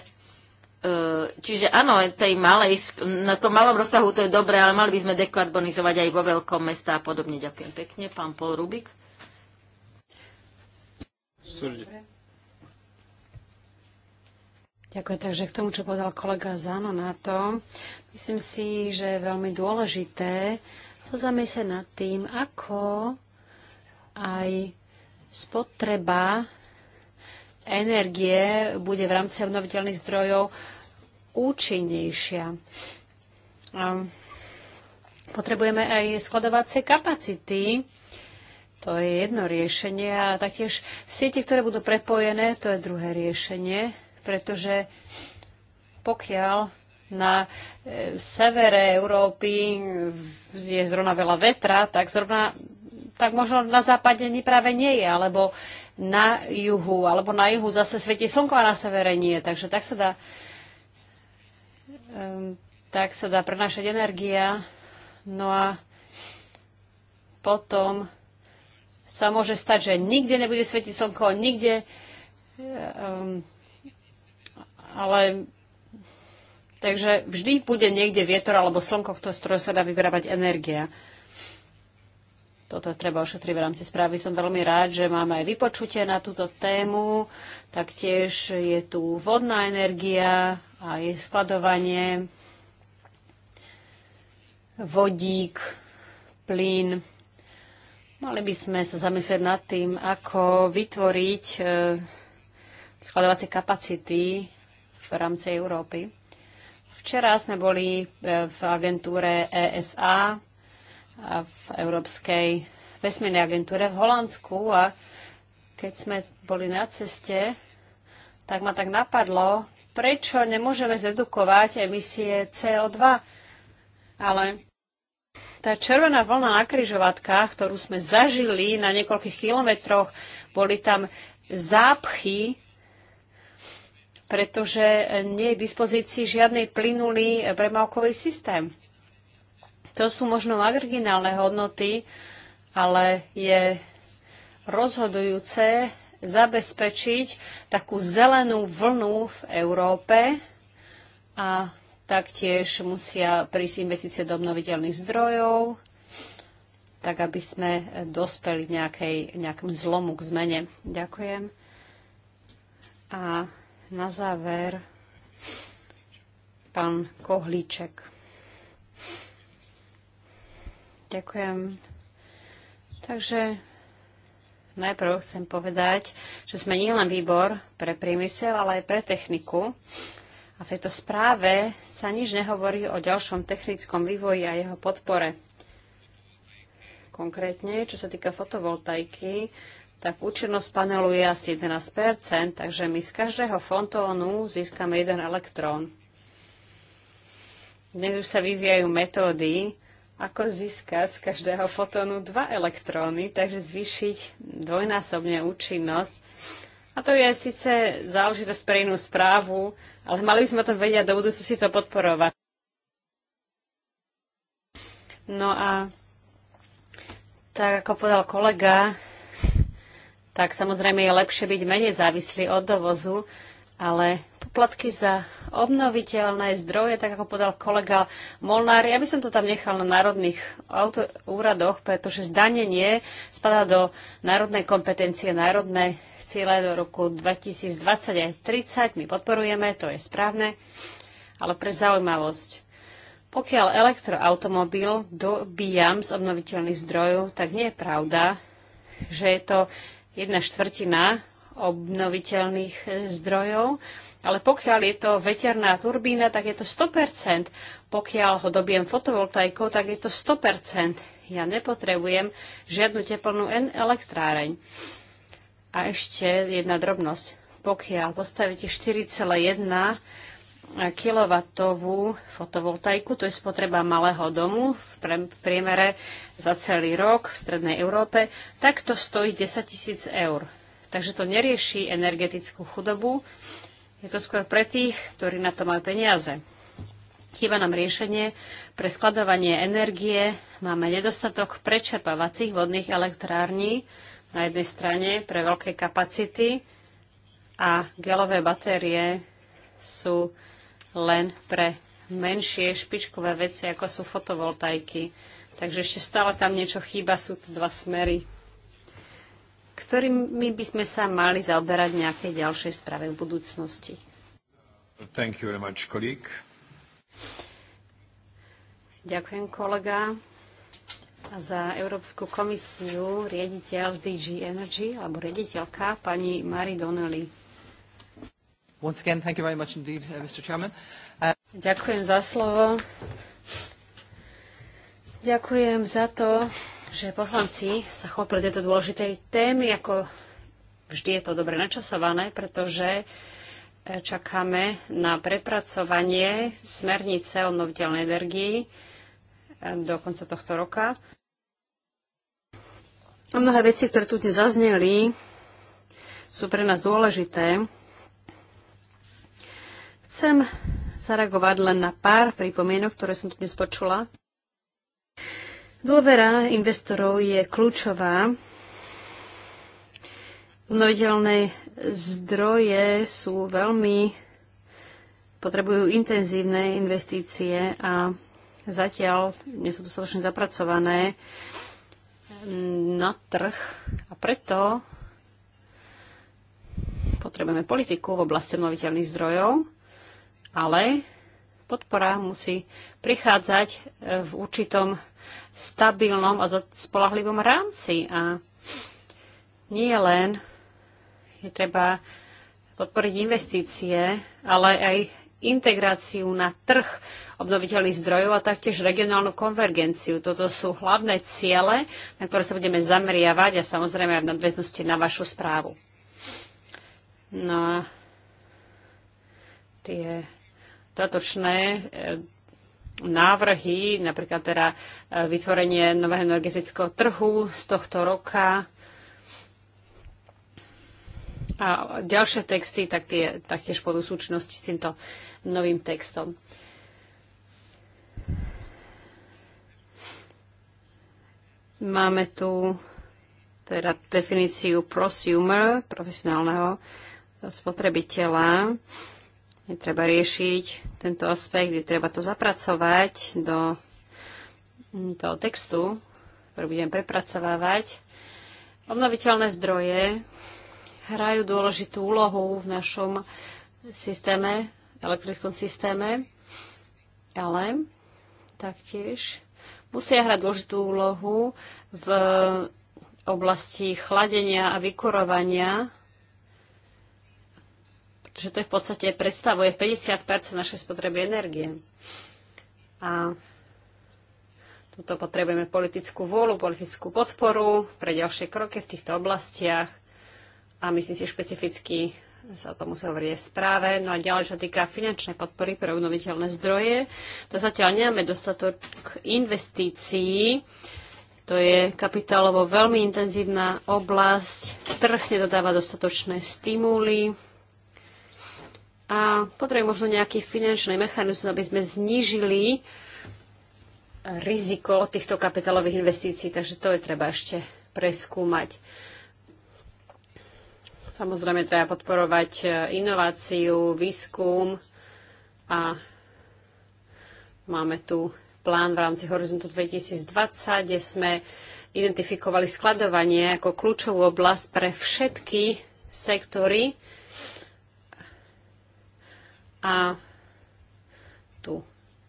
čiže áno, tej malej, na tom malom rozsahu to je dobré, ale mali by sme dekarbonizovať aj vo veľkom mesta a podobne. Ďakujem pekne. Pán Paul Rubik. Srdne. Ďakujem. Takže k tomu, čo povedal kolega Zano na to, myslím si, že je veľmi dôležité sa zamyslieť nad tým, ako aj spotreba energie bude v rámci obnoviteľných zdrojov účinnejšia. Potrebujeme aj skladovacie kapacity to je jedno riešenie a taktiež siete, ktoré budú prepojené, to je druhé riešenie, pretože pokiaľ na e, severe Európy je zrovna veľa vetra, tak zrovna tak možno na západe ani práve nie je, alebo na juhu, alebo na juhu zase svieti slnko a na severe nie. Takže tak sa dá, um, tak sa dá prenášať energia. No a potom sa môže stať, že nikde nebude svetiť slnko, nikde. E, um, ale takže vždy bude niekde vietor alebo slnko, v ktorom sa dá vyberávať energia. Toto treba ošetriť v rámci správy. Som veľmi rád, že máme aj vypočutie na túto tému. Taktiež je tu vodná energia a je skladovanie, vodík, plyn. Mali by sme sa zamyslieť nad tým, ako vytvoriť e, skladovacie kapacity v rámci Európy. Včera sme boli e, v agentúre ESA a v Európskej vesmírnej agentúre v Holandsku a keď sme boli na ceste, tak ma tak napadlo, prečo nemôžeme zredukovať emisie CO2. Ale tá červená vlna na kryžovatkách, ktorú sme zažili na niekoľkých kilometroch, boli tam zápchy, pretože nie je k dispozícii žiadny plynulý premávkový systém. To sú možno marginálne hodnoty, ale je rozhodujúce zabezpečiť takú zelenú vlnu v Európe a Taktiež musia prísť investície do obnoviteľných zdrojov, tak aby sme dospeli nejakej, nejakým zlomu, k zmene. Ďakujem. A na záver pán Kohlíček. Ďakujem. Takže najprv chcem povedať, že sme nielen výbor pre priemysel, ale aj pre techniku. A v tejto správe sa nič nehovorí o ďalšom technickom vývoji a jeho podpore. Konkrétne, čo sa týka fotovoltaiky, tak účinnosť panelu je asi 11 takže my z každého fontónu získame jeden elektrón. Dnes už sa vyvíjajú metódy, ako získať z každého fotónu dva elektróny, takže zvýšiť dvojnásobne účinnosť a to je síce záležitosť pre inú správu, ale mali by sme to vedieť do si to podporovať. No a tak ako povedal kolega, tak samozrejme je lepšie byť menej závislý od dovozu, ale poplatky za obnoviteľné zdroje, tak ako podal kolega Molnár, ja by som to tam nechal na národných auto, úradoch, pretože zdanenie spadá do národnej kompetencie, národné ciele do roku 2020 aj 2030. my podporujeme, to je správne, ale pre zaujímavosť. Pokiaľ elektroautomobil dobíjam z obnoviteľných zdrojov, tak nie je pravda, že je to jedna štvrtina obnoviteľných zdrojov, ale pokiaľ je to veterná turbína, tak je to 100%. Pokiaľ ho dobijem fotovoltaikou, tak je to 100%. Ja nepotrebujem žiadnu teplnú elektráreň. A ešte jedna drobnosť. Pokiaľ postavíte 4,1 kW fotovoltaiku, to je spotreba malého domu v priemere za celý rok v Strednej Európe, tak to stojí 10 tisíc eur. Takže to nerieši energetickú chudobu, je to skôr pre tých, ktorí na to majú peniaze. Chýba nám riešenie pre skladovanie energie, máme nedostatok prečerpávacích vodných elektrární, na jednej strane pre veľké kapacity a gelové batérie sú len pre menšie špičkové veci, ako sú fotovoltaiky. Takže ešte stále tam niečo chýba, sú tu dva smery, ktorými by sme sa mali zaoberať v nejakej ďalšej správe v budúcnosti. Thank you very much, colleague. Ďakujem, kolega za Európsku komisiu riaditeľ z DG Energy, alebo riaditeľka pani Mary Donnelly. Once again, thank you very much indeed, uh, Mr. Chairman. Uh... Ďakujem za slovo. Ďakujem za to, že poslanci sa chopili tejto dôležitej témy, ako vždy je to dobre načasované, pretože eh, čakáme na prepracovanie smernice o obnoviteľnej energii eh, do konca tohto roka. A mnohé veci, ktoré tu dnes zazneli, sú pre nás dôležité. Chcem zareagovať len na pár pripomienok, ktoré som tu dnes počula. Dôvera investorov je kľúčová. Obnoviteľné zdroje sú veľmi, potrebujú intenzívne investície a zatiaľ nie sú dostatočne zapracované na trh a preto potrebujeme politiku v oblasti obnoviteľných zdrojov, ale podpora musí prichádzať e, v určitom stabilnom a spolahlivom rámci. A nie len je treba podporiť investície, ale aj integráciu na trh obnoviteľných zdrojov a taktiež regionálnu konvergenciu. Toto sú hlavné ciele, na ktoré sa budeme zameriavať a samozrejme aj v nadväznosti na vašu správu. No a tie dodatočné e, návrhy, napríklad teda e, vytvorenie nového energetického trhu z tohto roka, a ďalšie texty tak tie, taktiež budú súčinnosti s týmto novým textom. Máme tu teda definíciu prosumer, profesionálneho spotrebiteľa. Je treba riešiť tento aspekt, je treba to zapracovať do toho textu, ktorý budem prepracovávať. Obnoviteľné zdroje hrajú dôležitú úlohu v našom systéme elektrickom systéme, ale taktiež musia hrať dôležitú úlohu v oblasti chladenia a vykurovania, pretože to je v podstate predstavuje 50 našej spotreby energie. A tuto potrebujeme politickú vôľu, politickú podporu pre ďalšie kroky v týchto oblastiach a myslím si špecificky sa o tom musí hovoriť v správe. No a ďalej, čo týka finančnej podpory pre obnoviteľné zdroje, to zatiaľ nemáme dostatok investícií. To je kapitálovo veľmi intenzívna oblasť. Trh nedodáva dostatočné stimuly. A potrebujeme možno nejaký finančný mechanizmus, aby sme znížili riziko týchto kapitálových investícií, takže to je treba ešte preskúmať. Samozrejme, treba podporovať e, inováciu, výskum a máme tu plán v rámci Horizontu 2020, kde sme identifikovali skladovanie ako kľúčovú oblasť pre všetky sektory. A tu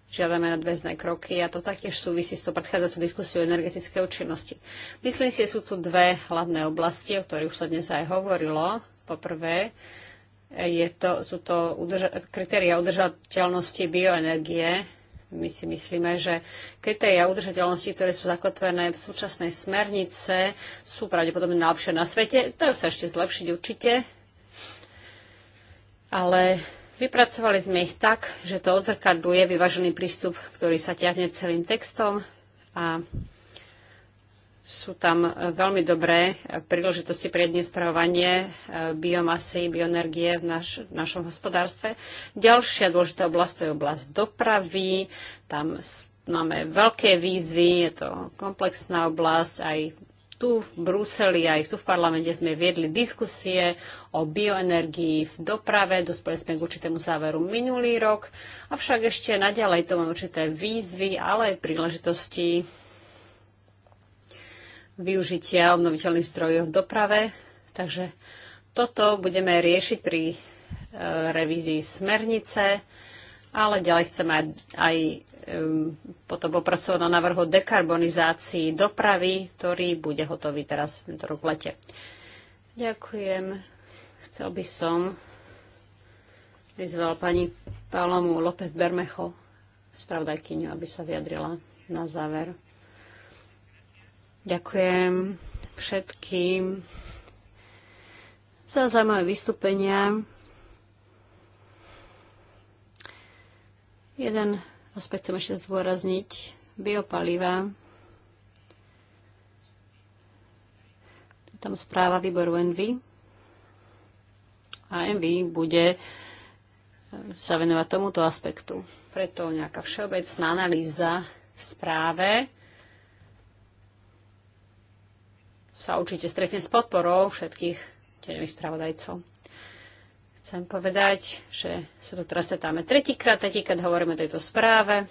žiadame nadväzné kroky a to taktiež súvisí s tou predchádzajúcou diskusiou energetickej účinnosti. Myslím si, že sú tu dve hlavné oblasti, o ktorých už sa dnes aj hovorilo. Poprvé, je to, sú to udrža- kritéria udržateľnosti bioenergie. My si myslíme, že kritéria udržateľnosti, ktoré sú zakotvené v súčasnej smernice, sú pravdepodobne najlepšie na svete. To sa ešte zlepšiť určite, ale Vypracovali sme ich tak, že to odzrkadluje vyvážený prístup, ktorý sa ťahne celým textom a sú tam e, veľmi dobré e, príležitosti pre dnes spravovanie e, biomasy, bioenergie v naš, v našom hospodárstve. Ďalšia dôležitá oblasť to je oblasť dopravy. Tam máme veľké výzvy, je to komplexná oblasť, aj tu v Bruseli, aj tu v parlamente sme viedli diskusie o bioenergii v doprave, dospeli sme k určitému záveru minulý rok, avšak ešte naďalej to máme určité výzvy, ale aj príležitosti využitia obnoviteľných zdrojov v doprave. Takže toto budeme riešiť pri e, revízii smernice, ale ďalej chceme aj Um, potom popracovať na návrhu dekarbonizácii dopravy, ktorý bude hotový teraz v tento rok lete. Ďakujem. Chcel by som vyzval pani Palomu López Bermecho, spravodajkyňu, aby sa vyjadrila na záver. Ďakujem všetkým za zaujímavé vystúpenia. Jeden aspekt chcem ešte zdôrazniť. Biopaliva. tam správa výboru Envy. A Envy bude sa venovať tomuto aspektu. Preto nejaká všeobecná analýza v správe sa určite stretne s podporou všetkých tenových spravodajcov. Chcem povedať, že sa tu teraz stretáme tretíkrát, tretíkrát hovoríme o tejto správe.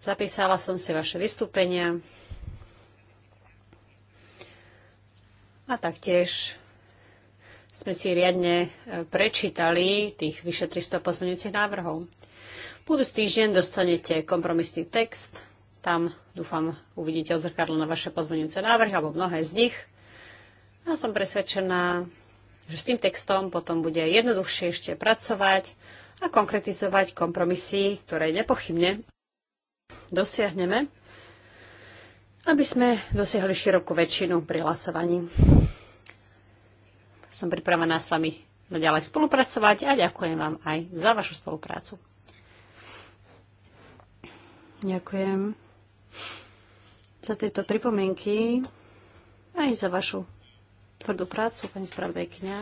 Zapísala som si vaše vystúpenia a taktiež sme si riadne e, prečítali tých vyše 300 pozmeňujúcich návrhov. Budúci týždeň dostanete kompromisný text. Tam, dúfam, uvidíte odzrkadlo na vaše pozmeňujúce návrhy alebo mnohé z nich. A som presvedčená, že s tým textom potom bude jednoduchšie ešte pracovať a konkretizovať kompromisy, ktoré nepochybne dosiahneme, aby sme dosiahli širokú väčšinu pri hlasovaní. Som pripravená s vami naďalej spolupracovať a ďakujem vám aj za vašu spoluprácu. Ďakujem za tieto pripomienky aj za vašu tvrdú prácu pani spravodajkňa.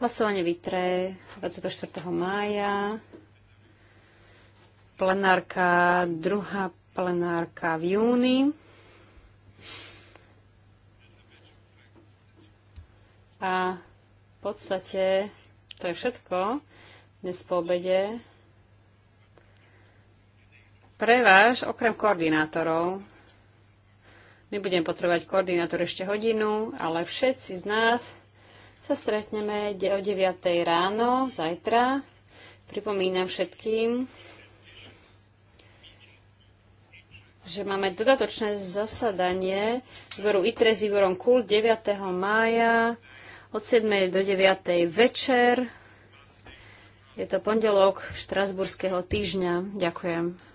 Hlasovanie vytre 24. mája. Plenárka, druhá plenárka v júni. A v podstate to je všetko dnes po obede. Pre vás, okrem koordinátorov, Nebudem potrebovať koordinátor ešte hodinu, ale všetci z nás sa stretneme o 9. ráno, zajtra. Pripomínam všetkým, že máme dodatočné zasadanie zboru ITRE s výborom KUL 9. mája od 7. do 9. večer. Je to pondelok Štrasburského týždňa. Ďakujem.